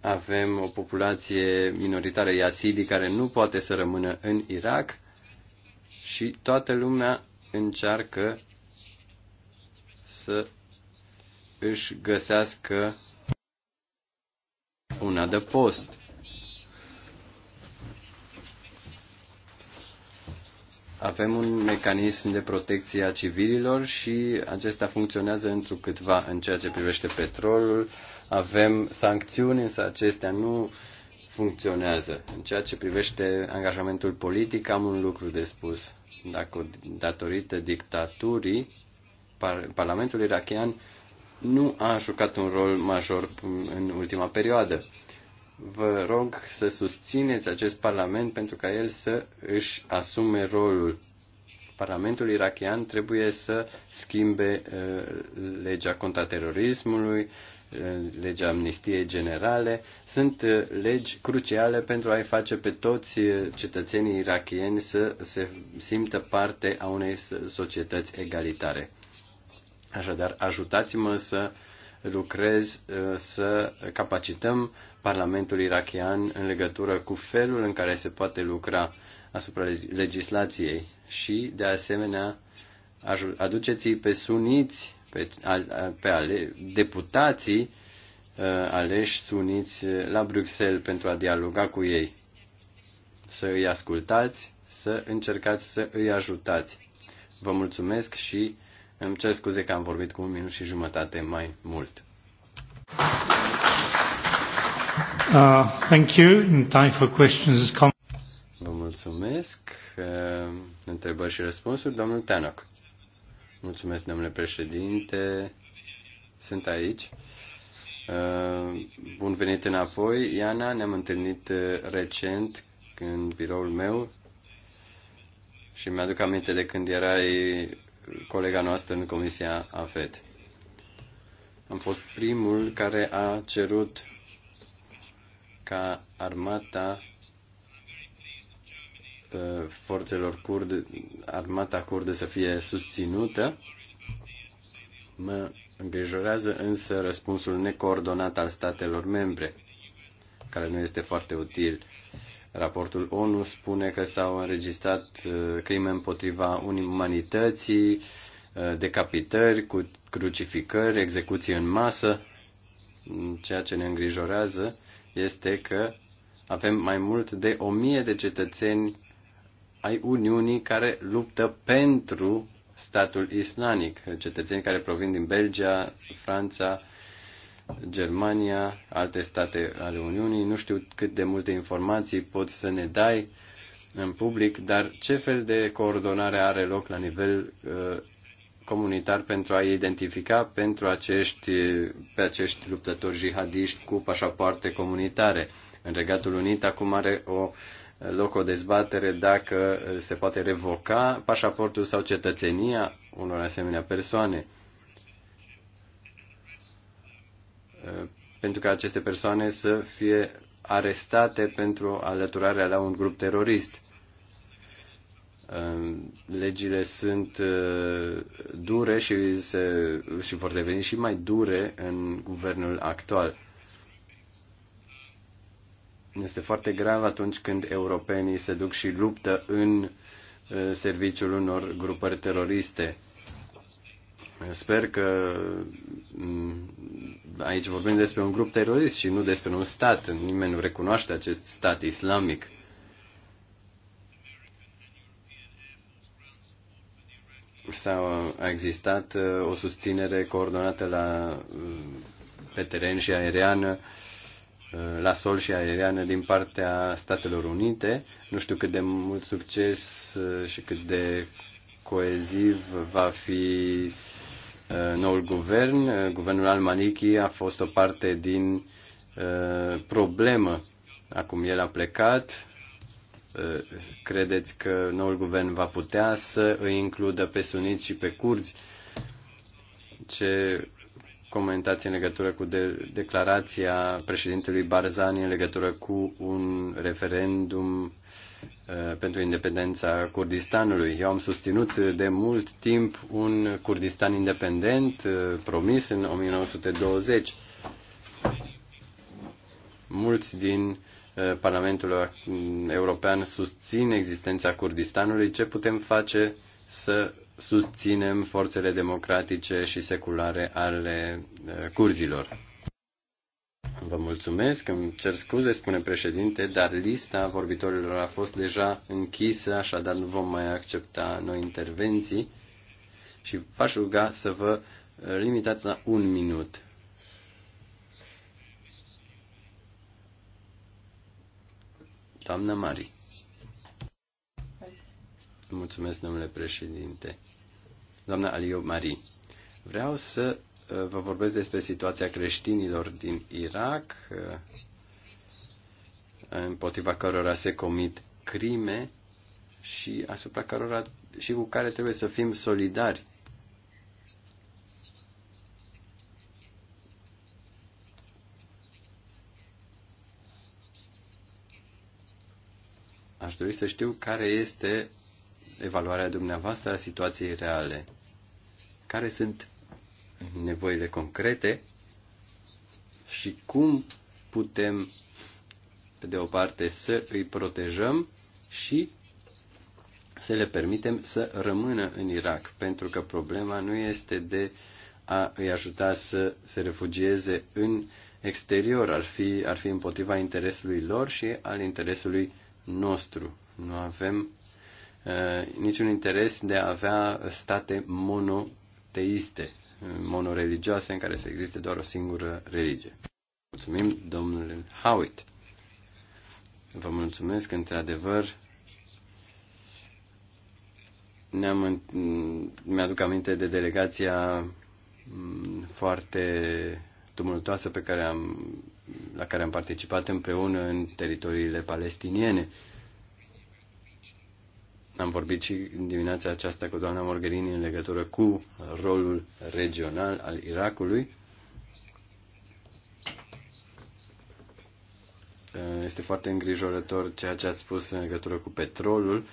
avem o populație minoritară yazidi care nu poate să rămână în Irak, și toată lumea încearcă să își găsească de post. Avem un mecanism de protecție a civililor și acesta funcționează câtva în ceea ce privește petrolul. Avem sancțiuni, însă acestea nu funcționează. În ceea ce privește angajamentul politic, am un lucru de spus. Dacă datorită dictaturii, Parlamentul irachian nu a jucat un rol major în ultima perioadă. Vă rog să susțineți acest Parlament pentru ca el să își asume rolul. Parlamentul irachian trebuie să schimbe uh, legea contra terorismului legea amnistiei generale, sunt uh, legi cruciale pentru a-i face pe toți uh, cetățenii irakieni să se simtă parte a unei societăți egalitare. Așadar, ajutați-mă să lucrez uh, să capacităm Parlamentul irachian în legătură cu felul în care se poate lucra asupra legislației și, de asemenea, aduceți pe suniți pe, pe ale, deputații uh, aleși suniți uh, la Bruxelles pentru a dialoga cu ei. Să îi ascultați, să încercați să îi ajutați. Vă mulțumesc și îmi cer scuze că am vorbit cu un minut și jumătate mai mult. Uh, thank you. time for questions. Vă mulțumesc. Uh, întrebări și răspunsuri, domnul Tanok. Mulțumesc, domnule președinte. Sunt aici. Uh, bun venit înapoi, Iana. Ne-am întâlnit uh, recent în biroul meu și mi-aduc aminte de când erai colega noastră în Comisia AFET. Am fost primul care a cerut ca armata forțelor curde, armata curde să fie susținută. Mă îngrijorează însă răspunsul necoordonat al statelor membre, care nu este foarte util. Raportul ONU spune că s-au înregistrat uh, crime împotriva umanității, uh, decapitări, crucificări, execuții în masă. Ceea ce ne îngrijorează este că avem mai mult de o mie de cetățeni ai Uniunii care luptă pentru statul islamic, cetățeni care provin din Belgia, Franța, Germania, alte state ale Uniunii. Nu știu cât de multe informații poți să ne dai în public, dar ce fel de coordonare are loc la nivel uh, comunitar pentru a identifica pentru acești, pe acești luptători jihadiști cu pașapoarte comunitare? În Regatul Unit acum are o loc o dezbatere dacă se poate revoca pașaportul sau cetățenia unor asemenea persoane. Pentru că aceste persoane să fie arestate pentru alăturarea la un grup terorist. Legile sunt uh, dure și, se, și vor deveni și mai dure în guvernul actual este foarte grav atunci când europenii se duc și luptă în uh, serviciul unor grupări teroriste. Sper că mm, aici vorbim despre un grup terorist și nu despre un stat. Nimeni nu recunoaște acest stat islamic. sau a existat uh, o susținere coordonată la, uh, pe teren și aeriană Uh, la sol și aeriană din partea Statelor Unite. Nu știu cât de mult succes uh, și cât de coeziv va fi uh, noul guvern. Guvernul al Maliki a fost o parte din problemă. Acum el a plecat. Credeți că noul guvern va putea să îi includă pe suniți și pe curzi? Ce comentații în legătură cu de- declarația președintelui Barzani în legătură cu un referendum uh, pentru independența Kurdistanului. Eu am susținut de mult timp un Kurdistan independent uh, promis în 1920. Mulți din uh, Parlamentul European susțin existența Kurdistanului. Ce putem face să susținem forțele democratice și seculare ale curzilor. Vă mulțumesc, îmi cer scuze, spune președinte, dar lista vorbitorilor a fost deja închisă, așadar nu vom mai accepta noi intervenții și v-aș ruga să vă limitați la un minut. Doamna Mari. Mulțumesc, domnule președinte doamna Aliu Mari. Vreau să uh, vă vorbesc despre situația creștinilor din Irak, uh, împotriva cărora se comit crime și asupra cărora și cu care trebuie să fim solidari. Aș dori să știu care este evaluarea dumneavoastră a situației reale care sunt nevoile concrete și cum putem, pe de o parte, să îi protejăm și să le permitem să rămână în Irak, pentru că problema nu este de a îi ajuta să se refugieze în exterior, ar fi, ar fi împotriva interesului lor și al interesului nostru. Nu avem uh, niciun interes de a avea state mono teiste, monoreligioase, în care să existe doar o singură religie. Mulțumim, domnule Howitt. Vă mulțumesc, într-adevăr, ne-am, mi-aduc aminte de delegația mm, foarte tumultoasă pe care am, la care am participat împreună în teritoriile palestiniene. Am vorbit și în dimineața aceasta cu doamna Morgherini în legătură cu rolul regional al Irakului. Este foarte îngrijorător ceea ce ați spus în legătură cu petrolul.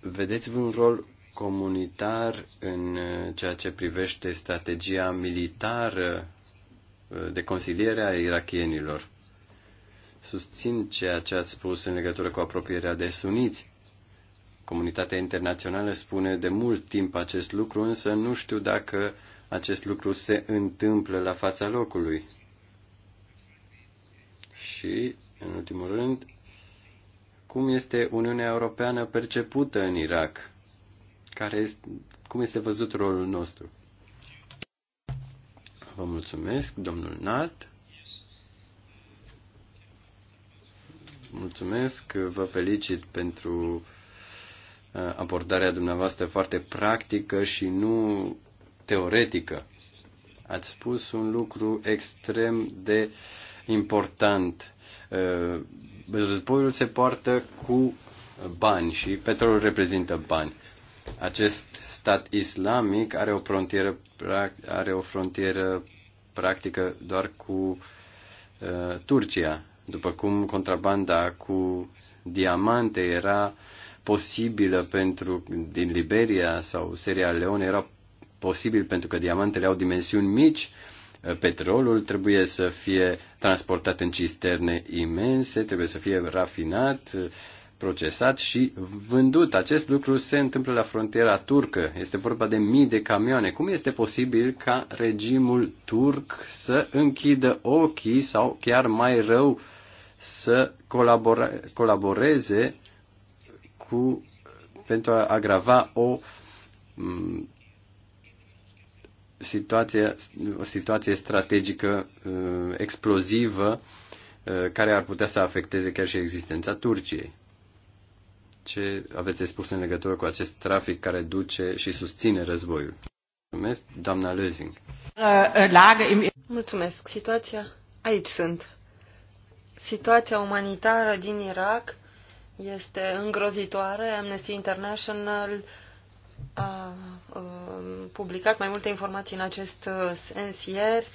vedeți un rol comunitar în ceea ce privește strategia militară de consiliere a irachienilor. Susțin ceea ce ați spus în legătură cu apropierea de suniți. Comunitatea internațională spune de mult timp acest lucru, însă nu știu dacă acest lucru se întâmplă la fața locului. Și, în ultimul rând, cum este Uniunea Europeană percepută în Irak? Care este, cum este văzut rolul nostru? Vă mulțumesc, domnul Nalt. Mulțumesc, vă felicit pentru uh, abordarea dumneavoastră foarte practică și nu teoretică. Ați spus un lucru extrem de important. Uh, războiul se poartă cu bani și petrolul reprezintă bani. Acest stat islamic are o frontieră, are o frontieră practică doar cu uh, Turcia după cum contrabanda cu diamante era posibilă pentru din Liberia sau Seria Leone era posibil pentru că diamantele au dimensiuni mici, uh, petrolul trebuie să fie transportat în cisterne imense, trebuie să fie rafinat, uh, procesat și vândut. Acest lucru se întâmplă la frontiera turcă. Este vorba de mii de camioane. Cum este posibil ca regimul turc să închidă ochii sau chiar mai rău să colaboreze cu, pentru a agrava o mm, situație, o situație strategică mm, explozivă mm, care ar putea să afecteze chiar și existența Turciei. Ce aveți spus în legătură cu acest trafic care duce și susține războiul? Mulțumesc, doamna Lezing. Uh, uh, Mulțumesc. Situația aici sunt. Situația umanitară din Irak este îngrozitoare. Amnesty International a publicat mai multe informații în acest uh, sens ieri.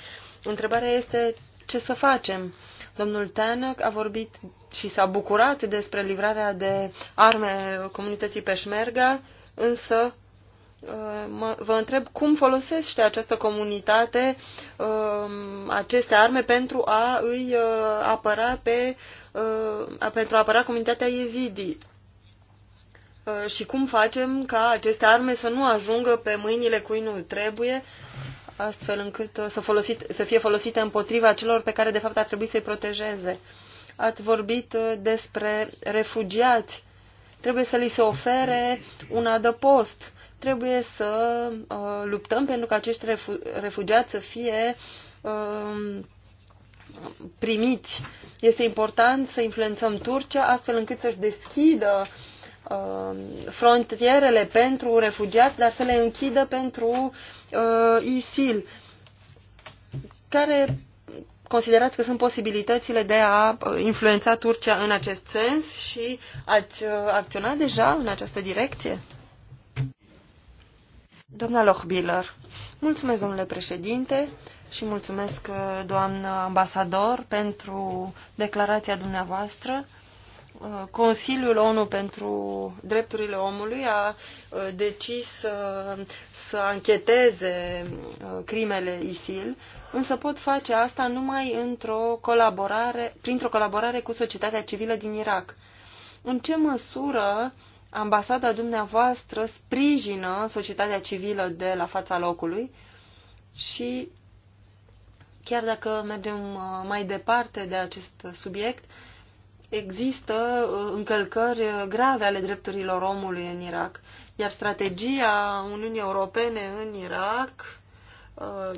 Întrebarea este ce să facem. Domnul Tanak a vorbit și s-a bucurat despre livrarea de arme comunității Peșmerga, însă mă, vă întreb cum folosește această comunitate um, aceste arme pentru a îi uh, apăra pe uh, pentru a apăra comunitatea Yezidi. Uh, și cum facem ca aceste arme să nu ajungă pe mâinile cui nu trebuie, astfel încât să, folosit, să fie folosite împotriva celor pe care de fapt ar trebui să-i protejeze. Ați vorbit despre refugiați. Trebuie să li se ofere un adăpost. Trebuie să uh, luptăm pentru că acești refugiați să fie uh, primiți. Este important să influențăm Turcia astfel încât să-și deschidă uh, frontierele pentru refugiați, dar să le închidă pentru uh, ISIL. Care considerați că sunt posibilitățile de a uh, influența Turcia în acest sens și ați uh, acționat deja în această direcție? Doamna Lochbiller, mulțumesc, domnule președinte, și mulțumesc, uh, doamnă ambasador, pentru declarația dumneavoastră. Uh, Consiliul ONU pentru Drepturile Omului a uh, decis să, să ancheteze crimele ISIL, însă pot face asta numai într-o colaborare, printr-o colaborare cu societatea civilă din Irak. În ce măsură uh, ambasada dumneavoastră sprijină societatea civilă de la fața locului și chiar dacă mergem uh, mai departe de acest subiect, există uh, încălcări uh, grave ale drepturilor omului în Irak. Iar strategia Uniunii Europene în Irak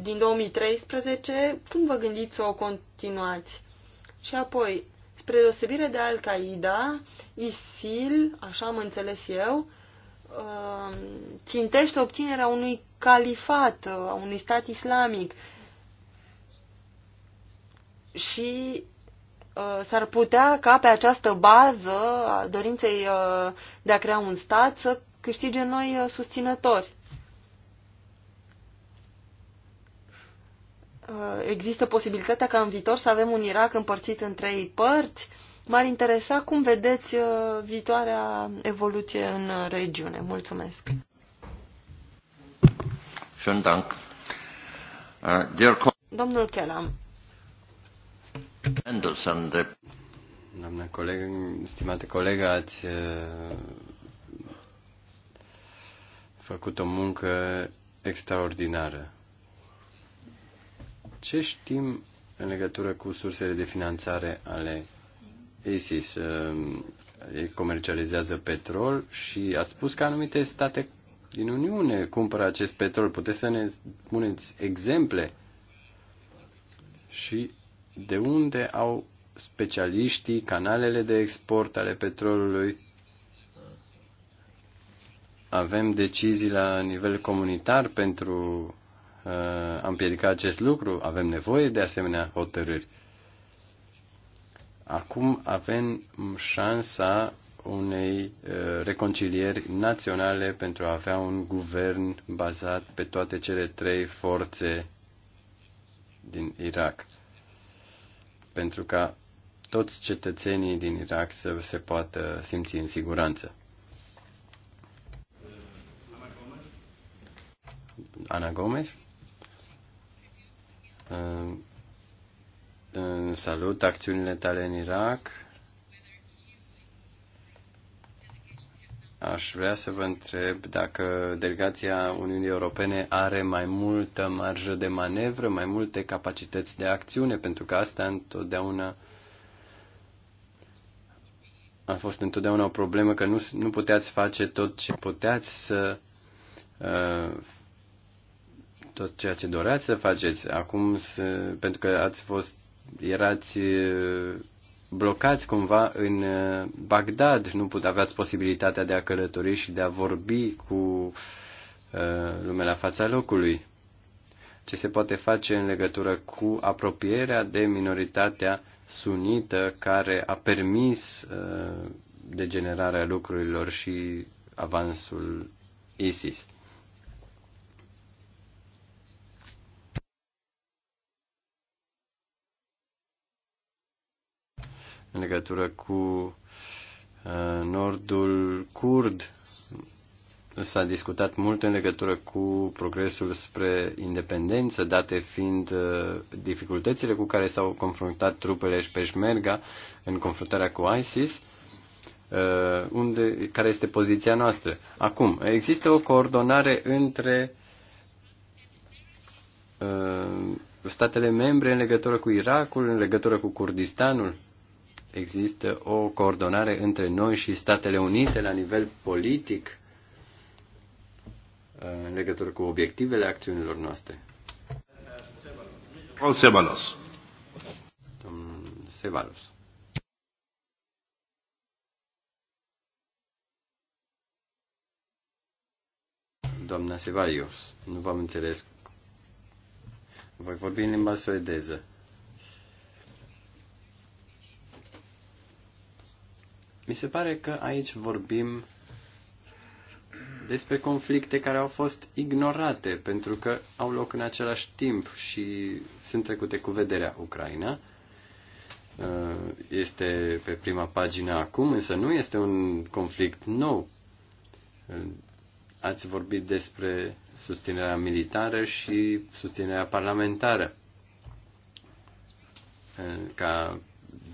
din 2013, cum vă gândiți să o continuați? Și apoi, Spre deosebire de Al-Qaeda, ISIL, așa am înțeles eu, um, țintește obținerea unui califat, uh, a unui stat islamic. Și uh, s-ar putea ca pe această bază a dorinței uh, de a crea un stat să câștige noi susținători. Uh, există posibilitatea ca în viitor să avem un Irak împărțit în trei părți. M-ar interesa cum vedeți uh, viitoarea evoluție în uh, regiune. Mulțumesc. Dank. Domnul Kelam. Anderson, Doamna colegă, stimate colegă, ați făcut o muncă extraordinară. Ce știm în legătură cu sursele de finanțare ale ISIS? Ei ehm, comercializează petrol și ați spus că anumite state din Uniune cumpără acest petrol. Puteți să ne puneți exemple? Și de unde au specialiștii canalele de export ale petrolului? Avem decizii la nivel comunitar pentru Uh, a împiedica acest lucru. Avem nevoie de asemenea hotărâri. Acum avem șansa unei uh, reconcilieri naționale pentru a avea un guvern bazat pe toate cele trei forțe din Irak. Pentru ca toți cetățenii din Irak să se poată simți în siguranță. Ana Gomes? Salut acțiunile tale în Irak. Aș vrea să vă întreb dacă delegația Uniunii Europene are mai multă marjă de manevră, mai multe capacități de acțiune, pentru că asta întotdeauna a fost întotdeauna o problemă că nu, nu puteați face tot ce puteați să uh, tot ceea ce doreați să faceți. Acum, pentru că ați fost, erați blocați cumva în Bagdad, nu put, aveați posibilitatea de a călători și de a vorbi cu uh, lumea la fața locului. Ce se poate face în legătură cu apropierea de minoritatea sunită care a permis uh, degenerarea lucrurilor și avansul ISIS. în legătură cu uh, nordul curd. S-a discutat mult în legătură cu progresul spre independență, date fiind uh, dificultățile cu care s-au confruntat trupele și peșmerga în confruntarea cu ISIS uh, unde, care este poziția noastră. Acum, există o coordonare între uh, statele membre în legătură cu Irakul, în legătură cu Kurdistanul există o coordonare între noi și Statele Unite la nivel politic în legătură cu obiectivele acțiunilor noastre. Paul Sebalos. Domnul Sebalos. Doamna Sevalios, nu v-am înțeles. Voi vorbi în limba suedeză. Mi se pare că aici vorbim despre conflicte care au fost ignorate pentru că au loc în același timp și sunt trecute cu vederea Ucraina. Uh, este pe prima pagină acum, însă nu este un conflict nou. Uh, ați vorbit despre susținerea militară și susținerea parlamentară. Uh, ca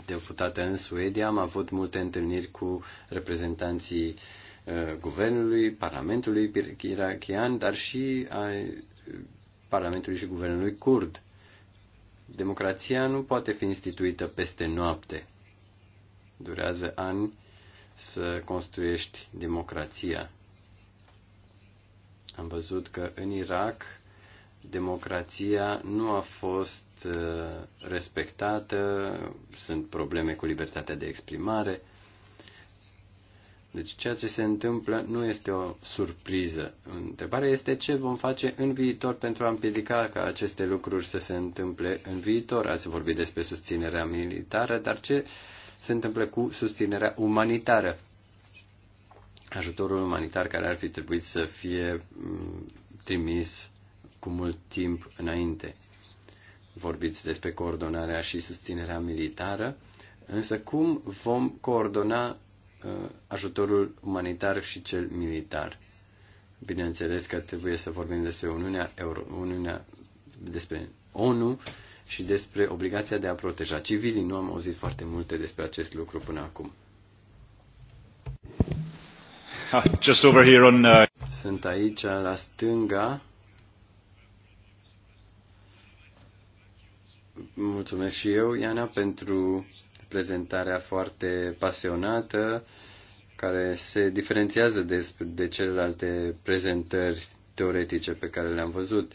deputată în Suedia, am avut multe întâlniri cu reprezentanții uh, guvernului, Parlamentului irachian, dar și a uh, Parlamentului și guvernului kurd. Democrația nu poate fi instituită peste noapte. Durează ani să construiești democrația. Am văzut că în Irak democrația nu a fost uh, respectată, sunt probleme cu libertatea de exprimare. Deci ceea ce se întâmplă nu este o surpriză. Întrebarea este ce vom face în viitor pentru a împiedica ca aceste lucruri să se întâmple în viitor. Ați vorbit despre susținerea militară, dar ce se întâmplă cu susținerea umanitară? Ajutorul umanitar care ar fi trebuit să fie mm, trimis cu mult timp înainte. Vorbiți despre coordonarea și susținerea militară, însă cum vom coordona uh, ajutorul umanitar și cel militar? Bineînțeles că trebuie să vorbim despre Uniunea, Euro, Uniunea despre ONU și despre obligația de a proteja civilii. Nu am auzit foarte multe despre acest lucru până acum. Ah, just over here on, uh... Sunt aici la stânga Mulțumesc și eu, Iana, pentru prezentarea foarte pasionată, care se diferențiază de, de celelalte prezentări teoretice pe care le-am văzut.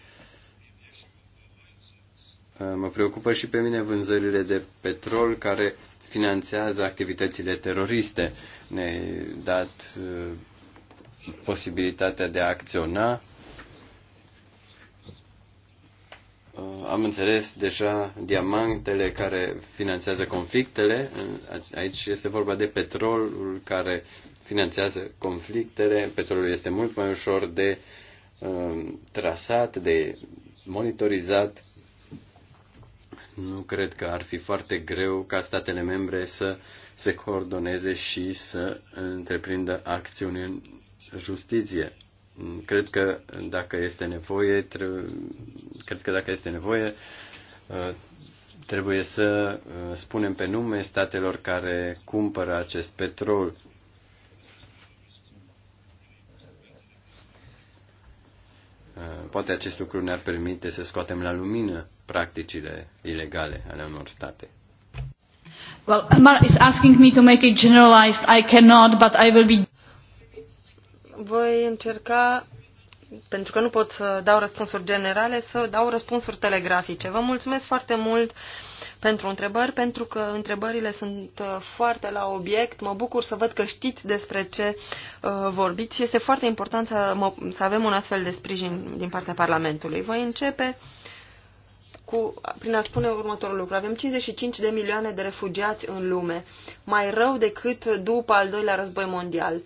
Mă preocupă și pe mine vânzările de petrol care finanțează activitățile teroriste. Ne-ai dat uh, posibilitatea de a acționa Uh, am înțeles deja diamantele care finanțează conflictele. Uh, aici este vorba de petrolul care finanțează conflictele. Petrolul este mult mai ușor de uh, trasat, de monitorizat. Nu cred că ar fi foarte greu ca statele membre să se coordoneze și să întreprindă acțiuni în justiție. Cred că dacă este nevoie, trebuie, cred că dacă este nevoie, uh, trebuie să uh, spunem pe nume statelor care cumpără acest petrol. Uh, poate acest lucru ne-ar permite să scoatem la lumină practicile ilegale ale unor state. Well, Amar is asking me to make it generalized. I cannot, but I will be voi încerca, pentru că nu pot să dau răspunsuri generale, să dau răspunsuri telegrafice. Vă mulțumesc foarte mult pentru întrebări, pentru că întrebările sunt uh, foarte la obiect. Mă bucur să văd că știți despre ce uh, vorbiți și este foarte important să, mă, să avem un astfel de sprijin din partea Parlamentului. Voi începe cu, prin a spune următorul lucru. Avem 55 de milioane de refugiați în lume, mai rău decât după al doilea război mondial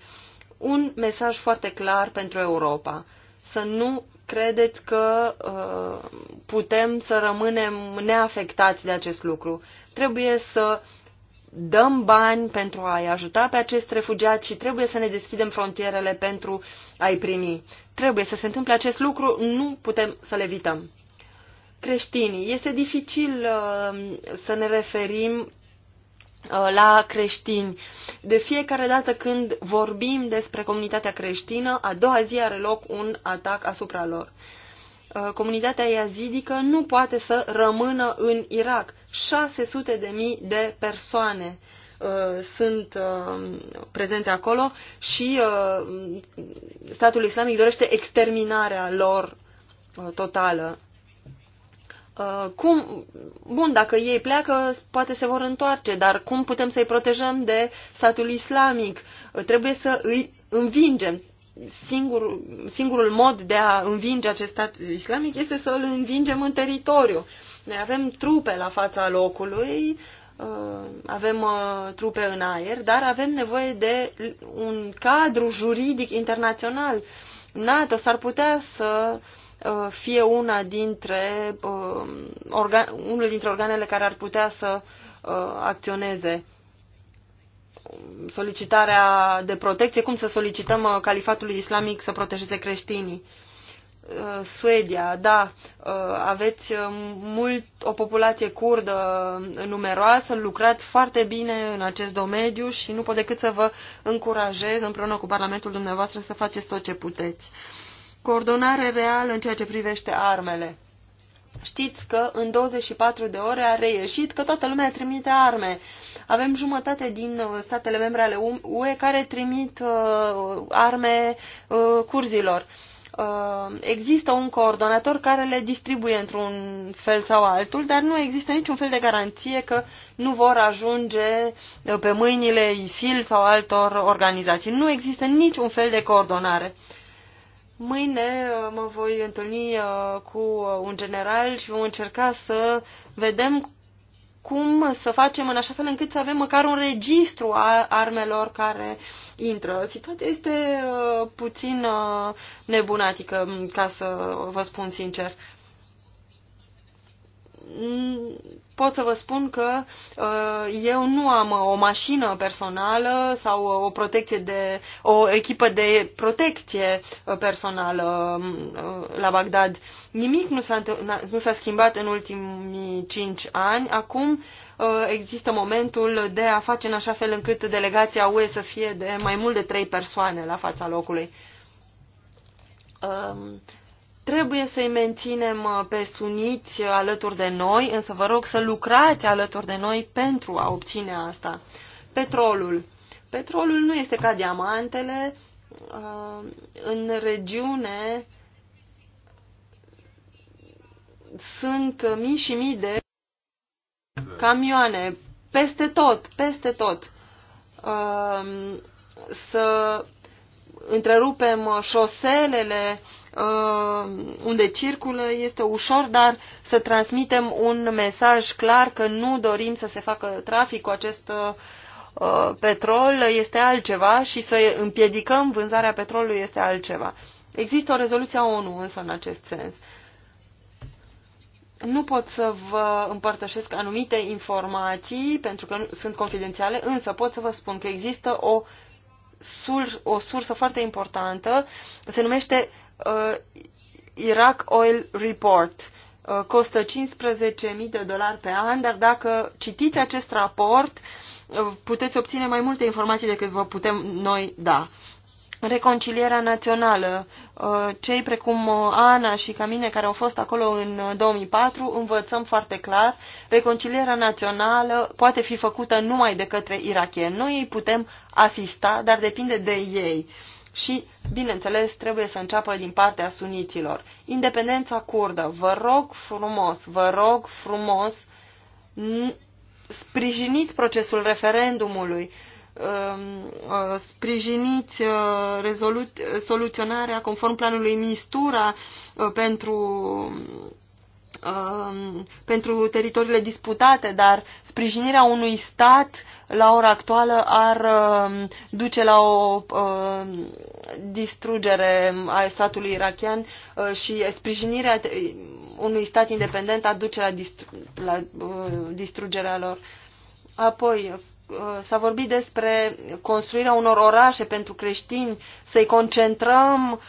un mesaj foarte clar pentru Europa. Să nu credeți că uh, putem să rămânem neafectați de acest lucru. Trebuie să dăm bani pentru a-i ajuta pe acest refugiat și trebuie să ne deschidem frontierele pentru a-i primi. Trebuie să se întâmple acest lucru, nu putem să le evităm. Creștinii, este dificil uh, să ne referim Uh, la creștini. De fiecare dată când vorbim despre comunitatea creștină, a doua zi are loc un atac asupra lor. Uh, comunitatea iazidică nu poate să rămână în Irak. 600 de mii de persoane uh, sunt prezente acolo și statul islamic dorește exterminarea lor totală. Uh, cum, bun, dacă ei pleacă, poate se vor întoarce, dar cum putem să-i protejăm de statul islamic? Uh, trebuie să îi învingem. Singur, singurul mod de a învinge acest stat islamic este să îl învingem în teritoriu. Noi avem trupe la fața locului, uh, avem trupe în aer, dar avem nevoie de un cadru juridic internațional. NATO s-ar putea să uh, Uh, fie una dintre, uh, organ, unul dintre organele care ar putea să uh, acționeze. Solicitarea de protecție, cum să solicităm califatului islamic să protejeze creștinii. Suedia, da, aveți mult, o populație curdă numeroasă, lucrați foarte bine în acest domeniu și nu pot decât să vă încurajez împreună cu Parlamentul dumneavoastră să faceți tot ce puteți coordonare reală în ceea ce privește armele. Știți că în 24 de ore a reieșit că toată lumea trimite arme. Avem jumătate din uh, statele membre ale UE care trimit uh, arme uh, curzilor. Uh, există un coordonator care le distribuie într-un fel sau altul, dar nu există niciun fel de garanție că nu vor ajunge uh, pe mâinile ISIL sau altor organizații. Nu există niciun fel de coordonare. Uh, Mâine uh, mă voi întâlni uh, cu uh, un general și vom încerca să vedem cum să facem în așa fel încât să avem măcar un registru a armelor care intră. Situația este puțin nebunatică, ca să vă spun sincer pot să vă spun că uh, eu nu am o mașină personală sau o protecție de o echipă de protecție uh, personală um, uh, la Bagdad. Nimic nu s-a, schimbat în ultimii cinci ani. Acum există momentul de a face în așa fel încât delegația UE să fie de mai mult de trei persoane la fața locului. Um, Trebuie să-i menținem uh, pe suniți alături de noi, însă vă rog să lucrați alături de noi pentru a obține asta. Petrolul. Petrolul nu este ca diamantele. Uh, în regiune sunt mii și mii de camioane, peste tot, peste tot. Uh, să întrerupem șoselele, Uh, unde circulă este ușor, dar să transmitem un mesaj clar că nu dorim să se facă trafic cu acest uh, petrol este altceva și să împiedicăm vânzarea petrolului este altceva. Există o rezoluție a ONU însă în acest sens. Nu pot să vă împărtășesc anumite informații pentru că sunt confidențiale, însă pot să vă spun că există o, sur, o sursă foarte importantă, se numește uh, Iraq Oil Report. Uh, costă 15.000 de dolari pe an, dar dacă citiți acest raport, uh, puteți obține mai multe informații decât vă putem noi da. Reconcilierea națională. Uh, cei precum uh, Ana și ca mine care au fost acolo în 2004 uh, învățăm foarte clar. Reconcilierea națională poate fi făcută numai de către irachieni. Noi îi putem asista, dar depinde de ei. Uh, și, bineînțeles, trebuie să înceapă din partea sunitilor. Independența curdă, vă rog frumos, vă rog frumos, sprijiniți procesul referendumului, um, uh, sprijiniți uh, soluționarea conform planului Mistura uh, pentru Um, pentru teritoriile disputate, dar sprijinirea unui stat la ora actuală ar um, duce la o um, distrugere a statului irachian uh, și sprijinirea unui stat independent ar duce la, distru la uh, distrugerea lor. Apoi, uh, s-a vorbit despre construirea unor orașe pentru creștini, să-i concentrăm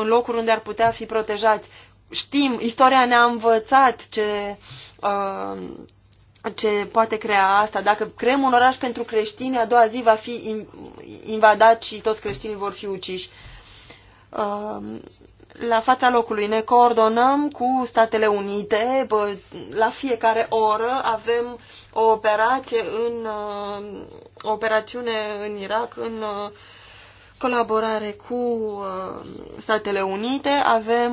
în locuri unde ar putea fi protejați știm, istoria ne-a învățat ce, uh, ce poate crea asta. Dacă creăm un oraș pentru creștini, a doua zi va fi invadat și toți creștinii vor fi uciși. Uh, la fața locului ne coordonăm cu Statele Unite, bă, la fiecare oră avem o operație în, uh, o operațiune în Irak, în uh, colaborare cu uh, Statele Unite, avem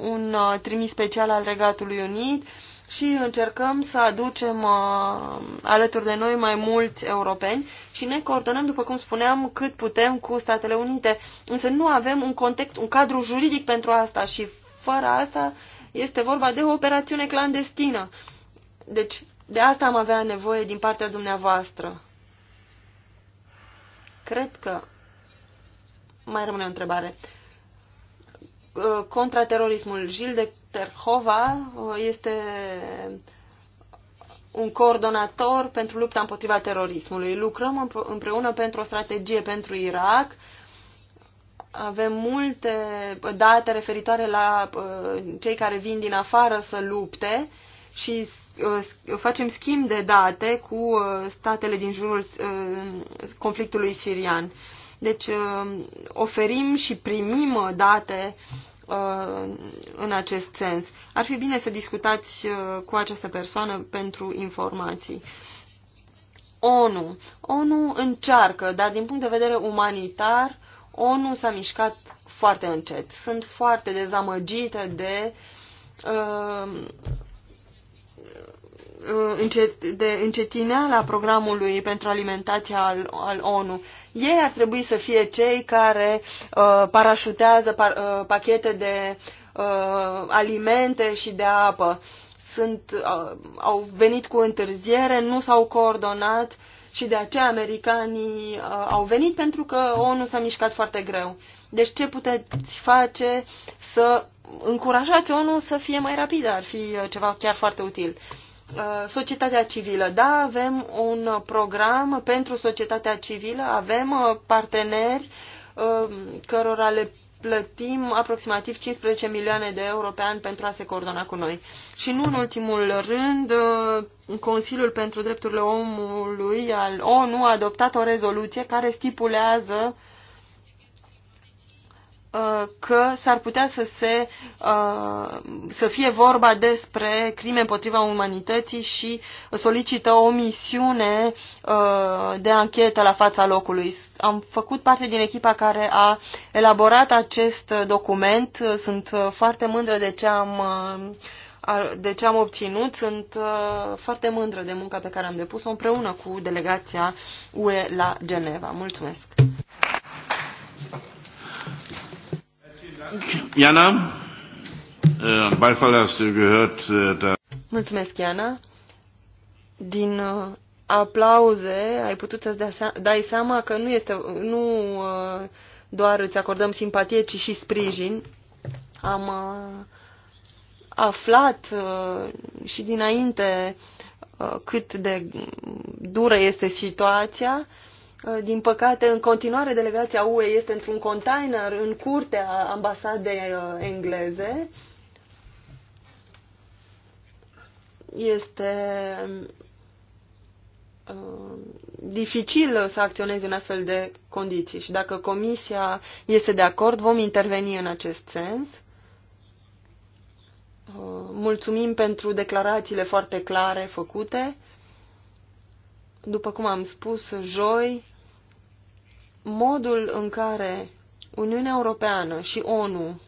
un uh, trimis special al Regatului Unit și încercăm să aducem uh, alături de noi mai mulți europeni și ne coordonăm, după cum spuneam, cât putem cu Statele Unite. Însă nu avem un context, un cadru juridic pentru asta și fără asta este vorba de o operațiune clandestină. Deci, de asta am avea nevoie din partea dumneavoastră. Cred că mai rămâne o întrebare. Uh, Contraterorismul Gilles de Terhova uh, este un coordonator pentru lupta împotriva terorismului. Lucrăm împreună pentru o strategie pentru Irak. Avem multe date referitoare la uh, cei care vin din afară să lupte și facem schimb de date cu statele din jurul conflictului sirian. Deci uh, oferim și primim uh, date uh, în acest sens. Ar fi bine să discutați cu această persoană pentru informații. ONU. ONU încearcă, dar din punct de vedere umanitar, ONU s-a mișcat foarte încet. Sunt foarte dezamăgită de uh, Uh, de la programului pentru alimentația al, al ONU. Ei ar trebui să fie cei care uh, parașutează par, uh, pachete de uh, alimente și de apă. Sunt, uh, au venit cu întârziere, nu s-au coordonat și de aceea americanii uh, au venit pentru că ONU s-a mișcat foarte greu. Deci ce puteți face să încurajați ONU să fie mai rapidă? Ar fi uh, ceva chiar foarte util. Uh, societatea civilă. Da, avem un program pentru societatea civilă, avem uh, parteneri uh, cărora le plătim aproximativ 15 milioane de euro pe an pentru a se coordona cu noi. Și nu în ultimul rând, Consiliul pentru Drepturile Omului al ONU a adoptat o rezoluție care stipulează uh, Uh, că s-ar putea să, se, uh, să fie vorba despre crime împotriva umanității și solicită o misiune uh, de anchetă la fața locului. Am făcut parte din echipa care a elaborat acest document. Sunt foarte mândră de ce am, de ce am obținut. Sunt foarte mândră de munca pe care am depus-o împreună cu delegația UE la Geneva. Mulțumesc! Iana, äh, Beifall hast du gehört. Äh, da- Mulțumesc, Iana. Din uh, aplauze ai putut să-ți dai seama că nu, este, nu uh, doar îți acordăm simpatie, ci și sprijin. Am uh, aflat și dinainte cât de dură este situația Uh, din păcate, în continuare, delegația UE este într-un container în curtea ambasadei uh, engleze. Este uh, dificil să acționezi în astfel de condiții și dacă Comisia este de acord, vom interveni în acest sens. Mulțumim pentru declarațiile foarte clare făcute după cum am spus, joi, modul în care Uniunea Europeană și ONU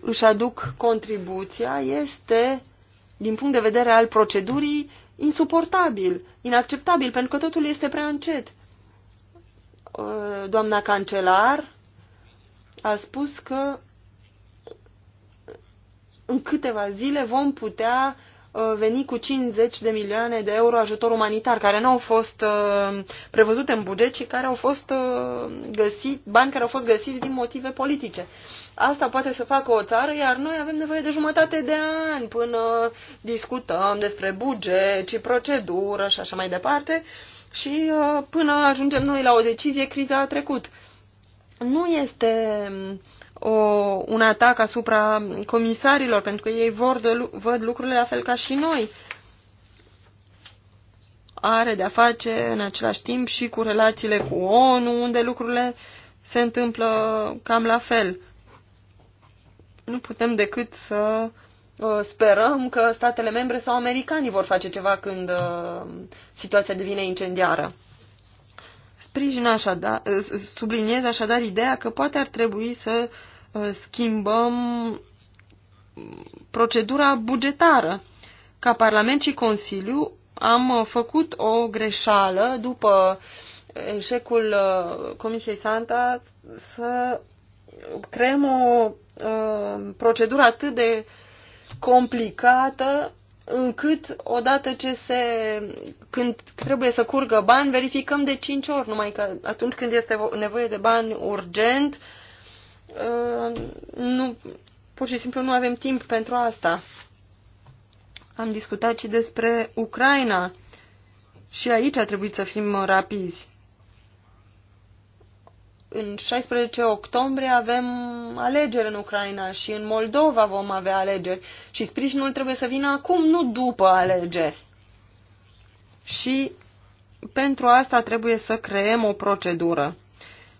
își aduc contribuția este, din punct de vedere al procedurii, insuportabil, inacceptabil, pentru că totul este prea încet. Uh, doamna cancelar a spus că în câteva zile vom putea Uh, veni cu 50 de milioane de euro ajutor umanitar, care nu au fost uh, prevăzute în buget, ci care au fost uh, găsit, bani care au fost găsiți din motive politice. Asta poate să facă o țară, iar noi avem nevoie de jumătate de ani până discutăm despre buget și procedură și așa mai departe și până ajungem noi la o decizie, criza a trecut. Nu este uh, o, un atac asupra comisarilor, pentru că ei vor de, văd lucrurile la fel ca și noi. Are de-a face în același timp și cu relațiile cu ONU, unde lucrurile se întâmplă cam la fel. Nu putem decât să uh, sperăm că statele membre sau americanii vor face ceva când uh, situația devine incendiară. Sprijin așadar, uh, subliniez așadar ideea că poate ar trebui să Uh, schimbăm procedura bugetară. Ca Parlament și Consiliu am uh, făcut o greșeală după eșecul uh, Comisiei Santa să creăm o procedură atât de complicată încât odată ce se, când trebuie să curgă bani, verificăm de 5 ori, numai că atunci când este nevoie de bani urgent, Uh, nu, pur și simplu nu avem timp pentru asta. Am discutat și despre Ucraina și aici a trebuit să fim rapizi. În 16 octombrie avem alegeri în Ucraina și în Moldova vom avea alegeri și sprijinul trebuie să vină acum, nu după alegeri. Și pentru asta trebuie să creăm o procedură.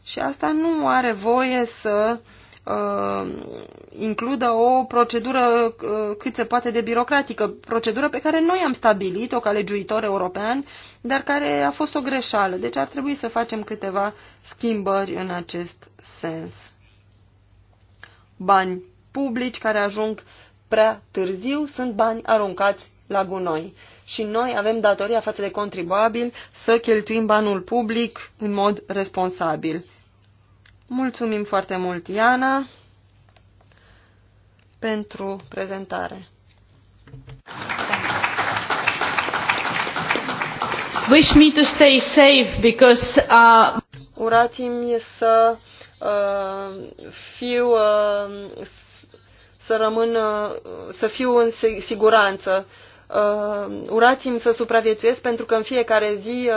Și asta nu are voie să uh, includă o procedură uh, cât se poate de birocratică, procedură pe care noi am stabilit-o ca legiuitor european, dar care a fost o greșeală. Deci ar trebui să facem câteva schimbări în acest sens. Bani publici care ajung prea târziu sunt bani aruncați la gunoi. Și noi avem datoria față de contribuabil să cheltuim banul public în mod responsabil. Mulțumim foarte mult, Iana, pentru prezentare. Wish me to stay safe because uh... urați-mi să uh, fiu uh, să rămân uh, să fiu în siguranță uh, urați-mi să supraviețuiesc pentru că în fiecare zi uh,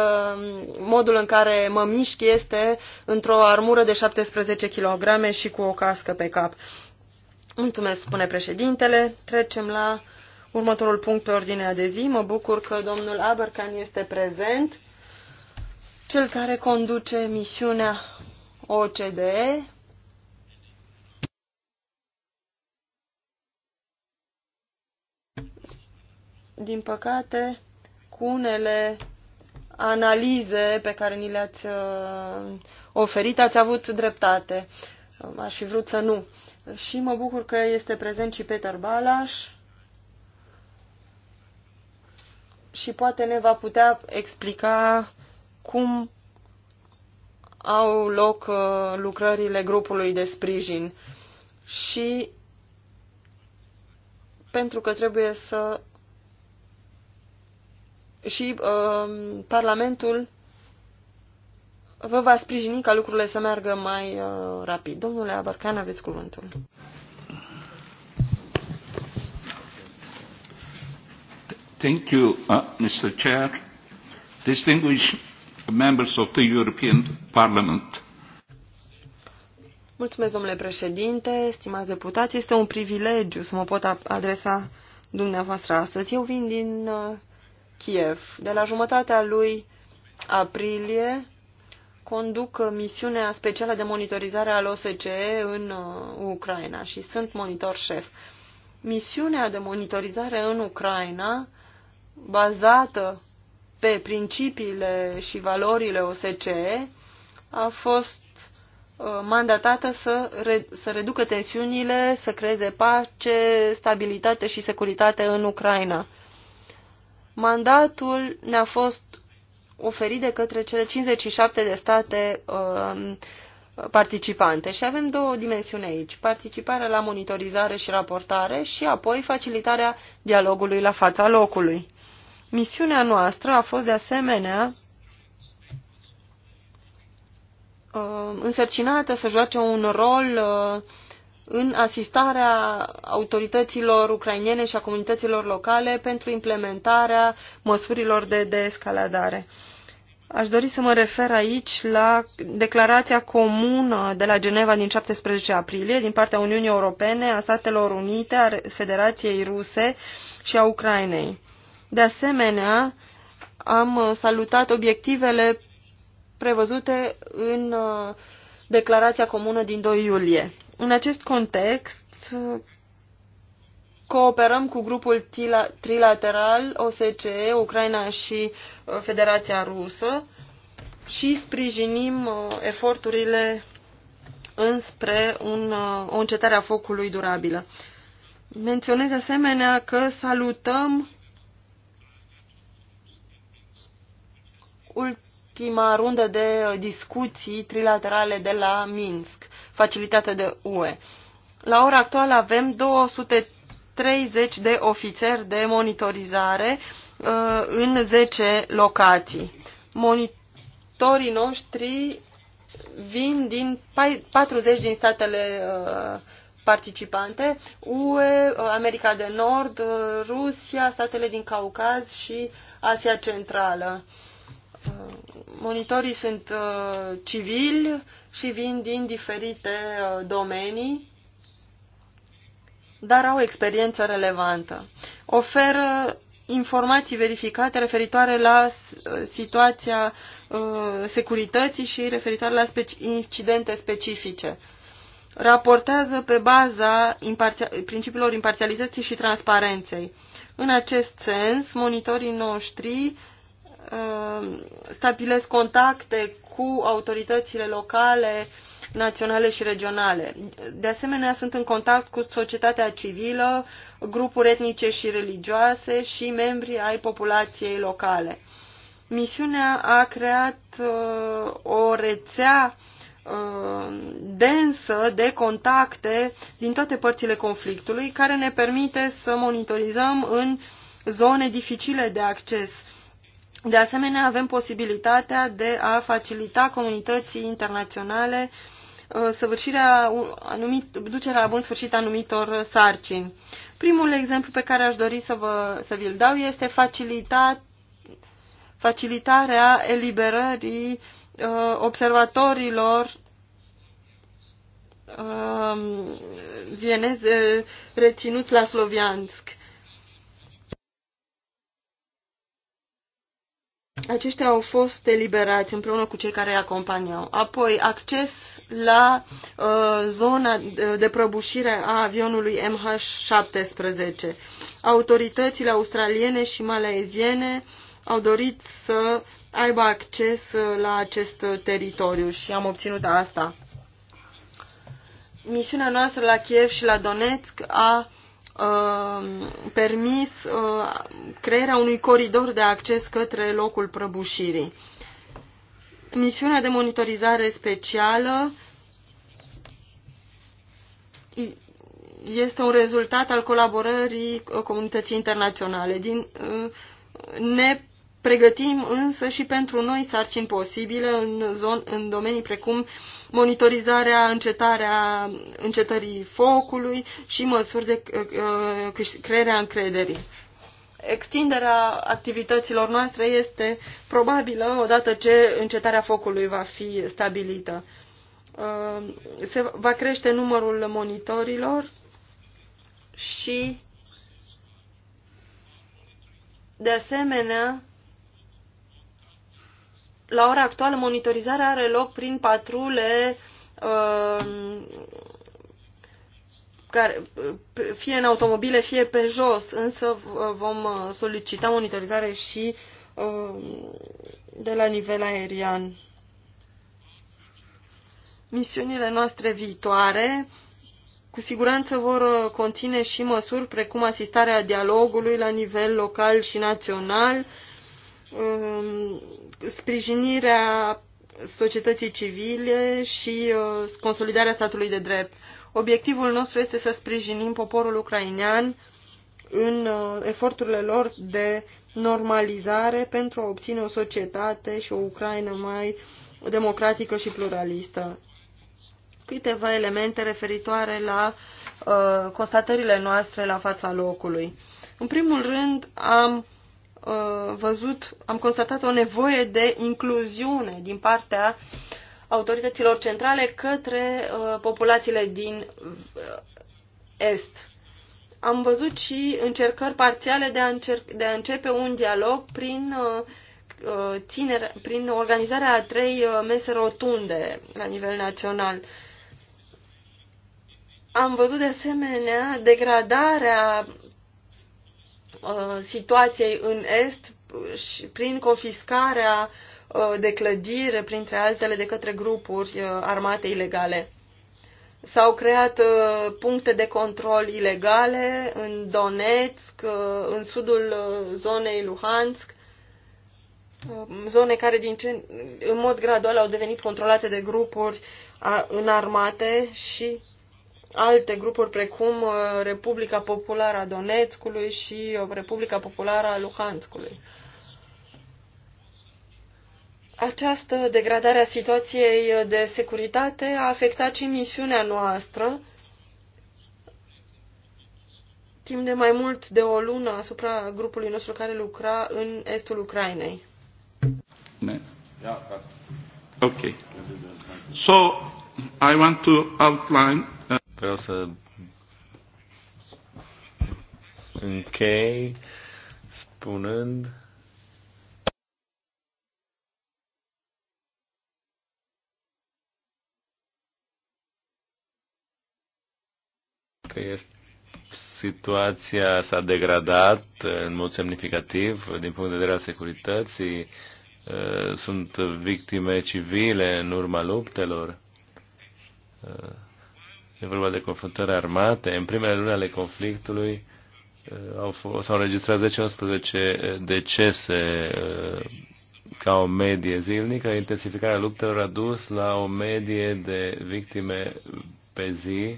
modul în care mă mișc este într-o armură de 17 kg și cu o cască pe cap. Mulțumesc, spune președintele. Trecem la următorul punct pe ordinea de zi. Mă bucur că domnul Abercan este prezent, cel care conduce misiunea OCDE din păcate, cu unele analize pe care ni le-ați uh, oferit, ați avut dreptate. Uh, aș fi vrut să nu. Și mă bucur că este prezent și Peter Balas și poate ne va putea explica cum au loc uh, lucrările grupului de sprijin și pentru că trebuie să și uh, Parlamentul vă va sprijini ca lucrurile să meargă mai uh, rapid. Domnule Abarcan, aveți cuvântul. Thank you, uh, Mr. Chair. Distinguished members of the European Parliament. Mulțumesc, domnule președinte, stimați deputați. Este un privilegiu să mă pot adresa dumneavoastră astăzi. Eu vin din uh, Kiev. De la jumătatea lui aprilie conduc misiunea specială de monitorizare al OSCE în uh, Ucraina și sunt monitor șef. Misiunea de monitorizare în Ucraina, bazată pe principiile și valorile OSCE, a fost uh, mandatată să, re, să reducă tensiunile, să creeze pace, stabilitate și securitate în Ucraina. Mandatul ne-a fost oferit de către cele 57 de state uh, participante și avem două dimensiuni aici, participarea la monitorizare și raportare și apoi facilitarea dialogului la fața locului. Misiunea noastră a fost de asemenea uh, însărcinată să joace un rol uh, în asistarea autorităților ucrainene și a comunităților locale pentru implementarea măsurilor de deescaladare. Aș dori să mă refer aici la declarația comună de la Geneva din 17 aprilie din partea Uniunii Europene, a Statelor Unite, a Federației Ruse și a Ucrainei. De asemenea, am salutat obiectivele prevăzute în uh, declarația comună din 2 iulie. În acest context, cooperăm cu grupul trilateral OSCE, Ucraina și uh, Federația Rusă și sprijinim uh, eforturile înspre un, uh, o încetare a focului durabilă. Menționez asemenea că salutăm ultima rundă de discuții trilaterale de la Minsk facilitate de UE. La ora actuală avem 230 de ofițeri de monitorizare uh, în 10 locații. Monitorii noștri vin din 40 din statele uh, participante, UE, uh, America de Nord, uh, Rusia, statele din Caucaz și Asia Centrală. Uh, monitorii sunt civili, și vin din diferite uh, domenii, dar au experiență relevantă. Oferă informații verificate referitoare la uh, situația uh, securității și referitoare la incidente specifice. Raportează pe baza principiilor imparțialității și transparenței. În acest sens, monitorii noștri stabilesc contacte cu autoritățile locale, naționale și regionale. De asemenea, sunt în contact cu societatea civilă, grupuri etnice și religioase și membrii ai populației locale. Misiunea a creat uh, o rețea uh, densă de contacte din toate părțile conflictului, care ne permite să monitorizăm în zone dificile de acces de asemenea, avem posibilitatea de a facilita comunității internaționale uh, săvârșirea, anumit, ducerea la bun sfârșit anumitor sarcini. Primul exemplu pe care aș dori să, vă, să vi-l dau este facilita, facilitarea eliberării uh, observatorilor uh, vienezi uh, reținuți la Sloviansk. aceștia au fost eliberați împreună cu cei care îi acompaniau. Apoi, acces la uh, zona de prăbușire a avionului MH17. Autoritățile australiene și maleziene au dorit să aibă acces uh, la acest uh, teritoriu și am obținut asta. Misiunea noastră la Kiev și la Donetsk a Uh, permis uh, crearea unui coridor de acces către locul prăbușirii. Misiunea de monitorizare specială este un rezultat al colaborării uh, comunității internaționale. Din, uh, ne pregătim însă și pentru noi sarcini posibile în, zon, în domenii precum monitorizarea, încetarea, încetării focului și măsuri de uh, uh crearea încrederii. Extinderea activităților noastre este probabilă odată ce încetarea focului va fi stabilită. Uh, se va crește numărul monitorilor și de asemenea la ora actuală monitorizarea are loc prin patrule uh, care, uh, fie în automobile, fie pe jos, însă uh, vom uh, solicita monitorizare și de la nivel aerian. Misiunile noastre viitoare cu siguranță vor conține și măsuri precum asistarea dialogului la nivel local și național, sprijinirea societății civile și uh, consolidarea statului de drept. Obiectivul nostru este să sprijinim poporul ucrainean în uh, eforturile lor de normalizare pentru a obține o societate și o Ucraina mai democratică și pluralistă. Câteva elemente referitoare la uh, constatările noastre la fața locului. În primul rând, am uh, Uh, văzut, am constatat o nevoie de incluziune din partea autorităților centrale către uh, populațiile din uh, Est. Am văzut și încercări parțiale de a, încerc- de a începe un dialog prin, ținere, prin organizarea a trei mese rotunde la nivel național. Am văzut de asemenea degradarea Uh, situației în Est și prin confiscarea uh, de clădire, printre altele, de către grupuri uh, armate ilegale. S-au creat puncte de control ilegale în Donetsk, în sudul zonei Luhansk, um, zone care din ce, în mod gradual au devenit controlate de grupuri înarmate și alte grupuri precum uh, Republica Populară a Donetskului și uh, Republica Populară a Luhanskului. Această degradare a situației de securitate a afectat și misiunea noastră. Timp de mai mult de o lună asupra grupului nostru care lucra în estul Ucrainei. Ok. So, I want to outline Vreau să închei spunând că este situația s-a degradat în mod semnificativ din punct de vedere al securității. Uh, sunt victime civile în urma luptelor. Uh, E vorba de confruntări armate. În primele luni ale conflictului uh, au fost, s-au înregistrat 10-11 uh, decese uh, ca o medie zilnică. Intensificarea luptelor a dus la o medie de victime pe zi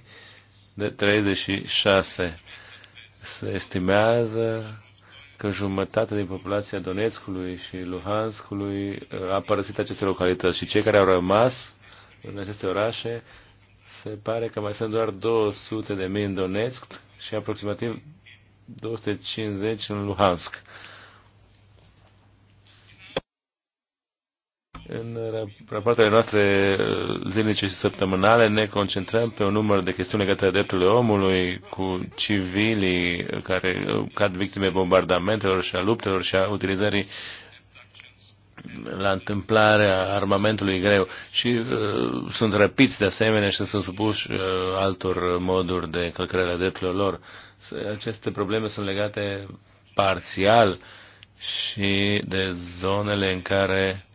de 36. Se estimează că jumătate din populația Donetskului și Luhanskului a părăsit aceste localități și cei care au rămas în aceste orașe se pare că mai sunt doar 200 de mii în Donetsk și aproximativ 250 în Luhansk. În rapoartele noastre uh, zilnice și săptămânale ne concentrăm pe un număr de chestiuni legate de drepturile omului, cu civilii care uh, cad victime bombardamentelor și a luptelor și a utilizării la întâmplarea armamentului greu și uh, sunt răpiți de asemenea și sunt supuși uh, altor moduri de încălcare a drepturilor lor. Aceste probleme sunt legate parțial și de zonele în care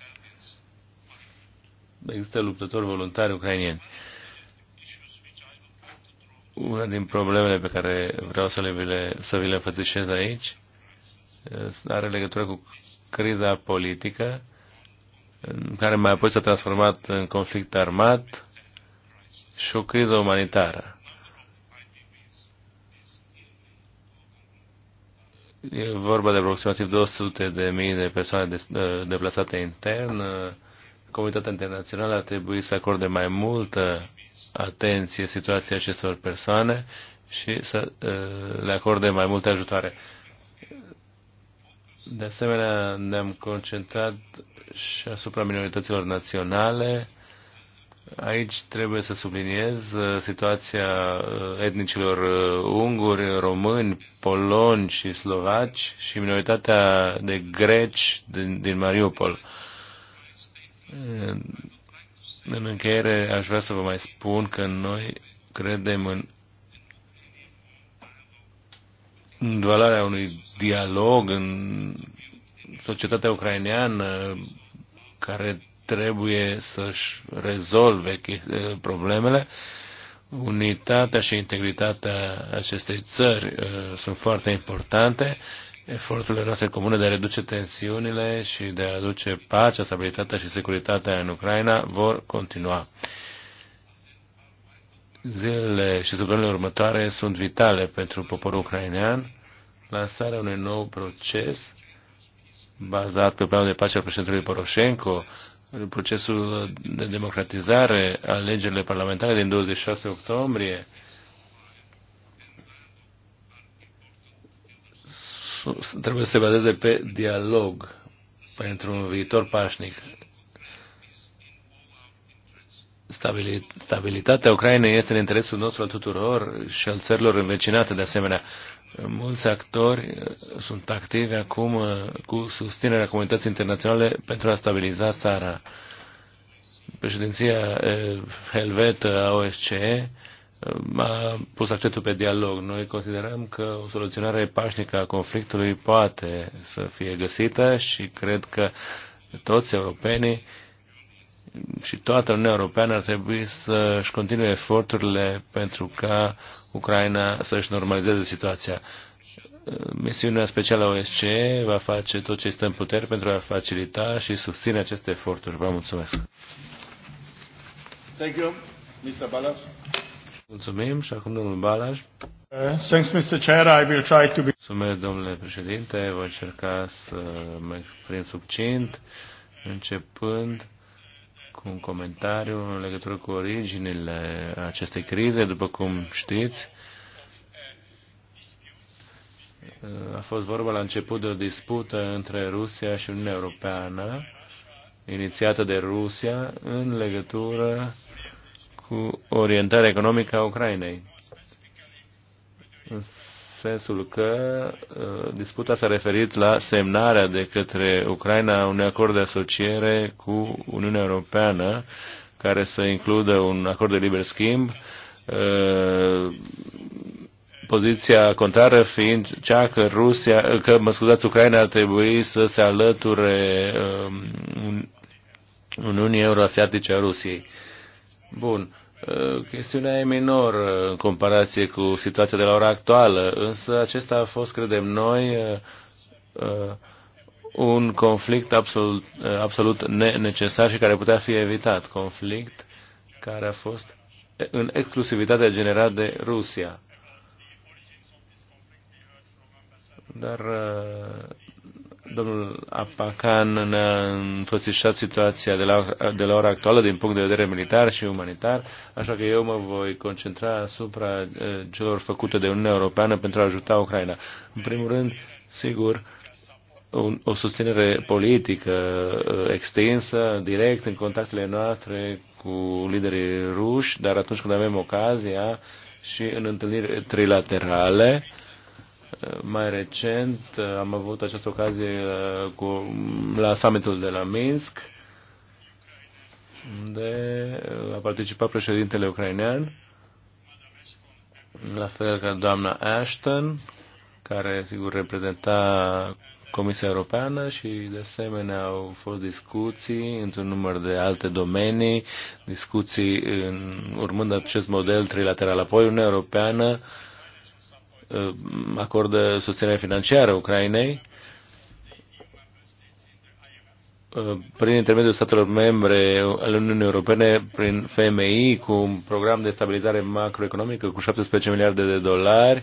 există luptători voluntari ucrainieni. Una din problemele pe care vreau să, le, să vi le înfățișez aici uh, are legătură cu criza politică, care mai apoi s-a transformat în conflict armat și o criză umanitară. E vorba de aproximativ 200 de mii de persoane deplasate intern. Comunitatea internațională a trebuit să acorde mai multă atenție situației acestor persoane și să le acorde mai multe ajutoare. De asemenea, ne-am concentrat și asupra minorităților naționale. Aici trebuie să subliniez uh, situația uh, etnicilor uh, unguri, români, poloni și slovaci și minoritatea de greci din, din Mariupol. În încheiere, aș vrea să vă mai spun că noi credem în valoarea unui dialog în societatea ucraineană care trebuie să-și rezolve eh, problemele. Unitatea și integritatea acestei țări eh, sunt foarte importante. Eforturile noastre comune de a reduce tensiunile și de a aduce pacea, stabilitatea și securitatea în Ucraina vor continua zilele și săptămânile următoare sunt vitale pentru poporul ucrainean. Lansarea unui nou proces bazat pe planul de pace al președintelui Poroșenko, procesul de democratizare, a alegerile parlamentare din 26 octombrie, trebuie să se bazeze pe dialog pentru un viitor pașnic stabilitatea Ucrainei este în interesul nostru al tuturor și al țărilor învecinate de asemenea. Mulți actori uh, sunt activi acum uh, cu susținerea comunității internaționale pentru a stabiliza țara. Președinția uh, helvetă a OSCE a pus accentul pe dialog. Noi considerăm că o soluționare pașnică a conflictului poate să fie găsită și cred că toți europenii și toată Uniunea Europeană ar trebui să-și continue eforturile pentru ca Ucraina să-și normalizeze situația. Misiunea specială a OSCE va face tot ce stă în putere pentru a facilita și susține aceste eforturi. Vă mulțumesc. Thank you, Mr. Balas. Mulțumim și acum domnul Balaj. Thanks, uh, Mr. Chair. I will try to be... Mulțumesc, domnule președinte. Voi încerca să mă prin subcint, începând cu un comentariu în legătură cu originile acestei crize. După cum știți, a fost vorba la început de o dispută între Rusia și Uniunea Europeană, inițiată de Rusia, în legătură cu orientarea economică a Ucrainei sensul că uh, disputa s-a referit la semnarea de către Ucraina unui acord de asociere cu Uniunea Europeană care să includă un acord de liber schimb, uh, poziția contrară fiind cea că Rusia, că, mă scuzați, Ucraina ar trebui să se alăture um, Uniunii Euroasiatice a Rusiei. Bun. Uh, chestiunea e minoră uh, în comparație cu situația de la ora actuală, însă acesta a fost, credem noi, uh, un conflict absolut, absolut necesar și care putea fi evitat. Conflict care a fost în exclusivitate generat de Rusia. Dar Domnul Apacan ne-a înfățișat situația de la, de la ora actuală din punct de vedere militar și umanitar, așa că eu mă voi concentra asupra eh, celor făcute de Uniunea Europeană pentru a ajuta Ucraina. În primul rând, sigur, o susținere politică eh, extinsă, direct, în contactele noastre cu liderii ruși, dar atunci când avem ocazia și în întâlniri trilaterale, uh, Eh, mai recent eh, am avut această ocazie eh, cu, la summitul de la Minsk, unde a participat președintele ucrainean, la fel ca doamna Ashton, care sigur reprezenta Comisia Europeană și de asemenea au fost discuții într-un număr de alte domenii, discuții în, urmând acest model trilateral. Apoi Uniunea Europeană uh, Uh, acordă susținere financiară Ucrainei uh, prin intermediul statelor membre ale Uniunii Europene, prin FMI, cu un program de stabilizare macroeconomică cu 17 miliarde de dolari,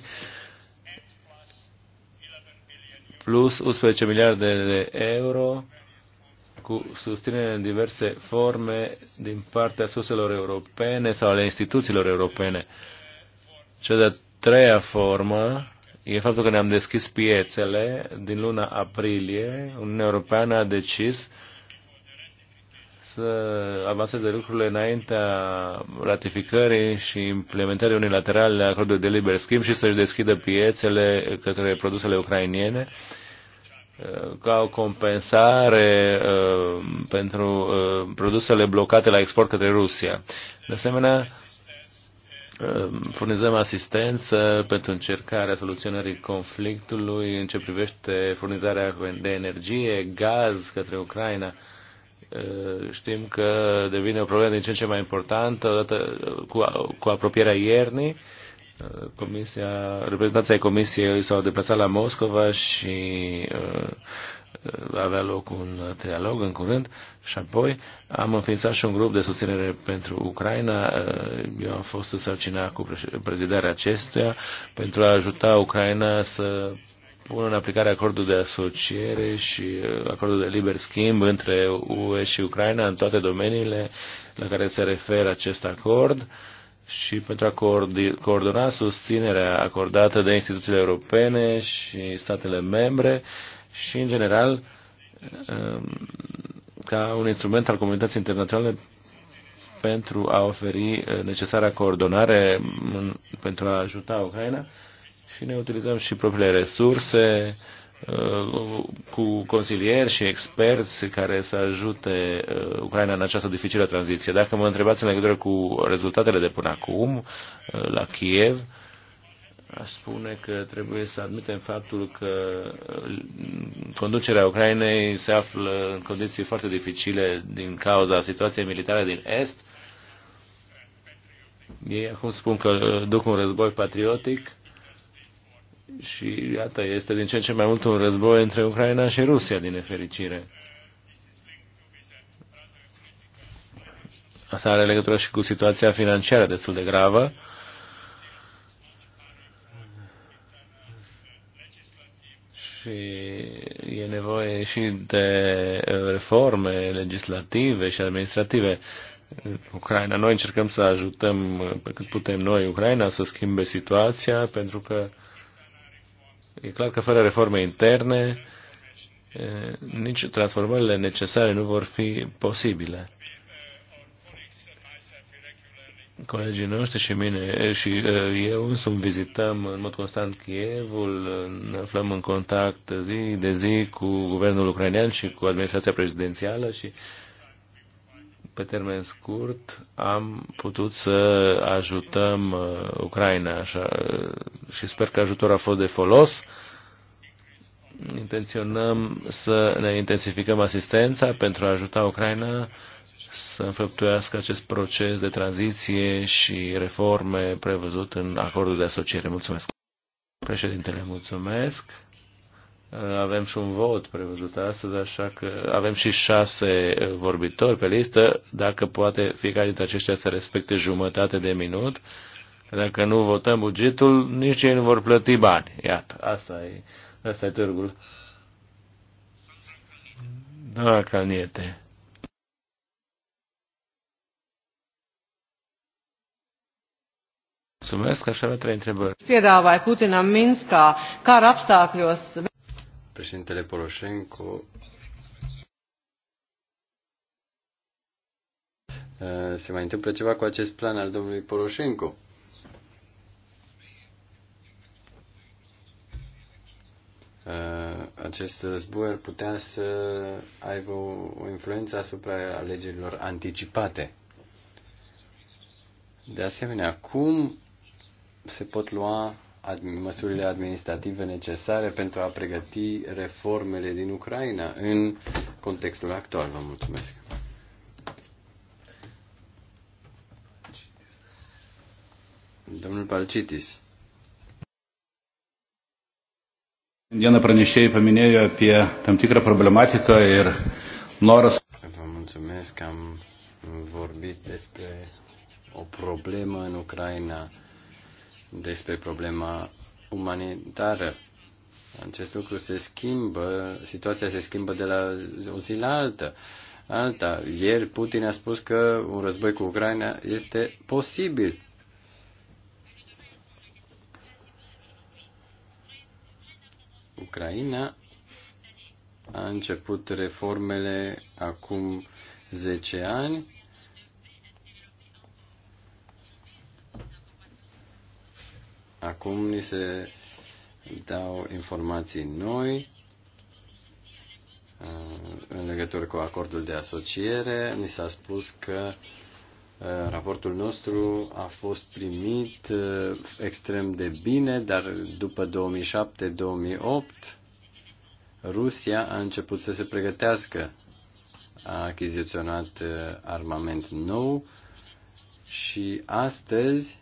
plus 11 miliarde de euro, cu susținere în diverse forme din partea surselor europene sau ale instituțiilor europene. Cea de-a treia formă e faptul că ne-am deschis piețele. Din luna aprilie, Uniunea Europeană a decis să avanseze lucrurile înaintea ratificării și implementării unilaterale a acordului de liber schimb și să-și deschidă piețele către produsele ucrainiene ca o compensare uh, pentru uh, produsele blocate la export către Rusia. De asemenea, furnizăm asistență pentru încercarea soluționării conflictului în ce privește furnizarea de energie, gaz către Ucraina. Știm că devine o problemă din ce în ce mai importantă odată cu, cu apropierea iernii. Comisia, reprezentanții Comisiei s-au deplasat la Moscova și uh, va avea loc un trialog în curând și apoi am înființat și un grup de susținere pentru Ucraina. Uh, eu am fost însărcinat cu prezidarea acestuia pentru a ajuta Ucraina să pună în aplicare acordul de asociere și uh, acordul de liber schimb între UE și Ucraina în toate domeniile la care se referă acest acord și pentru a coordona susținerea acordată de instituțiile europene și statele membre uh, și, în general, um, ca un instrument al comunității internaționale pentru a oferi uh, necesara coordonare pentru a ajuta Ucraina și ne utilizăm și propriile resurse uh, cu consilieri și experți care să ajute uh, Ucraina în această dificilă tranziție. Dacă mă întrebați în legătură cu rezultatele de până acum la Kiev, aș spune că trebuie să admitem faptul că uh, conducerea Ucrainei se află în condiții foarte dificile din cauza situației militare din Est. Ei acum spun că uh, duc un război patriotic și iată, este din ce în ce mai mult un război între Ucraina și Rusia, din nefericire. Asta are legătură și cu situația financiară destul de gravă și e nevoie și de uh, reforme legislative și administrative. Ucraina, noi încercăm să ajutăm uh, pe cât putem noi Ucraina să schimbe situația, pentru că e clar că fără reforme interne uh, nici transformările necesare nu vor fi posibile. Colegii noștri și mine și eu însumi vizităm în mod constant Kievul, ne aflăm în contact zi de zi cu guvernul ucrainean și cu administrația prezidențială și pe termen scurt am putut să ajutăm uh, Ucraina așa, uh, și sper că ajutorul a fost de folos intenționăm să ne intensificăm asistența pentru a ajuta Ucraina să înfăptuiască acest proces de tranziție și reforme prevăzut în acordul de asociere. Mulțumesc. Președintele, mulțumesc. Avem și un vot prevăzut astăzi, așa că avem și șase vorbitori pe listă. Dacă poate fiecare dintre aceștia să respecte jumătate de minut, dacă nu votăm bugetul, nici ei nu vor plăti bani. Iată, asta e, asta e târgul. Doamna Calniete. Mulțumesc, aș avea trei întrebări. Piedāvāja Putinam Minskā kara apstākļos. Președintele Poroshenko, se mai întâmplă ceva cu acest plan al domnului Poroshenko? Acest război ar putea să aibă o influență asupra alegerilor anticipate. De asemenea, cum se pot lua măsurile administrative necesare pentru a pregăti reformele din Ucraina în contextul actual. Vă mulțumesc. Domnul Palcitis. Dieną pranešėjai paminėjo apie tam tikrą problematiką ir noras. Vă mulțumesc, am vorbit despre o problemă în Ucraina despre problema umanitară. Acest lucru se schimbă, situația se schimbă de la o zi la altă. Alta, ieri Putin a spus că un război cu Ucraina este posibil. Ucraina a început reformele acum 10 ani Acum ni se dau informații noi uh, în legătură cu acordul de asociere. Ni s-a spus că uh, raportul nostru a fost primit uh, extrem de bine, dar după 2007-2008 Rusia a început să se pregătească. A achiziționat armament nou și astăzi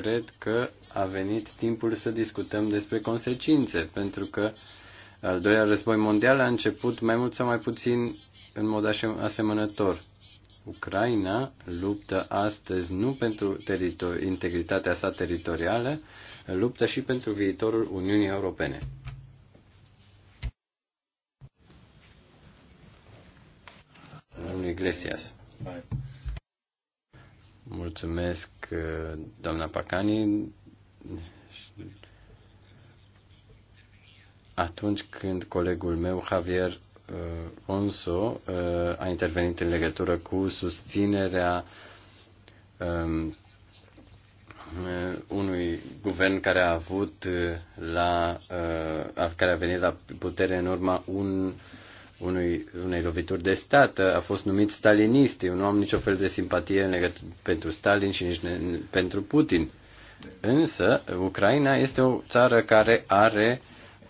cred că a venit timpul să discutăm despre consecințe, pentru că al doilea război mondial a început mai mult sau mai puțin în mod asemănător. Ucraina luptă astăzi nu pentru integritatea sa teritorială, luptă și pentru viitorul Uniunii Europene. Domnul Iglesias. Bye. Mulțumesc, uh, doamna Pacani. Atunci când colegul meu, Javier uh, Onso, uh, a intervenit în legătură cu susținerea um, unui guvern care a avut la care a venit la putere în urma un unui, unei lovituri de stat, a fost numit stalinist. Eu nu am nicio fel de simpatie în legăt- pentru Stalin și nici pentru Putin. Însă, Ucraina este o țară care are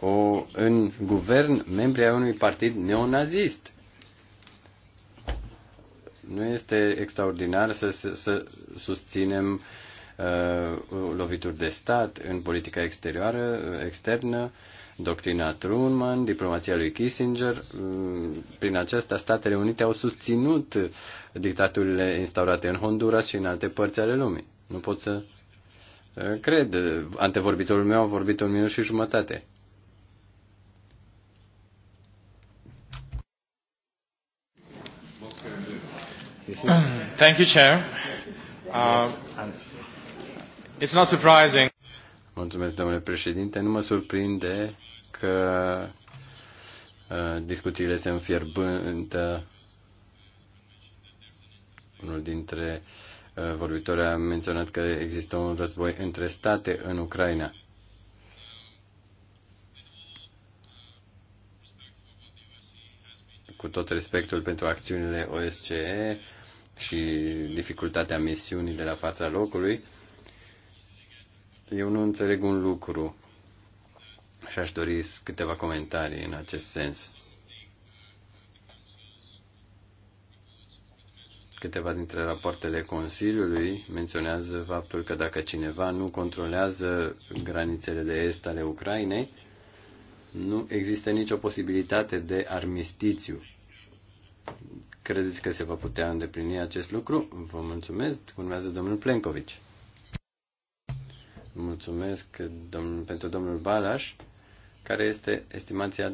o, în guvern membri ai unui partid neonazist. Nu este extraordinar să, să, să susținem uh, lovituri de stat în politica exterioară, uh, externă. Uh, doctrina Truman, diplomația lui Kissinger. Mm, Prin aceasta, Statele Unite au susținut dictaturile instaurate în Honduras și în alte părți ale lumii. Nu pot să cred. Antevorbitorul meu a vorbit un minut și jumătate. Thank you, Chair. Uh, it's not surprising. Mulțumesc, domnule președinte. Nu mă surprinde că uh, discuțiile se înfierbântă. Unul dintre uh, vorbitori a menționat că există un război între state în Ucraina. Cu tot respectul pentru acțiunile OSCE și dificultatea misiunii de la fața locului, eu nu înțeleg un lucru și aș dori câteva comentarii în acest sens. Câteva dintre rapoartele Consiliului menționează faptul că dacă cineva nu controlează granițele de est ale Ucrainei, nu există nicio posibilitate de armistițiu. Credeți că se va putea îndeplini acest lucru? Vă mulțumesc. Urmează domnul Plenkovici. Mulțumesc domn, pentru domnul Balas care este estimația,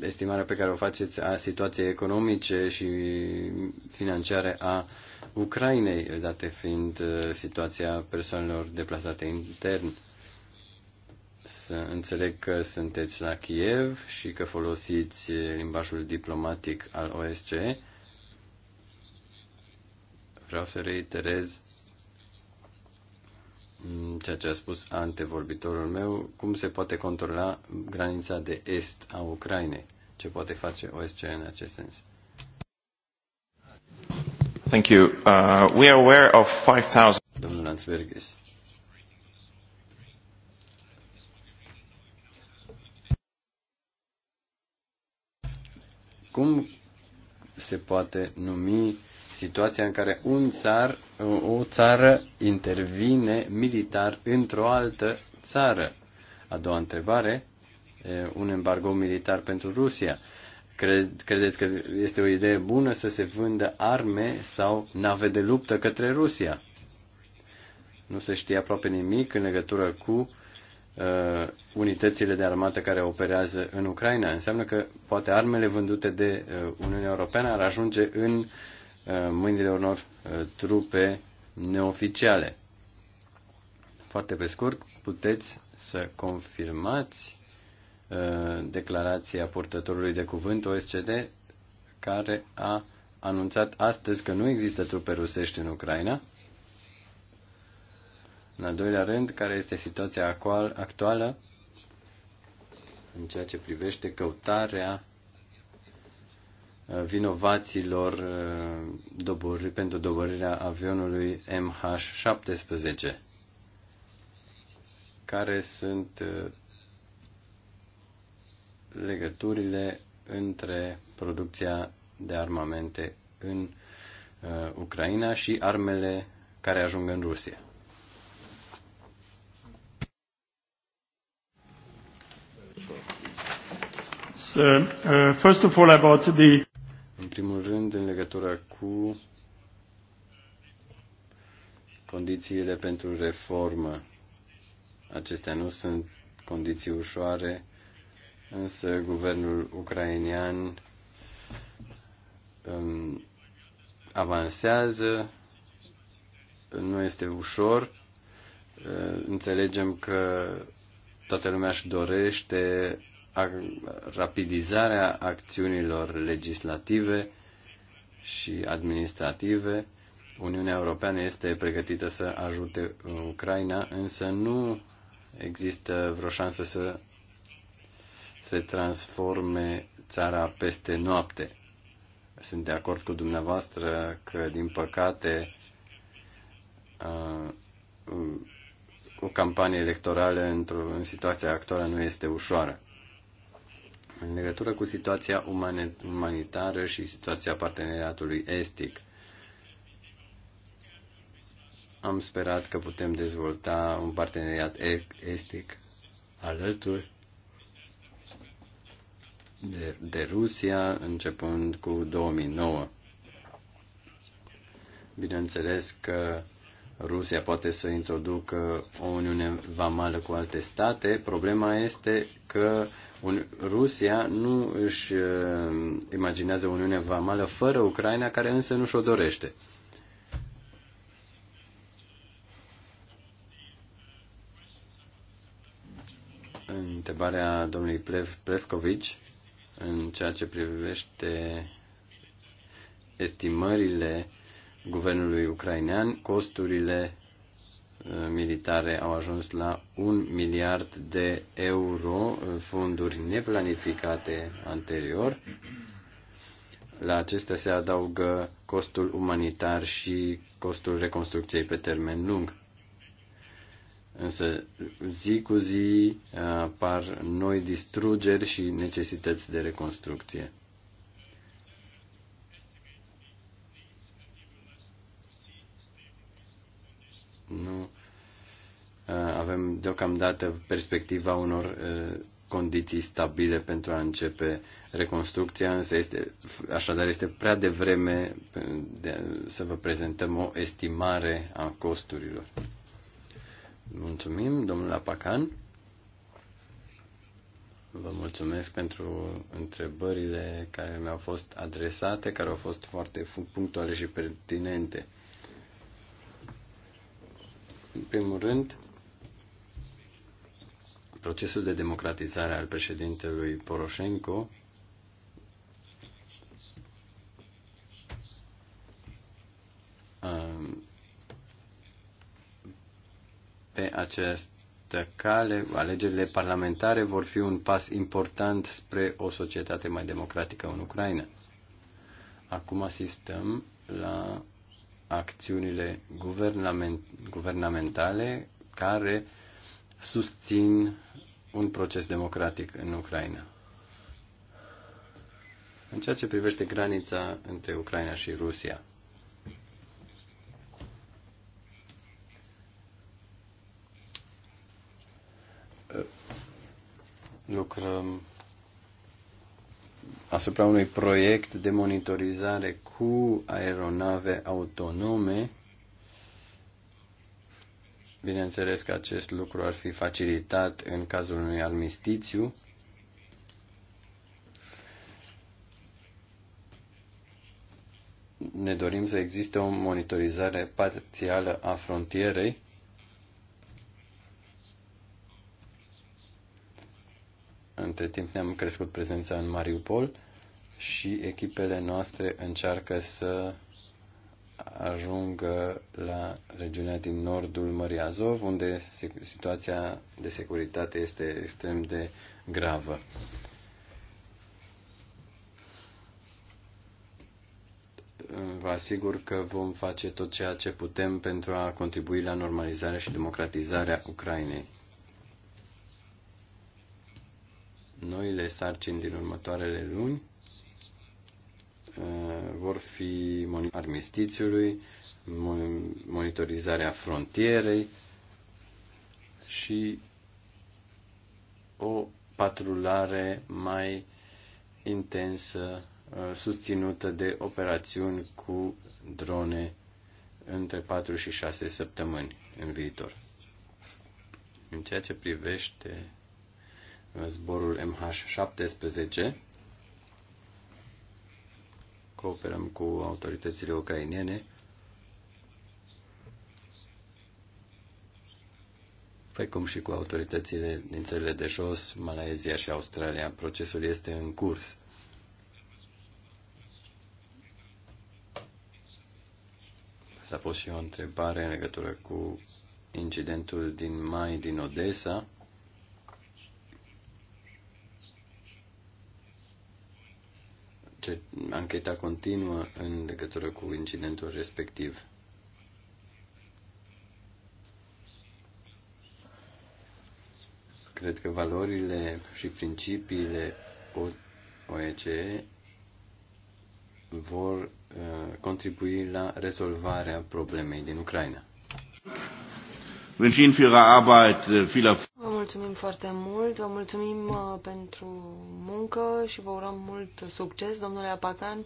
estimarea pe care o faceți a situației economice și financiare a Ucrainei, date fiind uh, situația persoanelor deplasate intern. Să înțeleg că sunteți la Kiev și că folosiți uh, limbajul diplomatic al OSCE. Vreau să reiterez Mm, ceea ce a spus antevorbitorul meu, cum se poate controla granița de est a Ucrainei. Ce poate face OSCE în acest sens? Thank you. Uh, we are aware of 5,000. Domnul Lanzbergis. Cum se poate numi situația în care un țar, o țară intervine militar într-o altă țară. A doua întrebare, un embargo militar pentru Rusia. credeți că este o idee bună să se vândă arme sau nave de luptă către Rusia? Nu se știe aproape nimic în legătură cu uh, unitățile de armată care operează în Ucraina. Înseamnă că poate armele vândute de uh, Uniunea Europeană ar ajunge în uh, Uh, mâinile unor uh, trupe neoficiale. Foarte pe scurt, puteți să confirmați uh, declarația purtătorului de cuvânt OSCD care a anunțat astăzi că nu există trupe rusești în Ucraina. În al doilea rând, care este situația actuală în ceea ce privește căutarea vinovaților uh, dobori, pentru doborirea avionului MH17, care sunt uh, legăturile între producția de armamente în uh, Ucraina și armele care ajung în Rusia. So, uh, first of all about the în primul rând, în legătură cu condițiile pentru reformă. Acestea nu sunt condiții ușoare, însă guvernul ucrainian um, avansează, nu este ușor. Uh, înțelegem că toată lumea își dorește rapidizarea acțiunilor legislative și administrative. Uniunea Europeană este pregătită să ajute Ucraina, însă nu există vreo șansă să se transforme țara peste noapte. Sunt de acord cu dumneavoastră că, din păcate, o campanie electorală într-o, în situația actuală nu este ușoară în legătură cu situația umanitară și situația parteneriatului estic. Am sperat că putem dezvolta un parteneriat estic alături de, de Rusia, începând cu 2009. Bineînțeles că Rusia poate să introducă o uniune vamală cu alte state. Problema este că uh, Rusia nu își uh, imaginează Uniunea Vamală fără Ucraina, care însă nu și-o dorește. Întrebarea domnului Plev, Plevkovici în ceea ce privește estimările guvernului ucrainean, costurile militare au ajuns la un miliard de euro fonduri neplanificate anterior. La acestea se adaugă costul umanitar și costul reconstrucției pe termen lung. Însă zi cu zi apar noi distrugeri și necesități de reconstrucție. nu uh, avem deocamdată perspectiva unor uh, condiții stabile pentru a începe reconstrucția, însă este, așadar este prea devreme de, să vă prezentăm o estimare a costurilor. Mulțumim, domnul Apacan. Vă mulțumesc pentru întrebările care mi-au fost adresate, care au fost foarte punctuale și pertinente. În primul rând, procesul de democratizare al președintelui Poroșenko um, pe această cale, alegerile parlamentare vor fi un pas important spre o societate mai democratică în Ucraina. Acum asistăm la acțiunile guvernament, guvernamentale care susțin un proces democratic în Ucraina. În ceea ce privește granița între Ucraina și Rusia, lucrăm asupra unui proiect de monitorizare cu aeronave autonome. Bineînțeles că acest lucru ar fi facilitat în cazul unui armistițiu. Ne dorim să existe o monitorizare parțială a frontierei Între timp ne-am crescut prezența în Mariupol și echipele noastre încearcă să ajungă la regiunea din nordul Mării Azov, unde situația de securitate este extrem de gravă. Vă asigur că vom face tot ceea ce putem pentru a contribui la normalizarea și democratizarea Ucrainei. Noile sarcini din următoarele luni uh, vor fi armistițiului, monitorizarea frontierei și o patrulare mai intensă uh, susținută de operațiuni cu drone între 4 și 6 săptămâni în viitor. În ceea ce privește zborul MH17. Cooperăm cu autoritățile ucrainene. precum și cu autoritățile din țările de jos, Malaezia și Australia. Procesul este în curs. S-a pus și o întrebare în legătură cu incidentul din mai din Odessa. ancheta continuă în legătură cu incidentul respectiv. Cred că valorile și principiile OECE vor uh, contribui la rezolvarea problemei din Ucraina. Vă mulțumesc pentru Ihre äh, mulțumim foarte mult, vă mulțumim uh, pentru muncă și vă urăm mult succes, domnule Apacan.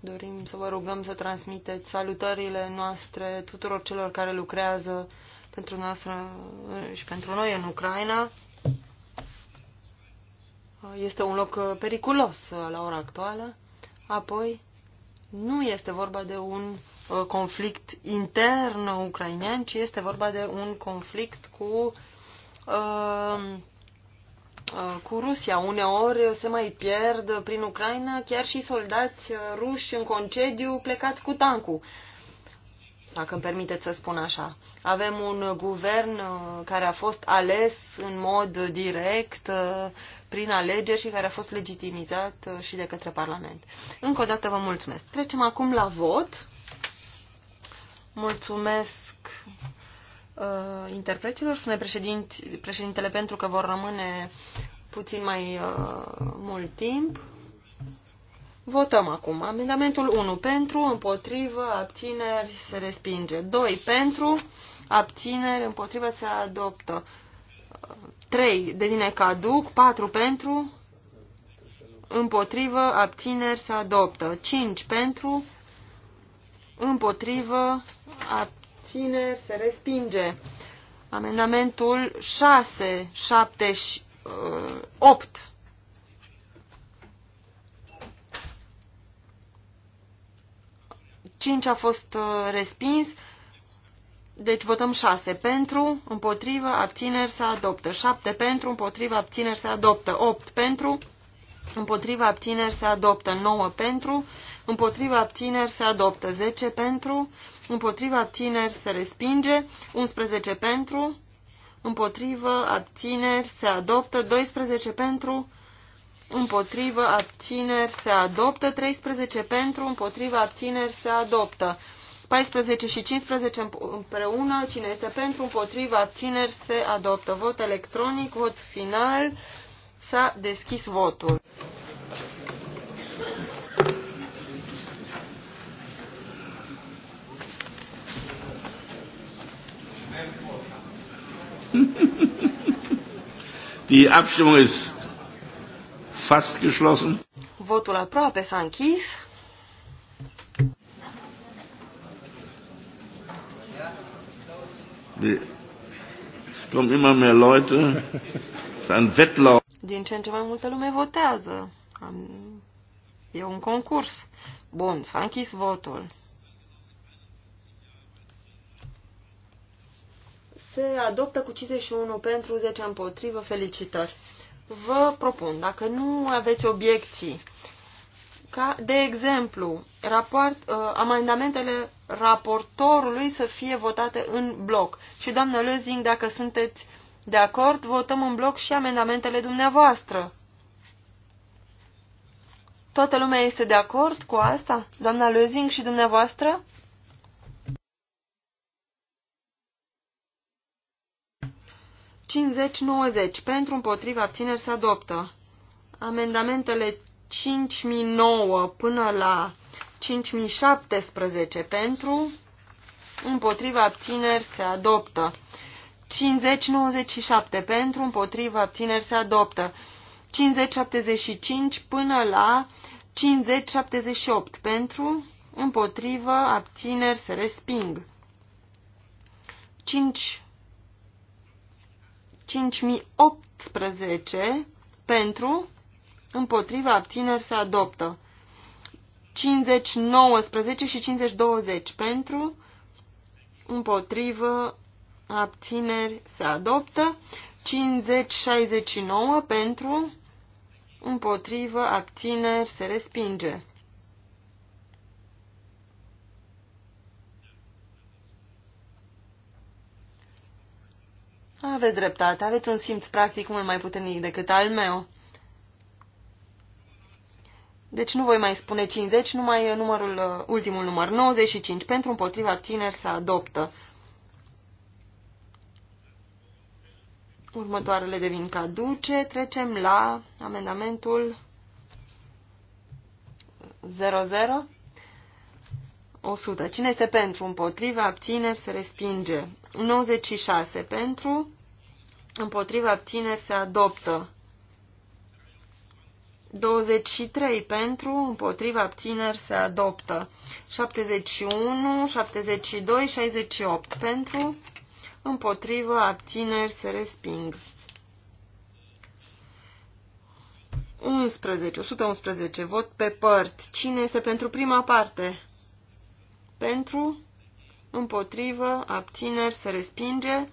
Dorim să vă rugăm să transmiteți salutările noastre tuturor celor care lucrează pentru noastră uh, și pentru noi în Ucraina. Uh, este un loc periculos la ora actuală. Apoi, nu este vorba de un conflict intern ucrainean, ci este vorba de un conflict cu uh, Uh, uh, cu Rusia. Uneori se mai pierd prin Ucraina chiar și soldați ruși în concediu plecați cu tancul dacă îmi permiteți să spun așa. Avem un guvern uh, care a fost ales în mod direct prin alegeri și care a fost legitimizat și de către Parlament. Încă o dată vă mulțumesc. Trecem acum la vot. Mulțumesc uh, interpreților, spune președint, președintele, pentru că vor rămâne puțin mai uh, mult timp. Votăm acum. Amendamentul 1 pentru, împotrivă, abțineri, se respinge. 2 pentru, abțineri, împotrivă, se adoptă. 3 uh, devine caduc, 4 pentru, împotrivă, abțineri, se adoptă. 5 pentru, împotrivă, abțineri abțineri, se respinge. Amendamentul 6, 7 și 8. Uh, Cinci a fost uh, respins, deci votăm șase pentru, împotrivă, abțineri se adoptă. Șapte pentru, împotrivă, abțineri se adoptă. Opt pentru, împotrivă, abțineri se adoptă. Nouă pentru, împotriva abțineri se adoptă, 10 pentru, împotriva abțineri se respinge, 11 pentru, împotriva abțineri se adoptă, 12 pentru, împotriva abțineri se adoptă, 13 pentru, împotriva abțineri se adoptă. 14 și 15 împreună, cine este pentru, împotriva, abțineri, se adoptă. Vot electronic, vot final, s-a deschis votul. <laughs> Die Abstimmung ist fast geschlossen. Votul aproape s-a închis. Es kommen immer mehr Leute. Es ist ein Wettlauf. Din ce în ce mai multă lume votează. E un concurs. Bun, s-a închis votul. se adoptă cu 51 pentru 10 împotrivă. Felicitări! Vă propun, dacă nu aveți obiecții, ca, de exemplu, raport, uh, amendamentele raportorului să fie votate în bloc. Și, doamnă Lăzing, dacă sunteți de acord, votăm în bloc și amendamentele dumneavoastră. Toată lumea este de acord cu asta? Doamna Lăzing și dumneavoastră? 50-90. Pentru împotriva abțineri se adoptă. Amendamentele 5009 până la 5017 pentru împotriva abțineri se adoptă. 50-97 pentru împotriva abțineri se adoptă. 50-75 până la 50-78 pentru împotriva abțineri se resping. 5 5018 pentru, împotriva, abțineri se adoptă. 5019 și 5020 pentru, împotrivă, abțineri se adoptă. 5069 pentru, împotrivă, abțineri se respinge. Aveți dreptate, aveți un simț practic mult mai puternic decât al meu. Deci nu voi mai spune 50, numai numărul, uh, ultimul număr, 95. Pentru împotriva tineri să adoptă. Următoarele devin caduce. Trecem la amendamentul 00. 100. Cine este pentru? Împotrivă, abțineri, se respinge. 96. Pentru, Împotrivă, abțineri, se adoptă. 23 pentru, Împotrivă, abțineri se adoptă. 71, 72, 68 pentru, Împotrivă, abțineri se resping. 11, 111 vot pe părți. Cine este pentru prima parte? pentru, împotrivă, abțineri, se respinge,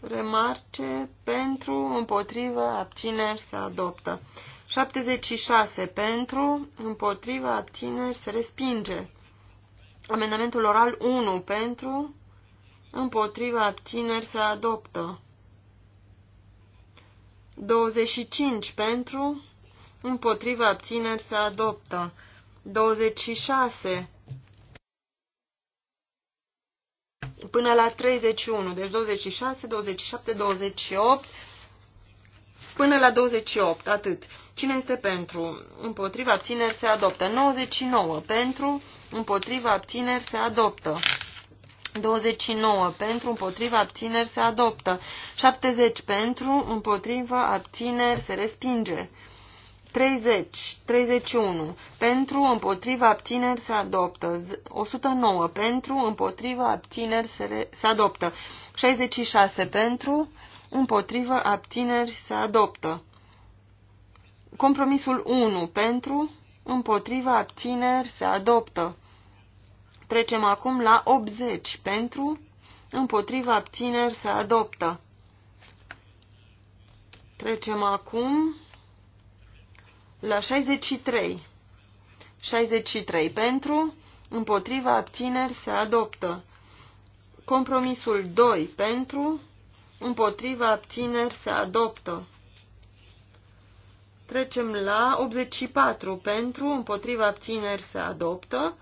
remarce, pentru, împotrivă, abțineri, se adoptă. 76 pentru, împotrivă, abțineri, se respinge. Amendamentul oral 1 pentru, împotrivă, abțineri, se adoptă. 25 pentru, împotrivă, abțineri, se adoptă. 26 până la 31, deci 26, 27, 28, până la 28, atât. Cine este pentru? Împotriva abțineri se adoptă. 99 pentru, împotriva abțineri se adoptă. 29 pentru, împotriva abțineri se adoptă. 70 pentru, împotriva abțineri se respinge. 30, 31. Pentru, împotriva, abțineri se adoptă. 109. Pentru, împotriva, abțineri se, re, se adoptă. 66. Pentru, împotriva, abțineri se adoptă. Compromisul 1. Pentru, împotriva, abțineri se adoptă. Trecem acum la 80. Pentru, împotriva, abțineri se adoptă. Trecem acum la 63. 63 pentru, împotriva abțineri se adoptă. Compromisul 2 pentru, împotriva abțineri se adoptă. Trecem la 84 pentru, împotriva abțineri se adoptă.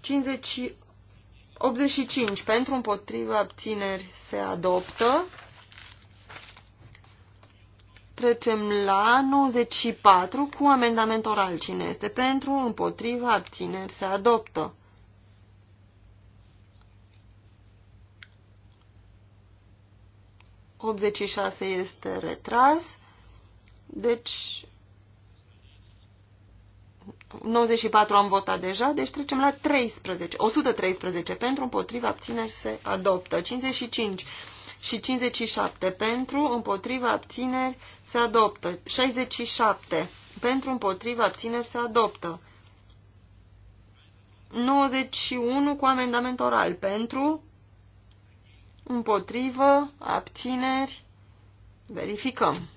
Cincizeci 85 pentru împotriva abțineri se adoptă. Trecem la 94 cu amendament oral. Cine este pentru împotriva abțineri se adoptă. este retras, deci 94 am votat deja, deci trecem la 13. 113 pentru, împotriva, abțineri se adoptă. 55 și 57 pentru, împotriva, abțineri se adoptă. 67 pentru, împotriva, abțineri se adoptă. 91 cu amendament oral pentru, împotrivă, abțineri, verificăm.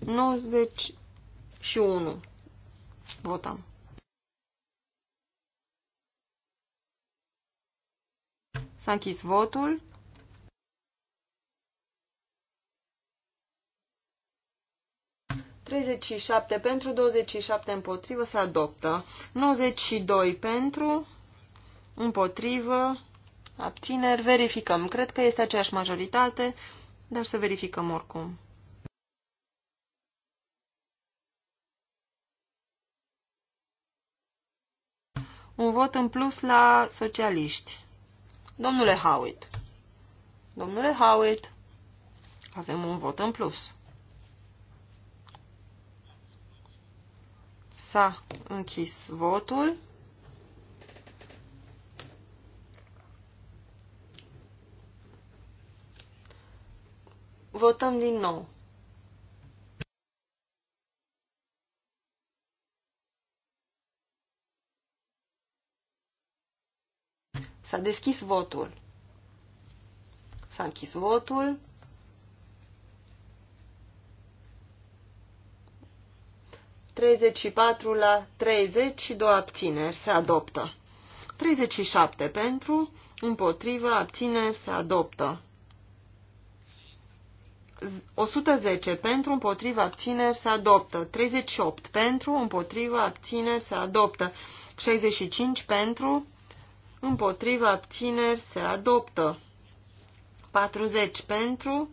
91. votam. S-a închis votul. Treizeci și șapte pentru, douăzeci și șapte împotrivă, se adoptă. 92 pentru, împotrivă, abțineri, verificăm. Cred că este aceeași majoritate, dar să verificăm oricum. un vot în plus la socialiști. Domnule Howitt. Domnule Howitt, avem un vot în plus. S-a închis votul. Votăm din nou. S-a deschis votul. S-a închis votul. Treizeci patru la treizeci și două abțineri se adoptă. 37 pentru, împotrivă, abțineri se adoptă. 110 pentru, împotrivă, abțineri se adoptă. 38 pentru, împotrivă, abțineri se adoptă. 65 pentru, împotriva abțineri se adoptă. 40 pentru,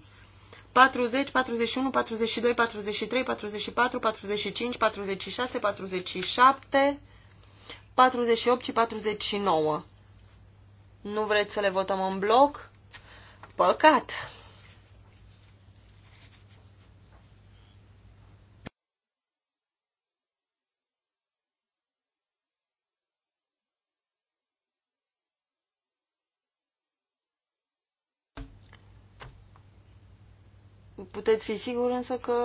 40, 41, 42, 43, 44, 45, 46, 47, 48 și 49. Nu vreți să le votăm în bloc? Păcat! Puteți fi sigur însă că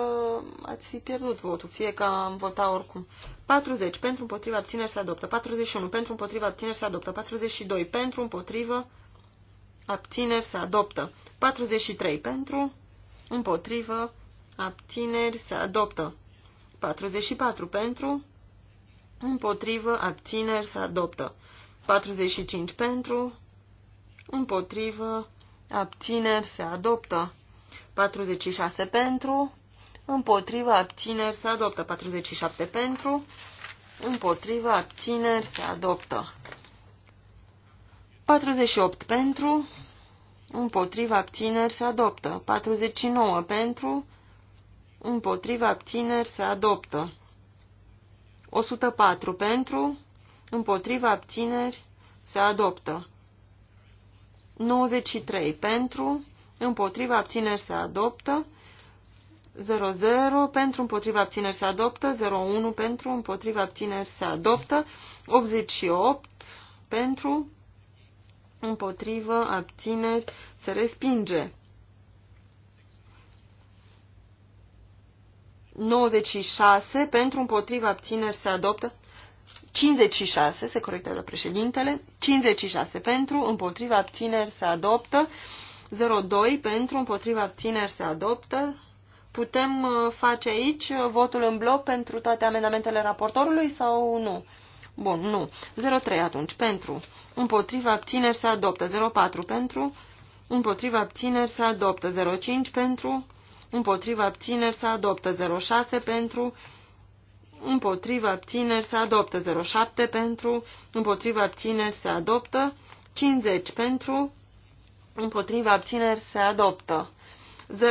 ați fi pierdut votul, fie că am votat oricum. 40 pentru împotriva abțineri se adoptă, 41 pentru împotriva abțineri se adoptă, 42 pentru împotriva abțineri se adoptă, 43 pentru împotriva abțineri se adoptă, 44 pentru împotriva abțineri se adoptă, 45 pentru împotriva abțineri se adoptă. 46 pentru, împotriva abțineri se adoptă 47 pentru, împotriva abțineri se adoptă 48 pentru, împotriva abțineri se adoptă 49 pentru, împotriva abțineri se adoptă 104 pentru, împotriva abțineri se adoptă 93 pentru, împotriva abțineri se adoptă, 00 pentru împotriva abțineri se adoptă, 01 pentru împotriva abțineri se adoptă, 88 pentru împotrivă abțineri se respinge. 96 pentru împotriva abțineri se adoptă 56, se corectează președintele, 56 pentru, împotriva abțineri se adoptă, 02 pentru, împotriva abțineri se adoptă. Putem uh, face aici uh, votul în bloc pentru toate amendamentele raportorului sau nu? Bun, nu. 03 atunci, pentru, împotriva abțineri se adoptă. 04 pentru, împotriva abțineri se adoptă. 05 pentru, împotriva abțineri se adoptă. 06 pentru, împotriva abțineri se adoptă. 07 pentru, împotriva abțineri se adoptă. 50 pentru, împotriva abțineri se adoptă.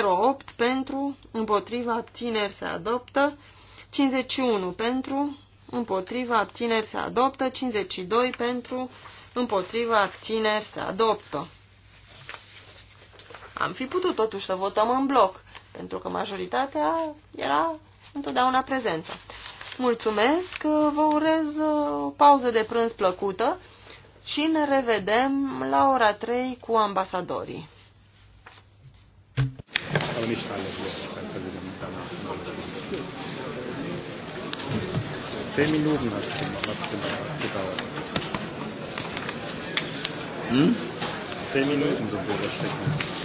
08 pentru, împotriva abțineri se adoptă. 51 pentru, împotriva abțineri se adoptă. 52 pentru, împotriva abțineri se adoptă. Am fi putut totuși să votăm în bloc, pentru că majoritatea era întotdeauna prezentă. Mulțumesc, vă urez o pauză de prânz plăcută și ne revedem la ora 3 cu ambasadorii. Zehn Minuten hat es gedauert. Hm? Zehn Minuten so wir überschritten.